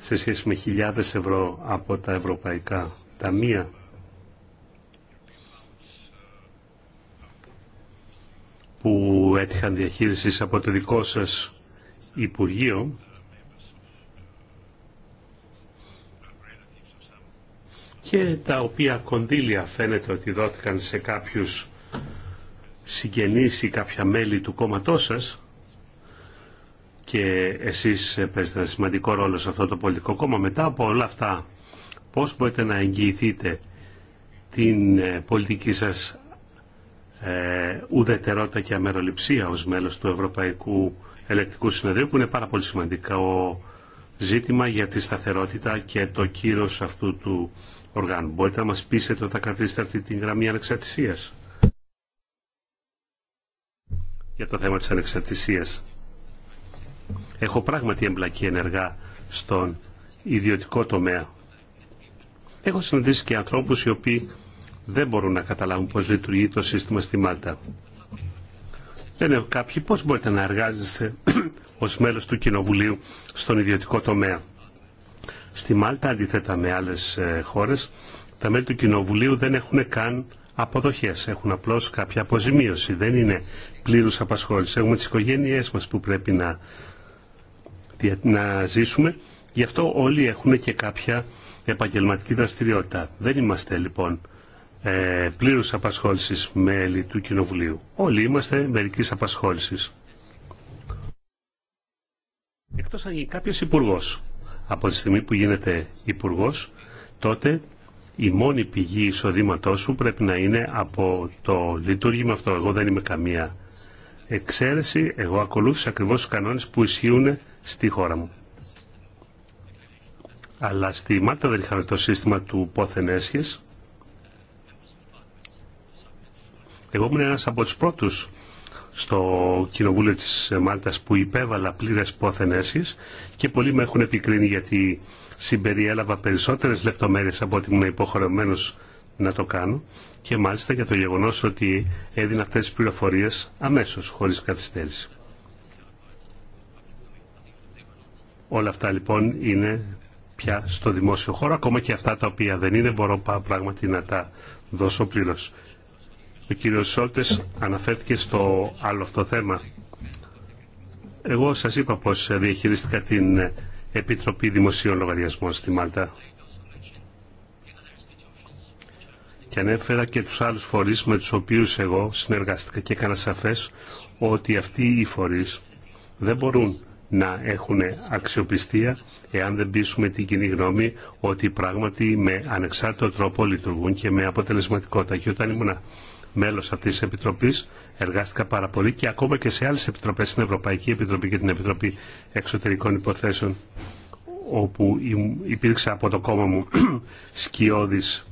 σε σχέση με χιλιάδες ευρώ από τα ευρωπαϊκά ταμεία που έτυχαν διαχείρισης από το δικό σας Υπουργείο και τα οποία κονδύλια φαίνεται ότι δόθηκαν σε κάποιους συγγενείς ή κάποια μέλη του κόμματός σας και εσείς παίζετε σημαντικό ρόλο σε αυτό το πολιτικό κόμμα μετά από όλα αυτά πώς μπορείτε να εγγυηθείτε την ε, πολιτική σας ε, ουδετερότητα και αμεροληψία ως μέλος του Ευρωπαϊκού Ελεκτικού Συνεδρίου που είναι πάρα πολύ σημαντικό ζήτημα για τη σταθερότητα και το κύρος αυτού του οργάνου. Μπορείτε να μας πείσετε ότι θα κρατήσετε αυτή την γραμμή ανεξαρτησίας για το θέμα της ανεξαρτησίας. Έχω πράγματι εμπλακεί ενεργά στον ιδιωτικό τομέα. Έχω συναντήσει και ανθρώπους οι οποίοι δεν μπορούν να καταλάβουν πώς λειτουργεί το σύστημα στη Μάλτα. Λένε κάποιοι πώς μπορείτε να εργάζεστε [CLEARS THROAT] ως μέλος του Κοινοβουλίου στον ιδιωτικό τομέα. Στη Μάλτα, αντίθετα με άλλες ε, χώρες, τα μέλη του Κοινοβουλίου δεν έχουν καν αποδοχές. Έχουν απλώς κάποια αποζημίωση. Δεν είναι πλήρους απασχόληση. Έχουμε τι οικογένειε μα που πρέπει να, να ζήσουμε. Γι' αυτό όλοι έχουν και κάποια επαγγελματική δραστηριότητα. Δεν είμαστε λοιπόν ε, πλήρους απασχόλησης μέλη του Κοινοβουλίου. Όλοι είμαστε μερικής απασχόληση. Εκτός αν γίνει κάποιος από τη στιγμή που γίνεται υπουργό, τότε η μόνη πηγή εισοδήματό σου πρέπει να είναι από το λειτουργήμα αυτό. Εγώ δεν είμαι καμία εξαίρεση. Εγώ ακολούθησα ακριβώ του κανόνε που ισχύουν στη χώρα μου. Αλλά στη Μάλτα δεν είχαμε το σύστημα του πόθεν έσχες. Εγώ ήμουν ένας από τους πρώτους στο Κοινοβούλιο της Μάλτας που υπέβαλα πλήρες πόθενέσεις και πολλοί με έχουν επικρίνει γιατί συμπεριέλαβα περισσότερες λεπτομέρειες από ό,τι ήμουν υποχρεωμένος να το κάνω και μάλιστα για το γεγονός ότι έδινα αυτές τις πληροφορίες αμέσως, χωρίς καθυστέρηση. Όλα αυτά λοιπόν είναι πια στο δημόσιο χώρο, ακόμα και αυτά τα οποία δεν είναι μπορώ πράγματι να τα δώσω πλήρως. Ο κύριο Σόλτες αναφέρθηκε στο άλλο αυτό θέμα. Εγώ σας είπα πώς διαχειρίστηκα την Επιτροπή Δημοσίων Λογαριασμών στη Μάλτα. Και ανέφερα και τους άλλους φορείς με τους οποίους εγώ συνεργάστηκα και έκανα σαφές ότι αυτοί οι φορείς δεν μπορούν να έχουν αξιοπιστία εάν δεν πείσουμε την κοινή γνώμη ότι πράγματι με ανεξάρτητο τρόπο λειτουργούν και με αποτελεσματικότητα. Και όταν μέλος αυτής της Επιτροπής, εργάστηκα πάρα πολύ και ακόμα και σε άλλες επιτροπές, στην Ευρωπαϊκή Επιτροπή και την Επιτροπή Εξωτερικών Υποθέσεων, όπου υπήρξα από το κόμμα μου [CLEARS THROAT] σκιώδης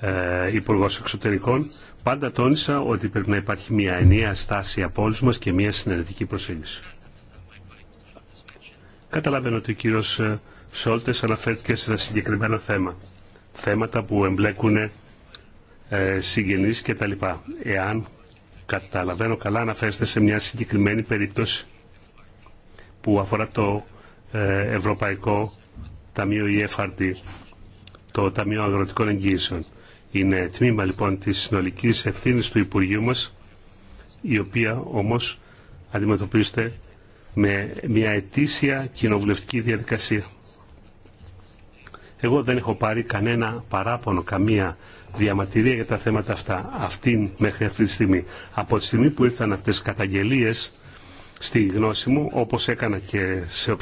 ε, Υπουργό Εξωτερικών, πάντα τόνισα ότι πρέπει να υπάρχει μια ενιαία στάση από όλους μας και μια συνεργατική προσέγγιση. Καταλαβαίνω ότι ο κύριο ε, Σόλτε αναφέρθηκε σε ένα συγκεκριμένο θέμα. Θέματα που εμπλέκουν ε, συγγενείς κτλ. Εάν καταλαβαίνω καλά αναφέρεστε σε μια συγκεκριμένη περίπτωση που αφορά το ε, Ευρωπαϊκό Ταμείο EFRD, το Ταμείο Αγροτικών Εγγύησεων. Είναι τμήμα λοιπόν της συνολικής ευθύνης του Υπουργείου μας, η οποία όμως αντιμετωπίζεται με μια ετήσια κοινοβουλευτική διαδικασία. Εγώ δεν έχω πάρει κανένα παράπονο, καμία διαμαρτυρία για τα θέματα αυτά αυτήν μέχρι αυτή τη στιγμή. Από τη στιγμή που ήρθαν αυτές οι καταγγελίες στη γνώση μου, όπως έκανα και σε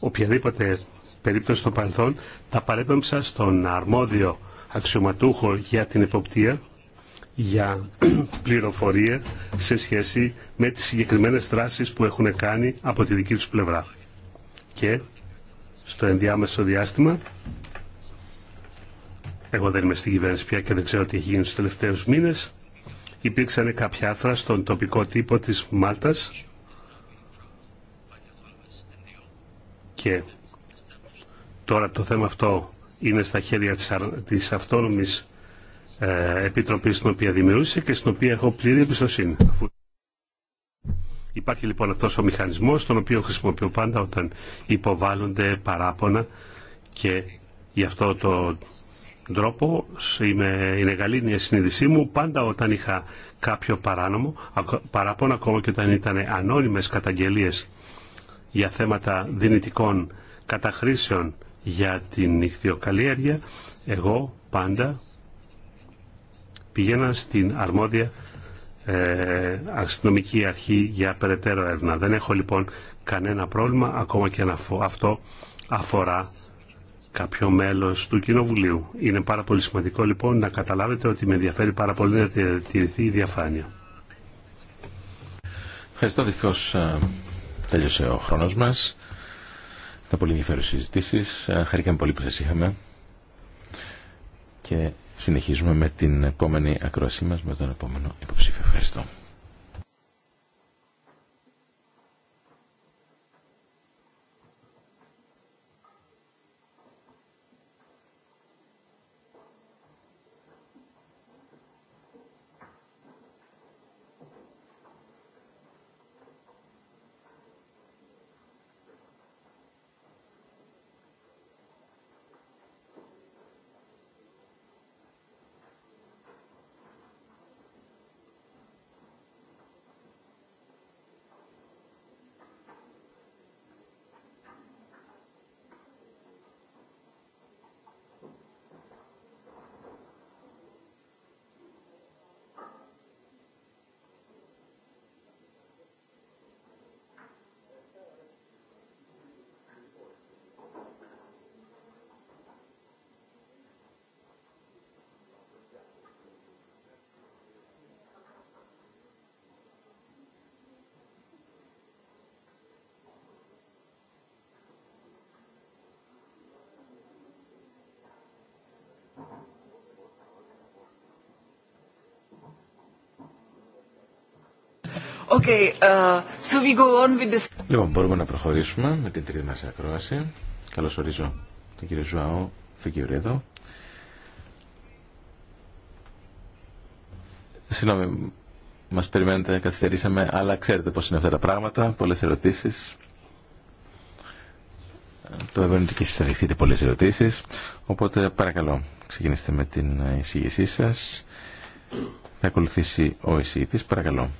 οποιαδήποτε περίπτωση στο παρελθόν, τα παρέπεμψα στον αρμόδιο αξιωματούχο για την εποπτεία για [CLEARS THROAT] πληροφορία σε σχέση με τις συγκεκριμένες δράσεις που έχουν κάνει από τη δική τους πλευρά. Και στο ενδιάμεσο διάστημα εγώ δεν είμαι στην κυβέρνηση πια και δεν ξέρω τι έχει γίνει στους τελευταίους μήνες. Υπήρξαν κάποια άθρα στον τοπικό τύπο της Μάλτας και τώρα το θέμα αυτό είναι στα χέρια της, της αυτόνομης ε, επιτροπής στην οποία δημιούργησε και στην οποία έχω πλήρη εμπιστοσύνη. Υπάρχει λοιπόν αυτός ο μηχανισμός τον οποίο χρησιμοποιώ πάντα όταν υποβάλλονται παράπονα και γι' αυτό το τρόπο, είμαι, είναι γαλήνια η συνείδησή μου, πάντα όταν είχα κάποιο παράνομο, παράπονο ακόμα και όταν ήταν ανώνυμες καταγγελίες για θέματα δυνητικών καταχρήσεων για την νυχθειοκαλλιέργεια, εγώ πάντα πηγαίνα στην αρμόδια ε, αστυνομική αρχή για περαιτέρω έρευνα. Δεν έχω λοιπόν κανένα πρόβλημα, ακόμα και αν αυτό αφορά κάποιο μέλος του Κοινοβουλίου. Είναι πάρα πολύ σημαντικό λοιπόν να καταλάβετε ότι με ενδιαφέρει πάρα πολύ να τηρηθεί η διαφάνεια. Ευχαριστώ. Δυστυχώς ε, τέλειωσε ο χρόνος μας. Ήταν πολύ ενδιαφέρουσες συζητήσεις. Ε, Χαρήκαμε πολύ που σας είχαμε. Και συνεχίζουμε με την επόμενη ακροασή μας με τον επόμενο υποψήφιο. Ευχαριστώ. Uh, λοιπόν, μπορούμε να προχωρήσουμε με την τρίτη μας ακρόαση. Καλώς ορίζω τον κύριο Ζουαό Φικιουρέδο. Συγγνώμη, μας περιμένετε, καθυστερήσαμε, αλλά ξέρετε πώς είναι αυτά τα πράγματα, πολλές ερωτήσεις. Το ευαίνετε και εσείς θα δεχτείτε πολλές ερωτήσεις. Οπότε, παρακαλώ, ξεκινήστε με την εισήγησή σας. Θα ακολουθήσει ο εισηγητής, παρακαλώ.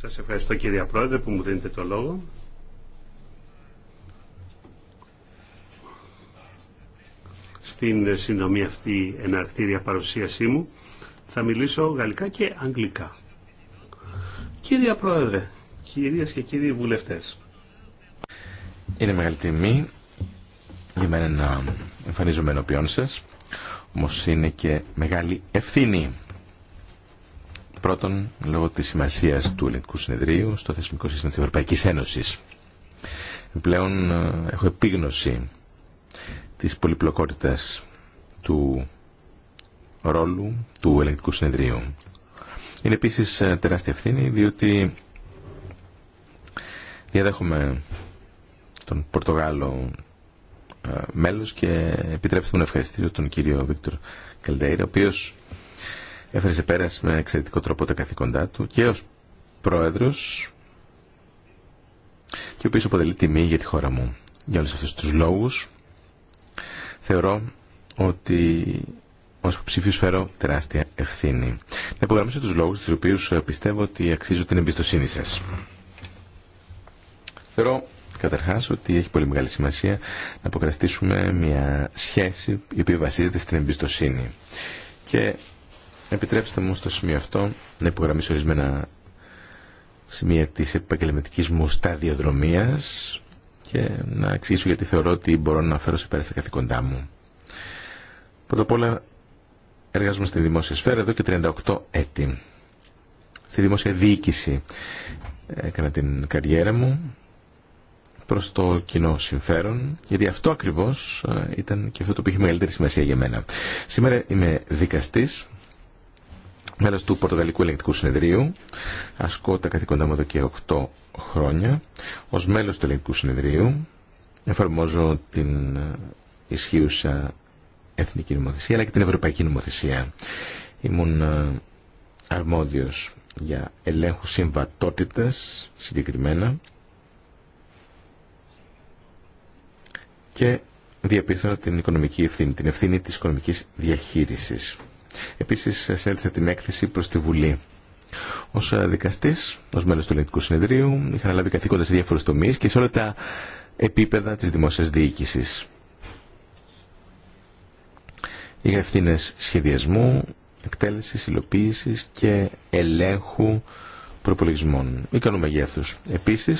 Σας ευχαριστώ κυρία Πρόεδρε που μου δίνετε το λόγο. Στην συντομή αυτή εναρκτήρια παρουσίασή μου θα μιλήσω γαλλικά και αγγλικά. Κυρία Πρόεδρε, κυρίες και κύριοι βουλευτές. Είναι μεγάλη τιμή για μένα να εμφανίζομαι ενώπιόν σας, όμως είναι και μεγάλη ευθύνη Πρώτον, λόγω της σημασίας του Ελληνικού Συνεδρίου στο θεσμικό σύστημα της Ευρωπαϊκής Ένωσης. Πλέον ε, έχω επίγνωση της πολυπλοκότητας του ρόλου του Ελληνικού Συνεδρίου. Είναι επίσης ε, τεράστια ευθύνη διότι διαδέχομαι τον Πορτογάλο ε, μέλος και επιτρέψτε μου να ευχαριστήσω τον κύριο Βίκτορ Καλντέιρα, ο οποίος έφερε σε πέρα με εξαιρετικό τρόπο τα καθήκοντά του και ω πρόεδρο και ο οποίο αποτελεί τιμή για τη χώρα μου. Για όλου αυτού του λόγου. θεωρώ ότι ω υποψήφιο φέρω τεράστια ευθύνη. Να υπογραμμίσω του λόγου του οποίου πιστεύω ότι αξίζω την εμπιστοσύνη σα. Θεωρώ καταρχάς ότι έχει πολύ μεγάλη σημασία να αποκαταστήσουμε μια σχέση η οποία βασίζεται στην εμπιστοσύνη. Και Επιτρέψτε μου στο σημείο αυτό να υπογραμμίσω ορισμένα σημεία τη επαγγελματική μου σταδιοδρομία και να εξηγήσω γιατί θεωρώ ότι μπορώ να φέρω σε πέρα στα καθήκοντά μου. Πρώτα απ' όλα εργάζομαι στη δημόσια σφαίρα εδώ και 38 έτη. Στη δημόσια διοίκηση έκανα την καριέρα μου προ το κοινό συμφέρον, γιατί αυτό ακριβώ ε, ήταν και αυτό το οποίο είχε μεγαλύτερη σημασία για μένα. Σήμερα είμαι δικαστή μέλος του Πορτογαλικού Ελεγκτικού Συνεδρίου. Ασκώ τα καθήκοντά μου εδώ και 8 χρόνια. Ως μέλος του Ελεγκτικού Συνεδρίου εφαρμόζω την ε, ισχύουσα εθνική νομοθεσία αλλά και την ευρωπαϊκή νομοθεσία. Ήμουν ε, αρμόδιος για ελέγχου συμβατότητας συγκεκριμένα και διαπίστωνα την οικονομική ευθύνη, την ευθύνη της οικονομικής διαχείρισης. Επίσης έλθε την έκθεση προς τη Βουλή. Ω δικαστή, ω μέλος του Ελληνικού Συνεδρίου, είχα λάβει καθήκοντα σε διάφορου τομεί και σε όλα τα επίπεδα τη δημόσια διοίκηση. Είχα ευθύνε σχεδιασμού, εκτέλεση, υλοποίηση και ελέγχου προπολογισμών, ικανού μεγέθου. Επίση,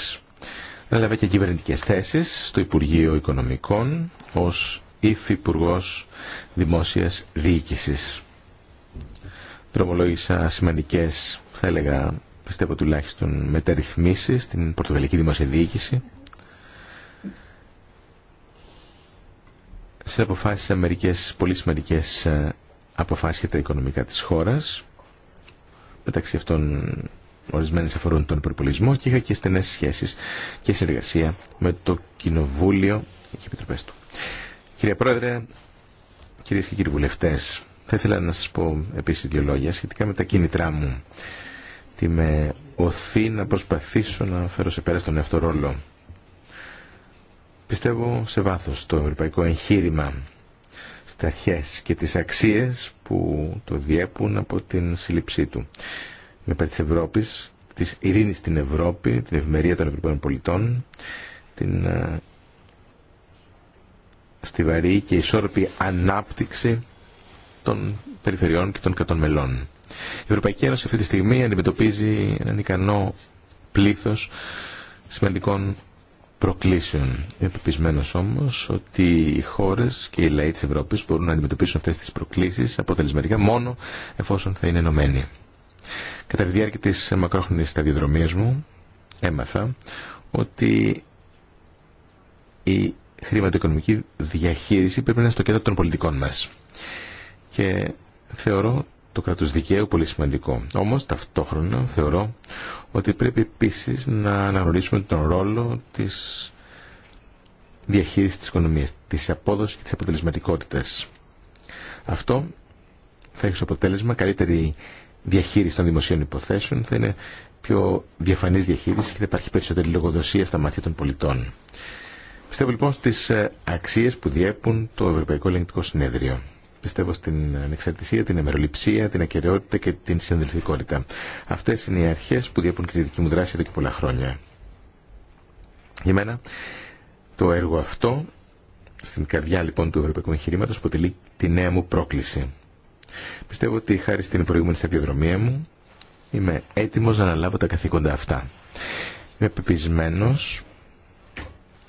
έλαβα και κυβερνητικέ θέσει στο Υπουργείο Οικονομικών ω υφυπουργό δημόσια διοίκηση δρομολόγησα σημαντικέ, θα έλεγα, πιστεύω τουλάχιστον μεταρρυθμίσει στην Πορτογαλική Δημόσια Σε αποφάσεις μερικές πολύ σημαντικέ ε, αποφάσεις για τα οικονομικά της χώρας. Μεταξύ αυτών ορισμένες αφορούν τον προπολισμό και είχα και στενές σχέσεις και συνεργασία με το Κοινοβούλιο και επιτροπές του. Κύριε Πρόεδρε, κύριε και κύριοι βουλευτές, θα ήθελα να σας πω επίσης δύο λόγια σχετικά με τα κίνητρά μου. Τι με οθεί να προσπαθήσω να φέρω σε πέρα στον εαυτό ρόλο. Πιστεύω σε βάθος το ευρωπαϊκό εγχείρημα στα αρχές και τις αξίες που το διέπουν από την σύλληψή του. Με υπέρ της Ευρώπης, της ειρήνης στην Ευρώπη, την ευμερία των ευρωπαϊκών πολιτών, την ε, στιβαρή και ισόρροπη ανάπτυξη των περιφερειών και των κρατών μελών. Η Ευρωπαϊκή Ένωση αυτή τη στιγμή αντιμετωπίζει έναν ικανό πλήθος σημαντικών προκλήσεων. Είμαι πεπισμένο όμω ότι οι χώρε και οι λαοί τη Ευρώπη μπορούν να αντιμετωπίσουν αυτέ τι προκλήσει αποτελεσματικά μόνο εφόσον θα είναι ενωμένοι. Κατά τη διάρκεια τη μακρόχρονη σταδιοδρομία μου, έμαθα ότι η χρηματοοικονομική διαχείριση πρέπει να είναι στο κέντρο των πολιτικών μα και θεωρώ το κράτος δικαίου πολύ σημαντικό. Όμως ταυτόχρονα θεωρώ ότι πρέπει επίσης να αναγνωρίσουμε τον ρόλο της διαχείρισης της οικονομίας, της απόδοσης και της αποτελεσματικότητας. Αυτό θα έχει αποτέλεσμα καλύτερη διαχείριση των δημοσίων υποθέσεων, θα είναι πιο διαφανής διαχείριση και θα υπάρχει περισσότερη λογοδοσία στα μάτια των πολιτών. Πιστεύω λοιπόν στις ε, αξίες που διέπουν το Ευρωπαϊκό Ελληνικό Συνέδριο πιστεύω στην ανεξαρτησία, την εμεροληψία, την ακαιρεότητα και την συνδελφικότητα. Αυτέ είναι οι αρχέ που διέπουν και τη δική μου δράση εδώ και πολλά χρόνια. Για μένα το έργο αυτό, στην καρδιά λοιπόν του Ευρωπαϊκού Εγχειρήματο, αποτελεί τη νέα μου πρόκληση. Πιστεύω ότι χάρη στην προηγούμενη σταδιοδρομία μου είμαι έτοιμο να αναλάβω τα καθήκοντα αυτά. Είμαι πεπισμένος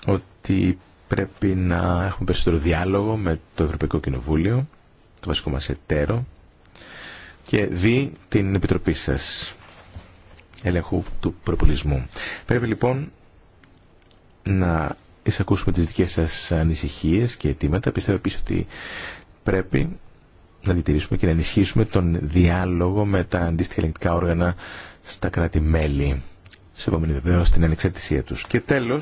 ότι πρέπει να έχουμε περισσότερο διάλογο με το Ευρωπαϊκό Κοινοβούλιο το βασικό μας εταίρο, και δι την Επιτροπή σας ελέγχου του προπολισμού. Πρέπει λοιπόν να εισακούσουμε τις δικές σας ανησυχίες και αιτήματα. Πιστεύω επίσης ότι πρέπει να διατηρήσουμε και να ενισχύσουμε τον διάλογο με τα αντίστοιχα ελεγκτικά όργανα στα κράτη-μέλη. επόμενη βεβαίω την ανεξαρτησία του. Και τέλο,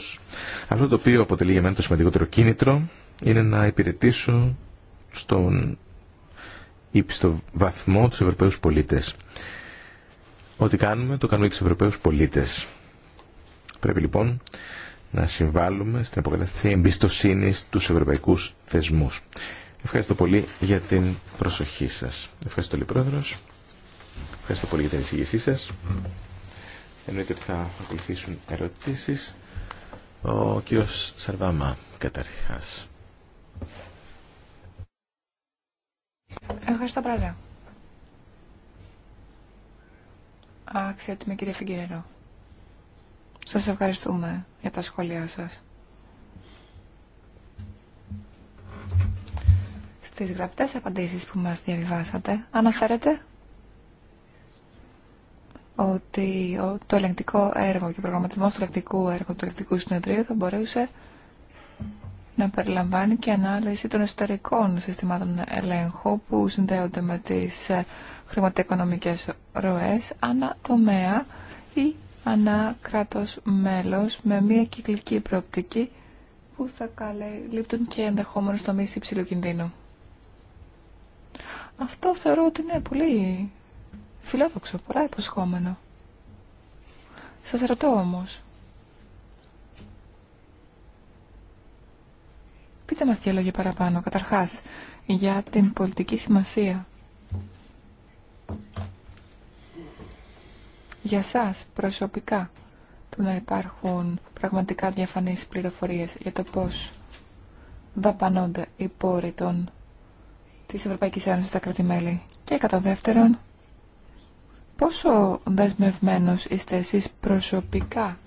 αυτό το οποίο αποτελεί για μένα το σημαντικότερο κίνητρο είναι να υπηρετήσω στον ύψιστο βαθμό τους Ευρωπαίους πολίτες. Ό,τι κάνουμε, το κάνουμε και τους Ευρωπαίους πολίτες. Πρέπει λοιπόν να συμβάλλουμε στην αποκατάσταση εμπιστοσύνη στους ευρωπαϊκούς θεσμούς. Ευχαριστώ πολύ για την προσοχή σας. Ευχαριστώ πολύ Πρόεδρος. Ευχαριστώ πολύ για την εισηγήσή σας. Εννοείται ότι θα ακολουθήσουν ερωτήσεις. Ο κύριος Σαρβάμα καταρχάς. Ευχαριστώ, Πρόεδρε. Αξιότιμη κύριε Φιγκυρερό. Σας ευχαριστούμε για τα σχόλιά σας. Στις γραπτές απαντήσεις που μας διαβιβάσατε, αναφέρετε ότι το ελεγκτικό έργο και ο προγραμματισμός του ελεγκτικού έργου του ελεγκτικού συνεδρίου θα μπορούσε να περιλαμβάνει και ανάλυση των εσωτερικών συστημάτων ελέγχου που συνδέονται με τις ε, χρηματοοικονομικές ροές ανά τομέα ή ανά κράτος μέλος με μια κυκλική προοπτική που θα καλύπτουν και ενδεχόμενους τομείς υψηλού κινδύνου. Αυτό θεωρώ ότι είναι πολύ φιλόδοξο, πολλά υποσχόμενο. Σας ρωτώ όμως, Πείτε μας δύο λόγια παραπάνω, καταρχάς, για την πολιτική σημασία. Για σας προσωπικά, του να υπάρχουν πραγματικά διαφανείς πληροφορίες για το πώς δαπανώνται οι πόροι των της Ευρωπαϊκής Ένωσης στα κρατημέλη. Και κατά δεύτερον, πόσο δεσμευμένος είστε εσείς προσωπικά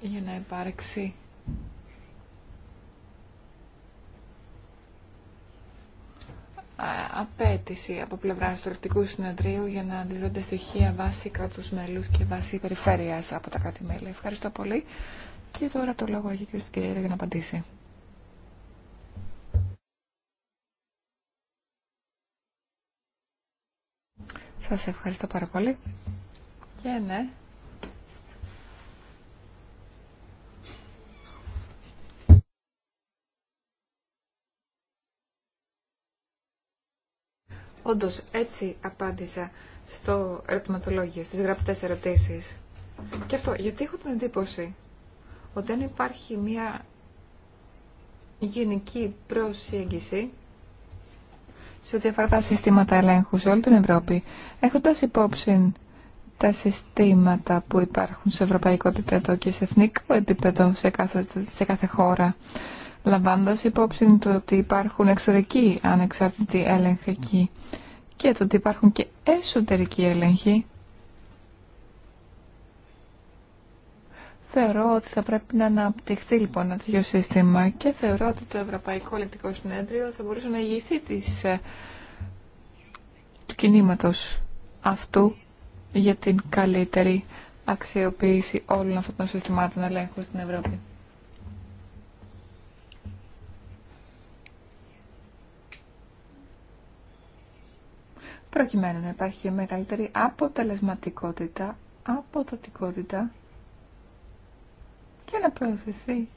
για να υπάρξει Ε, απέτηση από πλευρά του Ελεκτικού Συνεδρίου για να αντιδρούνται στοιχεία βάση κράτου μέλου και βάση περιφέρεια από τα κράτη-μέλη. Ευχαριστώ πολύ. Και τώρα το λόγο έχει ο κ. Πικυρίδη για να απαντήσει. Σα ευχαριστώ πάρα πολύ. Και ναι, Όντως, έτσι απάντησα στο ερωτηματολόγιο, στις γραπτές ερωτήσεις. Και αυτό, γιατί έχω την εντύπωση ότι αν υπάρχει μια γενική προσέγγιση σε ό,τι αφορά τα συστήματα ελέγχου σε όλη την Ευρώπη, έχοντας υπόψη τα συστήματα που υπάρχουν σε ευρωπαϊκό επίπεδο και σε εθνικό επίπεδο σε κάθε, σε κάθε χώρα, λαμβάνοντας υπόψη το ότι υπάρχουν εξωτερικοί ανεξάρτητοι έλεγχοι εκεί και το ότι υπάρχουν και εσωτερικοί έλεγχοι, Θεωρώ ότι θα πρέπει να αναπτυχθεί λοιπόν ένα τέτοιο σύστημα και θεωρώ ότι το Ευρωπαϊκό Ελεκτικό Συνέδριο θα μπορούσε να ηγηθεί της, ε, του κινήματος αυτού για την καλύτερη αξιοποίηση όλων αυτών των συστημάτων ελέγχου στην Ευρώπη. προκειμένου να υπάρχει μεγαλύτερη αποτελεσματικότητα, αποδοτικότητα και να προωθηθεί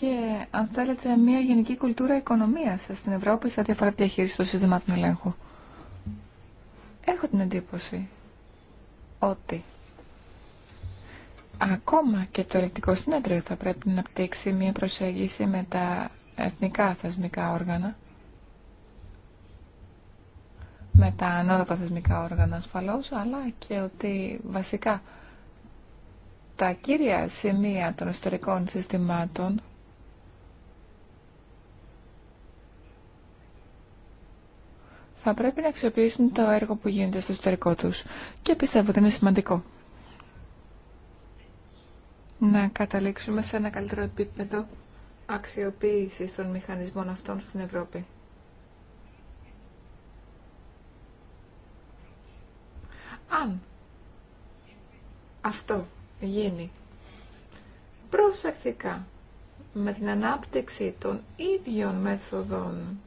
και αν θέλετε μια γενική κουλτούρα οικονομίας στην Ευρώπη σε ό,τι αφορά τη διαχείριση των συστημάτων ελέγχου. Έχω την εντύπωση ότι ακόμα και το ελεκτικό συνέδριο θα πρέπει να πτύξει μια προσέγγιση με τα εθνικά θεσμικά όργανα με τα ανώτατα θεσμικά όργανα ασφαλώς, αλλά και ότι βασικά τα κύρια σημεία των ιστορικών συστημάτων θα πρέπει να αξιοποιήσουν το έργο που γίνεται στο ιστορικό τους και πιστεύω ότι είναι σημαντικό να καταλήξουμε σε ένα καλύτερο επίπεδο αξιοποίησης των μηχανισμών αυτών στην Ευρώπη. Αν αυτό γίνει προσεκτικά με την ανάπτυξη των ίδιων μέθοδων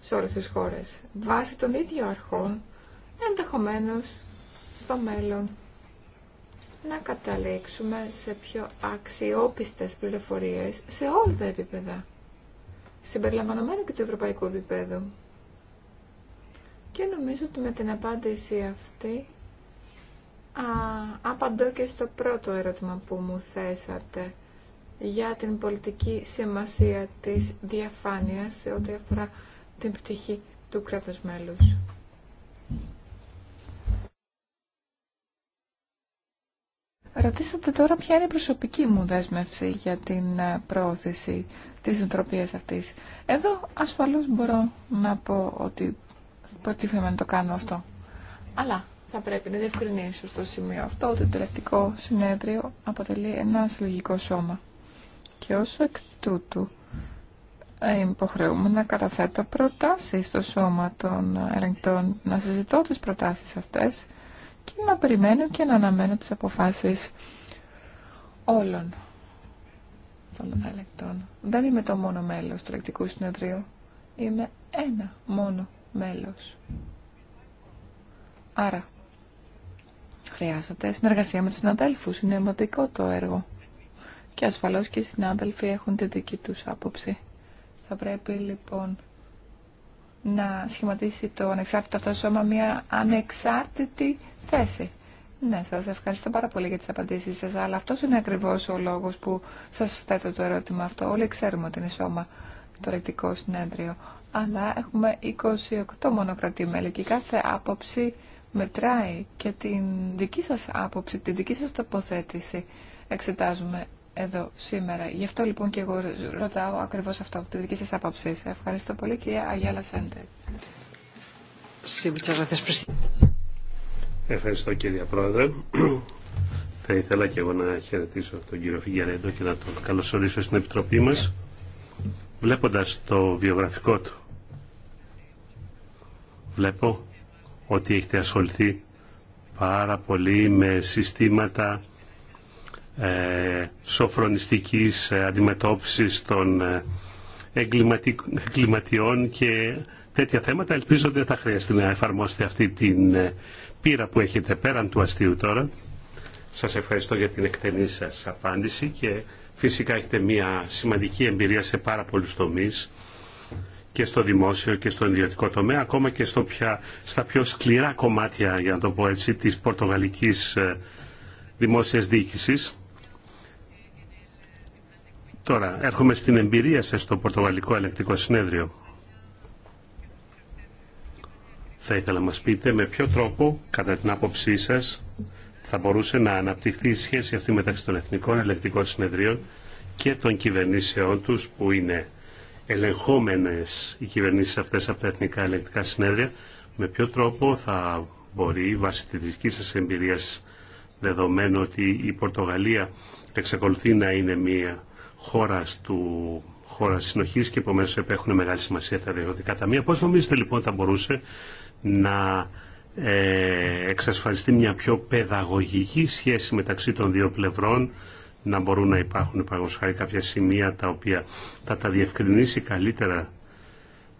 σε όλες τις χώρες, βάσει των ίδιων αρχών, ενδεχομένως στο μέλλον να καταλήξουμε σε πιο αξιόπιστες πληροφορίες σε όλα τα επίπεδα, συμπεριλαμβανομένου και του ευρωπαϊκού επίπεδου. Και νομίζω ότι με την απάντηση αυτή απαντώ και στο πρώτο ερώτημα που μου θέσατε για την πολιτική σημασία της διαφάνειας σε ό,τι αφορά την πτυχή του κράτους μέλους. Ρωτήσατε τώρα ποια είναι η προσωπική μου δέσμευση για την ε, πρόθεση της νοοτροπίας αυτής. Εδώ ασφαλώς μπορώ να πω ότι προτίθεμαι να το κάνω αυτό. Αλλά θα πρέπει να διευκρινίσω στο σημείο αυτό ότι το Ελεκτικό συνέδριο αποτελεί ένα συλλογικό σώμα. Και όσο εκ τούτου ε, υποχρεούμε να καταθέτω προτάσεις στο σώμα των ελεγκτών, να συζητώ τις προτάσεις αυτές και να περιμένω και να αναμένω τις αποφάσεις όλων των ελεγκτών. Δεν είμαι το μόνο μέλος του ελεγκτικού συνεδρίου. Είμαι ένα μόνο μέλος. Άρα Χρειάζεται συνεργασία με τους συναδέλφους, είναι αιματικό το έργο. Και ασφαλώς και οι συνάδελφοι έχουν τη δική τους άποψη. Θα πρέπει λοιπόν να σχηματίσει το ανεξάρτητο αυτό σώμα μια ανεξάρτητη θέση. Ναι, σας ευχαριστώ πάρα πολύ για τις απαντήσεις σας, αλλά αυτό είναι ακριβώς ο λόγος που σας θέτω το ερώτημα αυτό. Όλοι ξέρουμε ότι είναι σώμα το ρεκτικό συνέδριο, αλλά έχουμε 28 μονοκρατή μέλη και κάθε άποψη μετράει και την δική σας άποψη, την δική σας τοποθέτηση εξετάζουμε εδώ σήμερα. Γι' αυτό λοιπόν και εγώ ρωτάω ακριβώς αυτό, τη δική σας άποψη. Ευχαριστώ πολύ κυρία Αγιάλα Σέντερ. Ευχαριστώ κύριε Πρόεδρε. [CLEARS THROAT] Θα ήθελα και εγώ να χαιρετήσω τον κύριο Φιγιαρέντο και να τον καλωσορίσω στην Επιτροπή μας. Βλέποντας το βιογραφικό του, βλέπω ότι έχετε ασχοληθεί πάρα πολύ με συστήματα ε, σοφρονιστικής ε, αντιμετώπισης των ε, εγκληματιών και τέτοια θέματα. Ελπίζω ότι δεν θα χρειαστεί να εφαρμόσετε αυτή την ε, πείρα που έχετε πέραν του αστείου τώρα. Σας ευχαριστώ για την εκτενή σας απάντηση και φυσικά έχετε μια σημαντική εμπειρία σε πάρα πολλούς τομείς και στο δημόσιο και στο ιδιωτικό τομέα, ακόμα και στο πια, στα πιο σκληρά κομμάτια, για να το πω έτσι, της πορτογαλικής ε, δημόσιας διοίκησης. Τώρα, έρχομαι στην εμπειρία σας στο Πορτογαλικό Ελεκτικό Συνέδριο. Θα ήθελα να μας πείτε με ποιο τρόπο, κατά την άποψή σας, θα μπορούσε να αναπτυχθεί η σχέση αυτή μεταξύ των Εθνικών Ελεκτικών Συνεδρίων και των κυβερνήσεών τους που είναι ελεγχόμενες οι κυβερνήσεις αυτές από τα εθνικά ελεγκτικά συνέδρια, με ποιο τρόπο θα μπορεί βάσει τη δική σας εμπειρία δεδομένου ότι η Πορτογαλία εξακολουθεί να είναι μια χώρα του χώρα συνοχής και επομένως έχουν μεγάλη σημασία τα διαδοτικά ταμεία. Πώς νομίζετε λοιπόν θα μπορούσε να ε, εξασφαλιστεί μια πιο παιδαγωγική σχέση μεταξύ των δύο πλευρών να μπορούν να υπάρχουν παραγωγικά κάποια σημεία τα οποία θα τα διευκρινίσει καλύτερα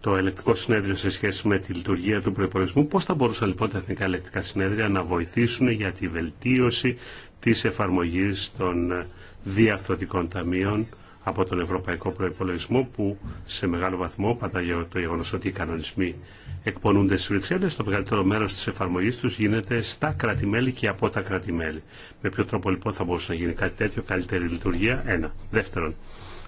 το ελεκτικό συνέδριο σε σχέση με τη λειτουργία του προπολογισμού. Πώς θα μπορούσαν λοιπόν τα εθνικά ελεκτικά συνέδρια να βοηθήσουν για τη βελτίωση της εφαρμογής των ε, διαφθορτικών ταμείων από τον Ευρωπαϊκό Προπολογισμό που σε μεγάλο βαθμό πατά για το γεγονό ότι οι κανονισμοί εκπονούνται στι Βρυξέλλε. Το μεγαλύτερο μέρο τη εφαρμογή του γίνεται στα κράτη-μέλη και από τα κράτη-μέλη. Με ποιο τρόπο λοιπόν θα μπορούσε να γίνει κάτι τέτοιο, καλύτερη λειτουργία. Ένα. Δεύτερον,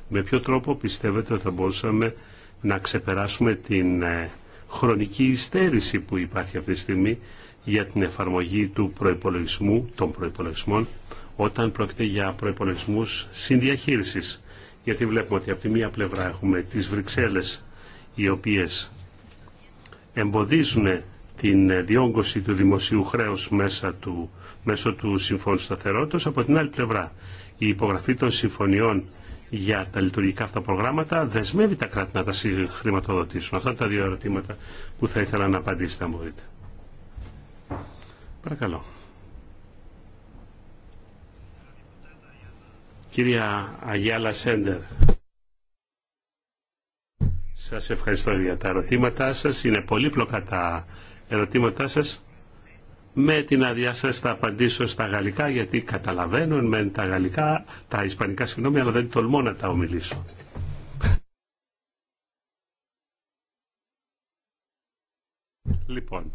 με ποιο τρόπο πιστεύετε ότι θα μπορούσαμε να ξεπεράσουμε την ε, χρονική υστέρηση που υπάρχει αυτή τη στιγμή για την εφαρμογή του προϋπολογισμού, των προϋπολογισμών, όταν πρόκειται για προϋπολογισμούς συνδιαχείριση γιατί βλέπουμε ότι από τη μία πλευρά έχουμε τις Βρυξέλλες οι οποίες εμποδίζουν την διόγκωση του δημοσίου χρέους μέσα του, μέσω του Συμφώνου Σταθερότητας. Από την άλλη πλευρά, η υπογραφή των συμφωνιών για τα λειτουργικά αυτά προγράμματα δεσμεύει τα κράτη να τα χρηματοδοτήσουν. Αυτά τα δύο ερωτήματα που θα ήθελα να απαντήσετε, αν μπορείτε. Παρακαλώ. Κυρία Αγιάλα Σέντερ, σας ευχαριστώ για τα ερωτήματά σας. Είναι πολύπλοκα τα ερωτήματά σας. Με την άδειά σας θα απαντήσω στα γαλλικά, γιατί καταλαβαίνω με τα γαλλικά, τα ισπανικά συγγνώμη, αλλά δεν τολμώ να τα ομιλήσω. Λοιπόν,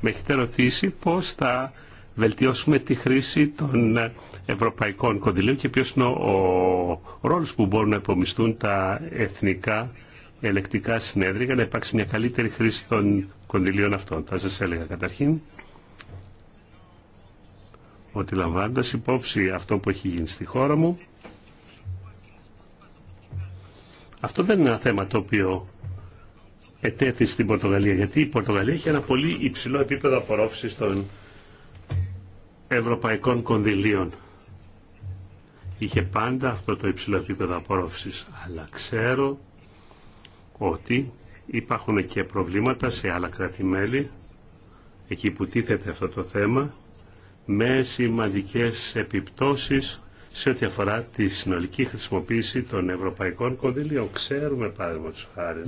με έχετε ρωτήσει πώς θα βελτιώσουμε τη χρήση των ευρωπαϊκών κονδυλίων και ποιος είναι ο ρόλος που μπορούν να υπομισθούν τα εθνικά ελεκτικά συνέδρια για να υπάρξει μια καλύτερη χρήση των κονδυλίων αυτών. Θα σας έλεγα καταρχήν ότι λαμβάνοντα υπόψη αυτό που έχει γίνει στη χώρα μου, αυτό δεν είναι ένα θέμα το οποίο ετέθη στην Πορτογαλία, γιατί η Πορτογαλία έχει ένα πολύ υψηλό επίπεδο απορρόφησης των ευρωπαϊκών κονδυλίων. Είχε πάντα αυτό το υψηλό επίπεδο απορρόφησης, αλλά ξέρω ότι υπάρχουν και προβλήματα σε άλλα κράτη-μέλη, εκεί που τίθεται αυτό το θέμα, με σημαντικές επιπτώσεις σε ό,τι αφορά τη συνολική χρησιμοποίηση των ευρωπαϊκών κονδυλίων. Ξέρουμε παραδείγματος χάρη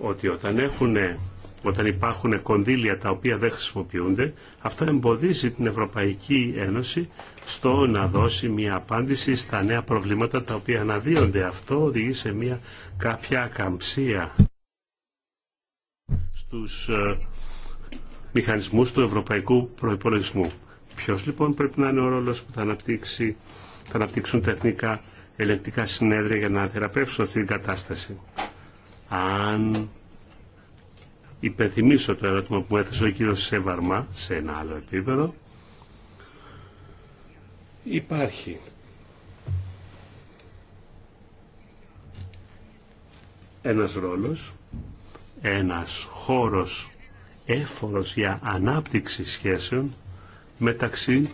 ότι όταν έχουν όταν υπάρχουν κονδύλια τα οποία δεν χρησιμοποιούνται, αυτό εμποδίζει την Ευρωπαϊκή Ένωση στο να δώσει μια απάντηση στα νέα προβλήματα τα οποία αναδύονται. Αυτό οδηγεί σε μια κάποια ακαμψία στους ε, μηχανισμούς του ευρωπαϊκού προϋπολογισμού. Ποιος λοιπόν πρέπει να είναι ο ρόλος που θα, αναπτύξει, θα αναπτύξουν τα εθνικά ελεκτικά συνέδρια για να θεραπεύσουν αυτή την κατάσταση. Αν υπενθυμίσω το ερώτημα που έθεσε ο κύριος Σεβαρμά σε ένα άλλο επίπεδο. Υπάρχει ένας ρόλος, ένας χώρος έφορος για ανάπτυξη σχέσεων μεταξύ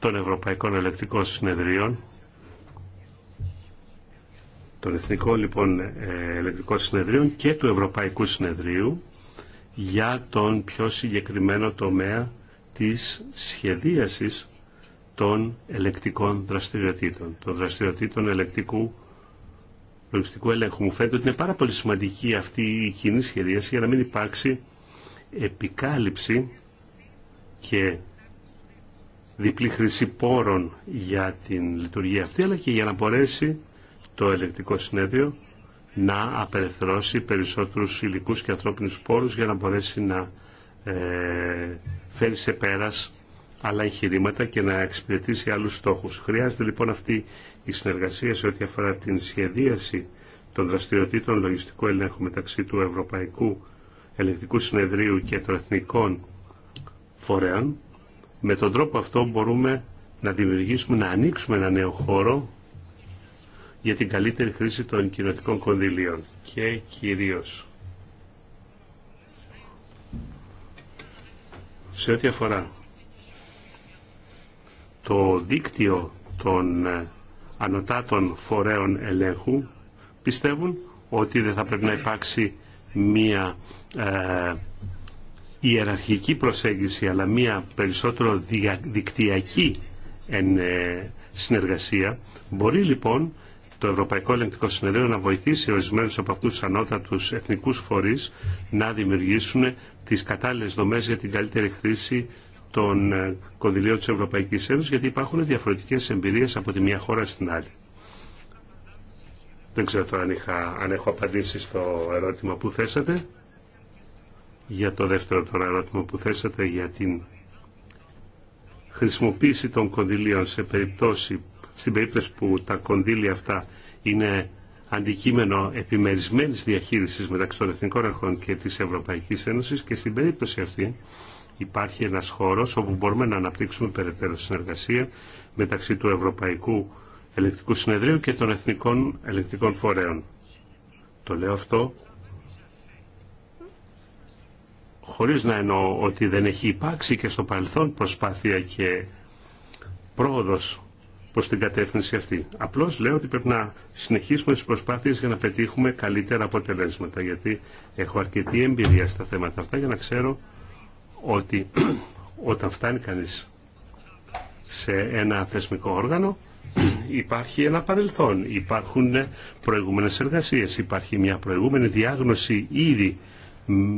των Ευρωπαϊκών Ελεκτρικών Συνεδρίων των Εθνικών λοιπόν ε, ελεκτρικών Συνεδρίων και του Ευρωπαϊκού Συνεδρίου για τον πιο συγκεκριμένο τομέα της σχεδίασης των ελεκτικών δραστηριοτήτων, των δραστηριοτήτων ελεκτικού λογιστικού ελέγχου. Μου φαίνεται ότι είναι πάρα πολύ σημαντική αυτή η κοινή σχεδίαση για να μην υπάρξει επικάλυψη και διπλή χρήση πόρων για την λειτουργία αυτή, αλλά και για να μπορέσει το ελεκτικό συνέδριο να απελευθερώσει περισσότερους υλικούς και ανθρώπινους πόρους για να μπορέσει να ε, φέρει σε πέρας άλλα εγχειρήματα και να εξυπηρετήσει άλλους στόχους. Χρειάζεται λοιπόν αυτή η συνεργασία σε ό,τι αφορά την σχεδίαση των δραστηριοτήτων λογιστικού ελέγχου μεταξύ του Ευρωπαϊκού Ελεκτικού Συνεδρίου και των Εθνικών Φορέων. Με τον τρόπο αυτό μπορούμε να δημιουργήσουμε, να ανοίξουμε ένα νέο χώρο για την καλύτερη χρήση των κοινωτικών κονδυλίων και κυρίως σε ό,τι αφορά το δίκτυο των ε, ανωτάτων φορέων ελέγχου πιστεύουν ότι δεν θα πρέπει να υπάρξει μία ε, ιεραρχική προσέγγιση αλλά μία περισσότερο δικτυακή εν, ε, συνεργασία. Μπορεί λοιπόν το Ευρωπαϊκό Ελεγκτικό Συνεδρίο να βοηθήσει ορισμένους από αυτού τους ανώτατους εθνικούς φορείς να δημιουργήσουν τις κατάλληλε δομές για την καλύτερη χρήση των ε, κονδυλίων τη ευρωπαϊκή Ένωση γιατί υπάρχουν διαφορετικές εμπειρίε από τη μία χώρα στην άλλη. Δεν ξέρω τώρα αν, είχα, έχω απαντήσει στο ερώτημα που θέσατε. Για το δεύτερο ερώτημα που θέσατε για την χρησιμοποίηση των κονδυλίων σε περιπτώσει στην περίπτωση που τα κονδύλια αυτά είναι αντικείμενο επιμερισμένης διαχείρισης μεταξύ των Εθνικών Αρχών και της Ευρωπαϊκής Ένωσης και στην περίπτωση αυτή υπάρχει ένας χώρος όπου μπορούμε να αναπτύξουμε περαιτέρω συνεργασία μεταξύ του Ευρωπαϊκού Ελεκτικού Συνεδρίου και των Εθνικών Ελεκτικών Φορέων. Το λέω αυτό χωρίς να εννοώ ότι δεν έχει υπάρξει και στο παρελθόν προσπάθεια και πρόοδος προς την κατεύθυνση αυτή. Απλώς λέω ότι πρέπει να συνεχίσουμε τις προσπάθειες για να πετύχουμε καλύτερα αποτελέσματα, γιατί έχω αρκετή εμπειρία στα θέματα αυτά για να ξέρω ότι [CLEARS THROAT] όταν φτάνει κανείς σε ένα θεσμικό όργανο [CLEARS THROAT] υπάρχει ένα παρελθόν, υπάρχουν προηγούμενες εργασίες, υπάρχει μια προηγούμενη διάγνωση ήδη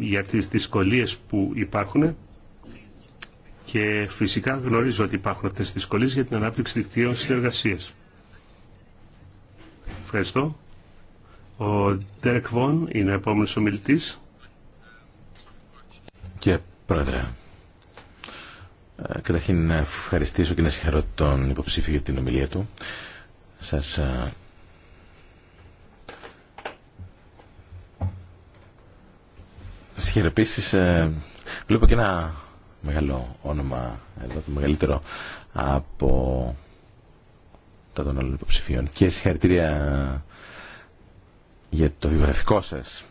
για τις δυσκολίες που υπάρχουν και φυσικά γνωρίζω ότι υπάρχουν αυτές τις δυσκολίες για την ανάπτυξη δικτύων συνεργασίας. Ευχαριστώ. Ο Ντέρεκ Βον είναι ο επόμενος ομιλητής. Και πρόεδρε, ε, καταρχήν να ευχαριστήσω και να συγχαρώ τον υποψήφιο για την ομιλία του. Σας ε, Σας χαιρεπίσεις. Ε, βλέπω και ένα μεγάλο όνομα εδώ, το μεγαλύτερο από τα των άλλων υποψηφίων. Και συγχαρητήρια για το βιογραφικό σας.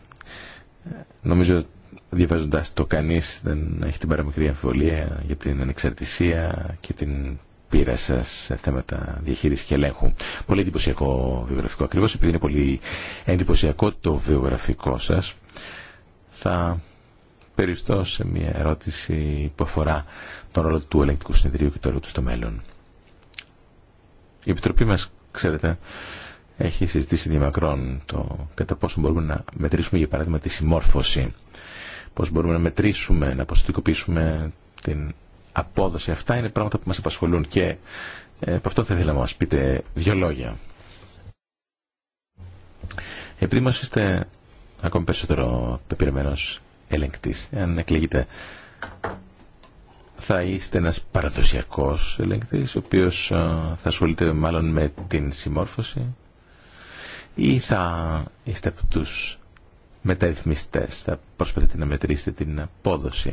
Νομίζω διαβάζοντας το κανείς δεν έχει την παραμικρή αμφιβολία για την ανεξαρτησία και την πείρα σα σε θέματα διαχείριση και ελέγχου. Πολύ εντυπωσιακό βιογραφικό. Ακριβώ επειδή είναι πολύ εντυπωσιακό το βιογραφικό σα, θα περιστώ σε μια ερώτηση που αφορά τον ρόλο του ελεγκτικού συνεδρίου και το ρόλο του στο μέλλον. Η Επιτροπή μας, ξέρετε, έχει συζητήσει διαμακρόν το κατά πόσο μπορούμε να μετρήσουμε, για παράδειγμα, τη συμμόρφωση. Πώς μπορούμε να μετρήσουμε, να ποσοτικοποιήσουμε την απόδοση. Αυτά είναι πράγματα που μας απασχολούν και ε, από αυτό θα ήθελα να μας πείτε δύο λόγια. Επειδή μας είστε ακόμη περισσότερο πεπειρεμένος ελεγκτής, αν εκλεγείτε. Θα είστε ένας παραδοσιακός ελεγκτής, ο οποίος ε, θα ασχολείται μάλλον με την συμμόρφωση ή θα είστε από τους μεταρρυθμιστές, θα προσπαθείτε να μετρήσετε την απόδοση,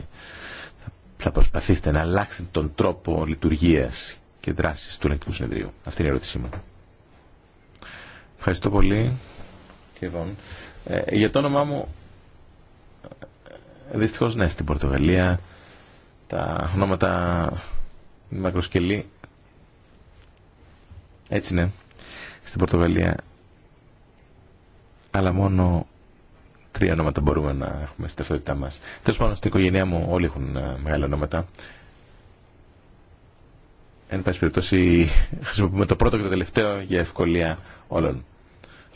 θα προσπαθήσετε να αλλάξετε τον τρόπο λειτουργίας και δράσης του ελεγκτικού συνεδρίου. Αυτή είναι η ερώτησή μου. Ευχαριστώ πολύ. Ε, για το όνομά μου Δυστυχώς ναι, στην Πορτογαλία τα ονόματα μακροσκελή έτσι ναι, στην Πορτογαλία αλλά μόνο τρία ονόματα μπορούμε να έχουμε στην ταυτότητά μα. Τέλο πάντων, στην οικογένειά μου όλοι έχουν ε, μεγάλα ονόματα. Εν πάση περιπτώσει, χρησιμοποιούμε το πρώτο και το τελευταίο για ευκολία όλων.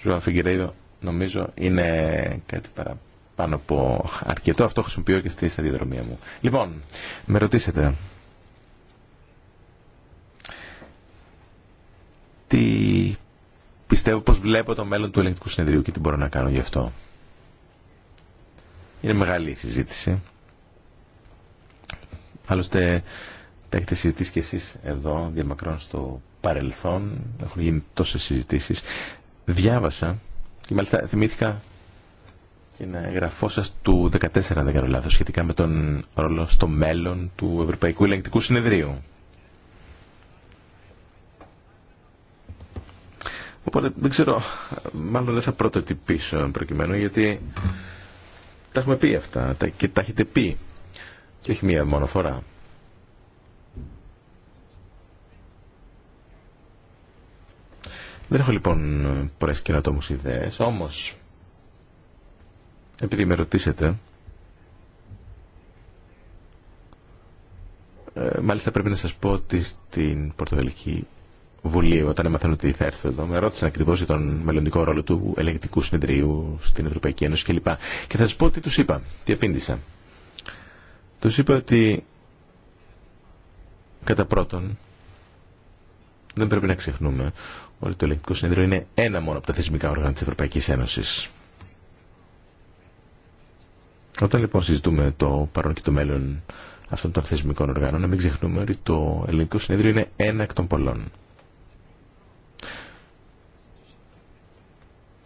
Ζωάν Φιγκερέιδο, νομίζω, είναι κάτι παραπάνω πάνω από αρκετό. Αυτό χρησιμοποιώ και στη σταδιοδρομία μου. Λοιπόν, με ρωτήσετε. Τι πιστεύω πως βλέπω το μέλλον του ελεγκτικού συνεδρίου και τι μπορώ να κάνω γι' αυτό. Είναι μεγάλη η συζήτηση. Άλλωστε τα έχετε συζητήσει κι εσείς εδώ διαμακρών στο παρελθόν. Έχουν γίνει τόσες συζητήσεις. Διάβασα και μάλιστα θυμήθηκα και να εγγραφώ σα του 14, δεν κάνω λάθο, σχετικά με τον ρόλο στο μέλλον του Ευρωπαϊκού Ελεγκτικού Συνεδρίου. Οπότε δεν ξέρω, μάλλον δεν θα πρωτοτυπήσω προκειμένου, γιατί τα έχουμε πει αυτά τα, και τα έχετε πει. Και όχι μία μόνο φορά. Δεν έχω λοιπόν πολλές καινοτόμους ιδέες, όμως επειδή με ρωτήσετε, ε, μάλιστα πρέπει να σας πω ότι στην Πορτογαλική Βουλή, όταν έμαθαν ότι θα έρθω εδώ, με ρώτησαν ακριβώ για τον μελλοντικό ρόλο του ελεγκτικού συνεδρίου στην Ευρωπαϊκή Ένωση κλπ. Και θα σας πω τι τους είπα, τι απήντησα. Τους είπα ότι κατά πρώτον δεν πρέπει να ξεχνούμε ότι το ελεγκτικό συνεδρίο είναι ένα μόνο από τα θεσμικά όργανα τη Ευρωπαϊκή Ένωση. Όταν λοιπόν συζητούμε το παρόν και το μέλλον αυτών των θεσμικών οργάνων, να μην ξεχνούμε ότι το ελληνικό συνέδριο είναι ένα εκ των πολλών.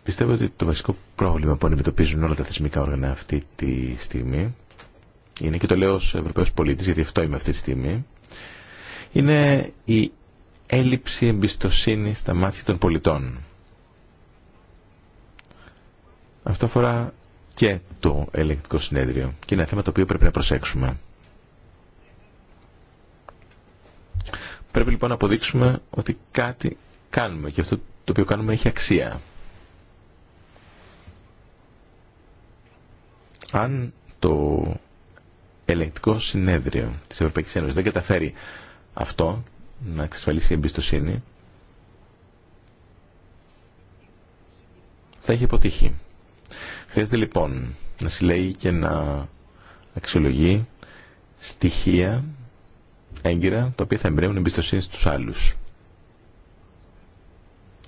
Πιστεύω ότι το βασικό πρόβλημα που αντιμετωπίζουν όλα τα θεσμικά όργανα αυτή τη στιγμή είναι, και το λέω ως Ευρωπαίος πολίτης, γιατί αυτό είμαι αυτή τη στιγμή, είναι η έλλειψη εμπιστοσύνη στα μάτια των πολιτών. Αυτό αφορά και το ελεγκτικό συνέδριο. Και είναι ένα θέμα το οποίο πρέπει να προσέξουμε. Πρέπει λοιπόν να αποδείξουμε ότι κάτι κάνουμε και αυτό το οποίο κάνουμε έχει αξία. Αν το ελεγκτικό συνέδριο της Ευρωπαϊκής Ένωσης δεν καταφέρει αυτό, να εξασφαλίσει η εμπιστοσύνη, θα έχει αποτύχει. Χρειάζεται λοιπόν να συλλέγει και να αξιολογεί στοιχεία έγκυρα τα οποία θα εμπνέουν εμπιστοσύνη στους άλλους.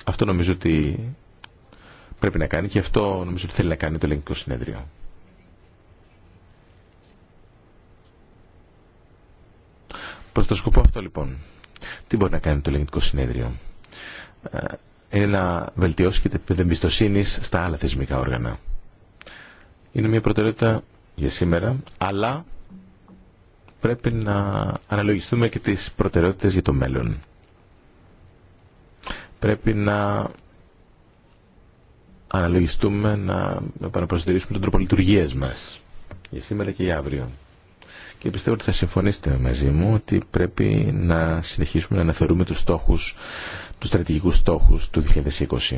Αυτό νομίζω ότι πρέπει να κάνει και αυτό νομίζω ότι θέλει να κάνει το ελληνικό συνέδριο. Προς το σκοπό αυτό λοιπόν, τι μπορεί να κάνει το ελληνικό συνέδριο. Ε, είναι να βελτιώσει και την εμπιστοσύνη στα άλλα θεσμικά όργανα. Είναι μια προτεραιότητα για σήμερα, αλλά πρέπει να αναλογιστούμε και τις προτεραιότητες για το μέλλον. Πρέπει να αναλογιστούμε, να επαναπροσδιορίσουμε τον τρόπο λειτουργία μας για σήμερα και για αύριο. Και πιστεύω ότι θα συμφωνήσετε μαζί μου ότι πρέπει να συνεχίσουμε να αναθεωρούμε τους στόχους τους στρατηγικούς στόχους του 2020.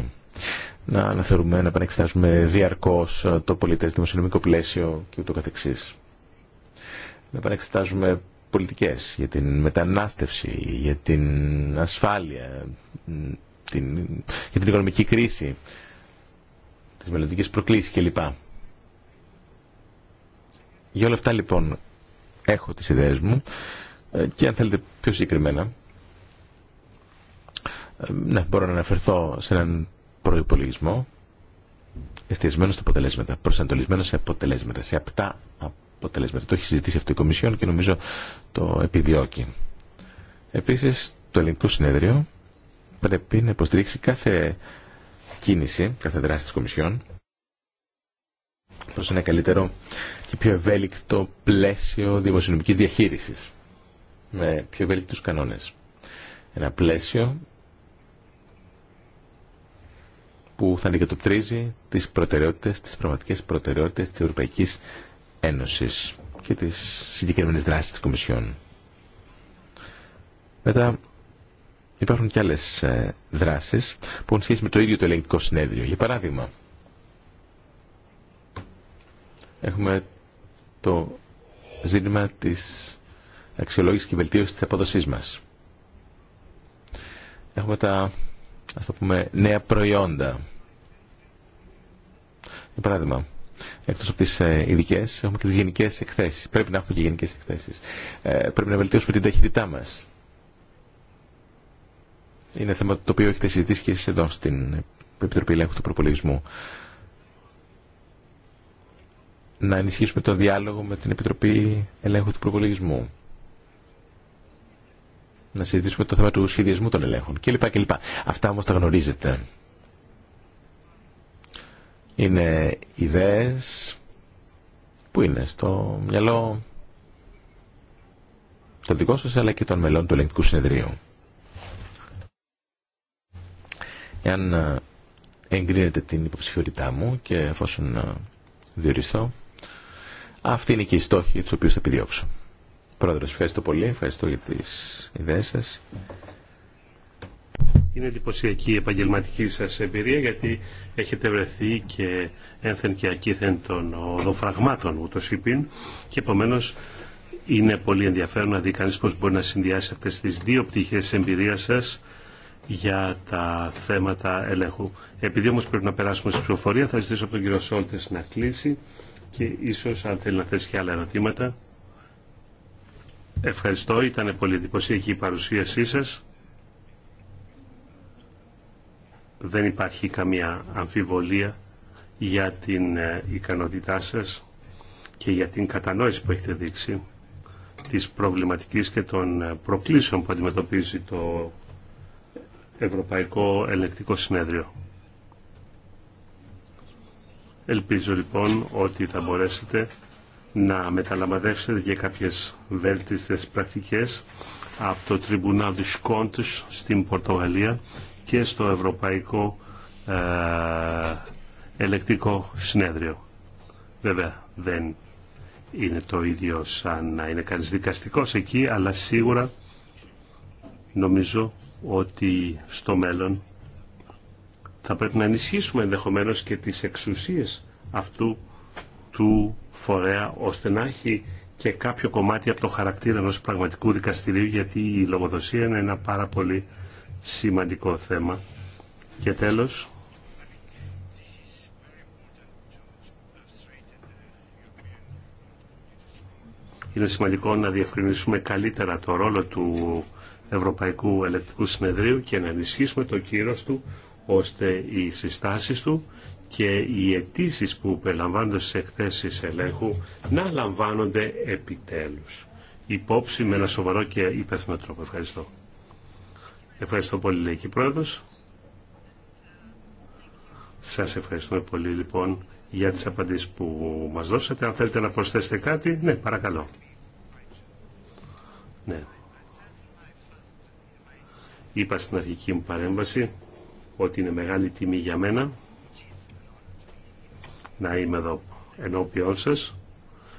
Να αναθεωρούμε, να επανεξετάσουμε διαρκώς ε, το πολιτές δημοσιονομικό πλαίσιο και ούτω καθεξής. Να επανεξετάζουμε πολιτικές για την μετανάστευση, για την ασφάλεια, την, για την οικονομική κρίση, τις μελλοντικές προκλήσεις κλπ. Για όλα αυτά λοιπόν έχω τις ιδέες μου ε, και αν θέλετε πιο συγκεκριμένα ναι, μπορώ να αναφερθώ σε έναν προϋπολογισμό εστιασμένο στα αποτελέσματα, προσανατολισμένο σε αποτελέσματα, σε απτά αποτελέσματα. Το έχει συζητήσει αυτό η Κομισιόν και νομίζω το επιδιώκει. Επίσης, το ελληνικό συνέδριο πρέπει να υποστηρίξει κάθε κίνηση, κάθε δράση τη Κομισιόν προς ένα καλύτερο και πιο ευέλικτο πλαίσιο δημοσιονομική διαχείριση, με πιο ευέλικτου κανόνε. Ένα πλαίσιο που θα αντικατοπτρίζει τις προτεραιότητες, τις πραγματικές προτεραιότητες της Ευρωπαϊκής Ένωσης και τις συγκεκριμένες δράσεις της Κομισιόν. Μετά υπάρχουν και άλλες ε, δράσεις που έχουν σχέση με το ίδιο το ελεγκτικό συνέδριο. Για παράδειγμα, έχουμε το ζήτημα της αξιολόγησης και βελτίωσης της αποδοσής μας. Έχουμε τα ας το πούμε, νέα προϊόντα. Για παράδειγμα, εκτός από τις ε, ειδικέ, έχουμε και τις γενικές εκθέσεις. Πρέπει να έχουμε και γενικές εκθέσεις. Ε, πρέπει να βελτιώσουμε την ταχύτητά μας. Είναι θέμα το οποίο έχετε συζητήσει και εδώ στην Επιτροπή Ελέγχου του Προπολογισμού. Να ενισχύσουμε τον διάλογο με την Επιτροπή Ελέγχου του Προπολογισμού να συζητήσουμε το θέμα του σχεδιασμού των ελέγχων κλπ. κλπ. Αυτά όμως τα γνωρίζετε. Είναι ιδέες που είναι στο μυαλό το δικό σας αλλά και των μελών του ελεγκτικού συνεδρίου. Εάν ε, εγκρίνετε την υποψηφιότητά μου και εφόσον ε, διοριστώ, αυτή είναι και η στόχη του οποίου θα επιδιώξω. Πρόεδρος, ευχαριστώ πολύ. Ευχαριστώ για τις ιδέες σας. Είναι εντυπωσιακή η επαγγελματική σας εμπειρία γιατί έχετε βρεθεί και ένθεν και ακήθεν των οδοφραγμάτων το είπιν και επομένως είναι πολύ ενδιαφέρον να δει κανείς πώς μπορεί να συνδυάσει αυτές τις δύο πτυχές εμπειρία σας για τα θέματα ελέγχου. Επειδή όμως πρέπει να περάσουμε στη πληροφορία, θα ζητήσω από τον κύριο Σόλτες να κλείσει και ίσως αν θέλει να θέσει και άλλα ερωτήματα Ευχαριστώ. Ήταν πολύ εντυπωσιακή η παρουσίασή σας. Δεν υπάρχει καμία αμφιβολία για την ε, ικανότητά σας και για την κατανόηση που έχετε δείξει της προβληματικής και των ε, προκλήσεων που αντιμετωπίζει το Ευρωπαϊκό Ελεκτικό Συνέδριο. Ελπίζω λοιπόν ότι θα μπορέσετε να μεταλαμβαδεύσετε και κάποιες βέλτιστες πρακτικές από το Τριμπουνά του Σκόντους στην Πορτογαλία και στο Ευρωπαϊκό ε, Ελεκτικό Συνέδριο. Βέβαια δεν είναι το ίδιο σαν να είναι κανείς δικαστικός εκεί, αλλά σίγουρα νομίζω ότι στο μέλλον θα πρέπει να ενισχύσουμε ενδεχομένως και τις εξουσίες αυτού του φορέα ώστε να έχει και κάποιο κομμάτι από το χαρακτήρα ενός πραγματικού δικαστηρίου γιατί η λογοδοσία είναι ένα πάρα πολύ σημαντικό θέμα. Και τέλος, είναι σημαντικό να διευκρινίσουμε καλύτερα το ρόλο του Ευρωπαϊκού Ελεκτικού Συνεδρίου και να ενισχύσουμε το κύρος του ώστε οι συστάσεις του και οι αιτήσει που περιλαμβάνονται στι εκθέσει ελέγχου να λαμβάνονται επιτέλους. Υπόψη με ένα σοβαρό και υπεύθυνο τρόπο. Ευχαριστώ. Ευχαριστώ πολύ, λέει και πρόεδρος. Σας ευχαριστούμε πολύ, λοιπόν, για τι απαντήσει που μα δώσατε. Αν θέλετε να προσθέσετε κάτι, ναι, παρακαλώ. Ναι. Είπα στην αρχική μου παρέμβαση ότι είναι μεγάλη τιμή για μένα να είμαι εδώ ενώπιόν σα,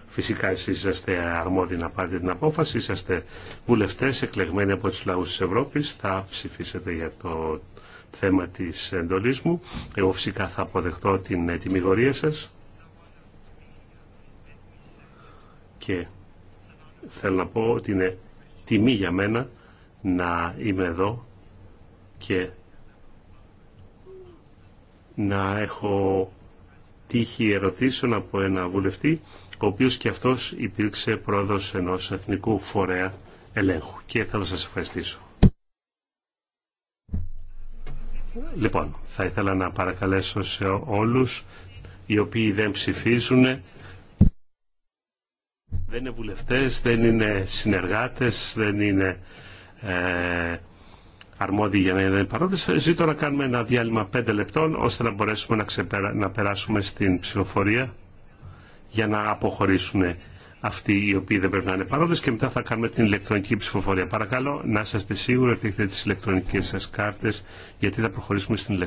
Φυσικά εσείς είσαστε αρμόδιοι να πάρετε την απόφαση, είσαστε βουλευτέ εκλεγμένοι από τους λαούς τη Ευρώπης, θα ψηφίσετε για το θέμα της εντολής μου. Εγώ φυσικά θα αποδεχτώ την τιμιγορία σα. και θέλω να πω ότι είναι τιμή για μένα να είμαι εδώ και να έχω τύχη ερωτήσεων από ένα βουλευτή, ο οποίος και αυτός υπήρξε πρόεδρος ενός εθνικού φορέα ελέγχου. Και θέλω να σας ευχαριστήσω. Λοιπόν, θα ήθελα να παρακαλέσω σε όλους οι οποίοι δεν ψηφίζουν, δεν είναι βουλευτές, δεν είναι συνεργάτες, δεν είναι... Ε, αρμόδιοι για να είναι παρόντε. Ζήτω να κάνουμε ένα διάλειμμα 5 λεπτών ώστε να μπορέσουμε να, να περάσουμε στην ψηφοφορία για να αποχωρήσουν αυτοί οι οποίοι δεν πρέπει να είναι παρόντε και μετά θα κάνουμε την ηλεκτρονική ψηφοφορία. Παρακαλώ να είστε σίγουροι ότι έχετε τι ηλεκτρονικέ σα κάρτε γιατί θα προχωρήσουμε στην ηλεκτρονική.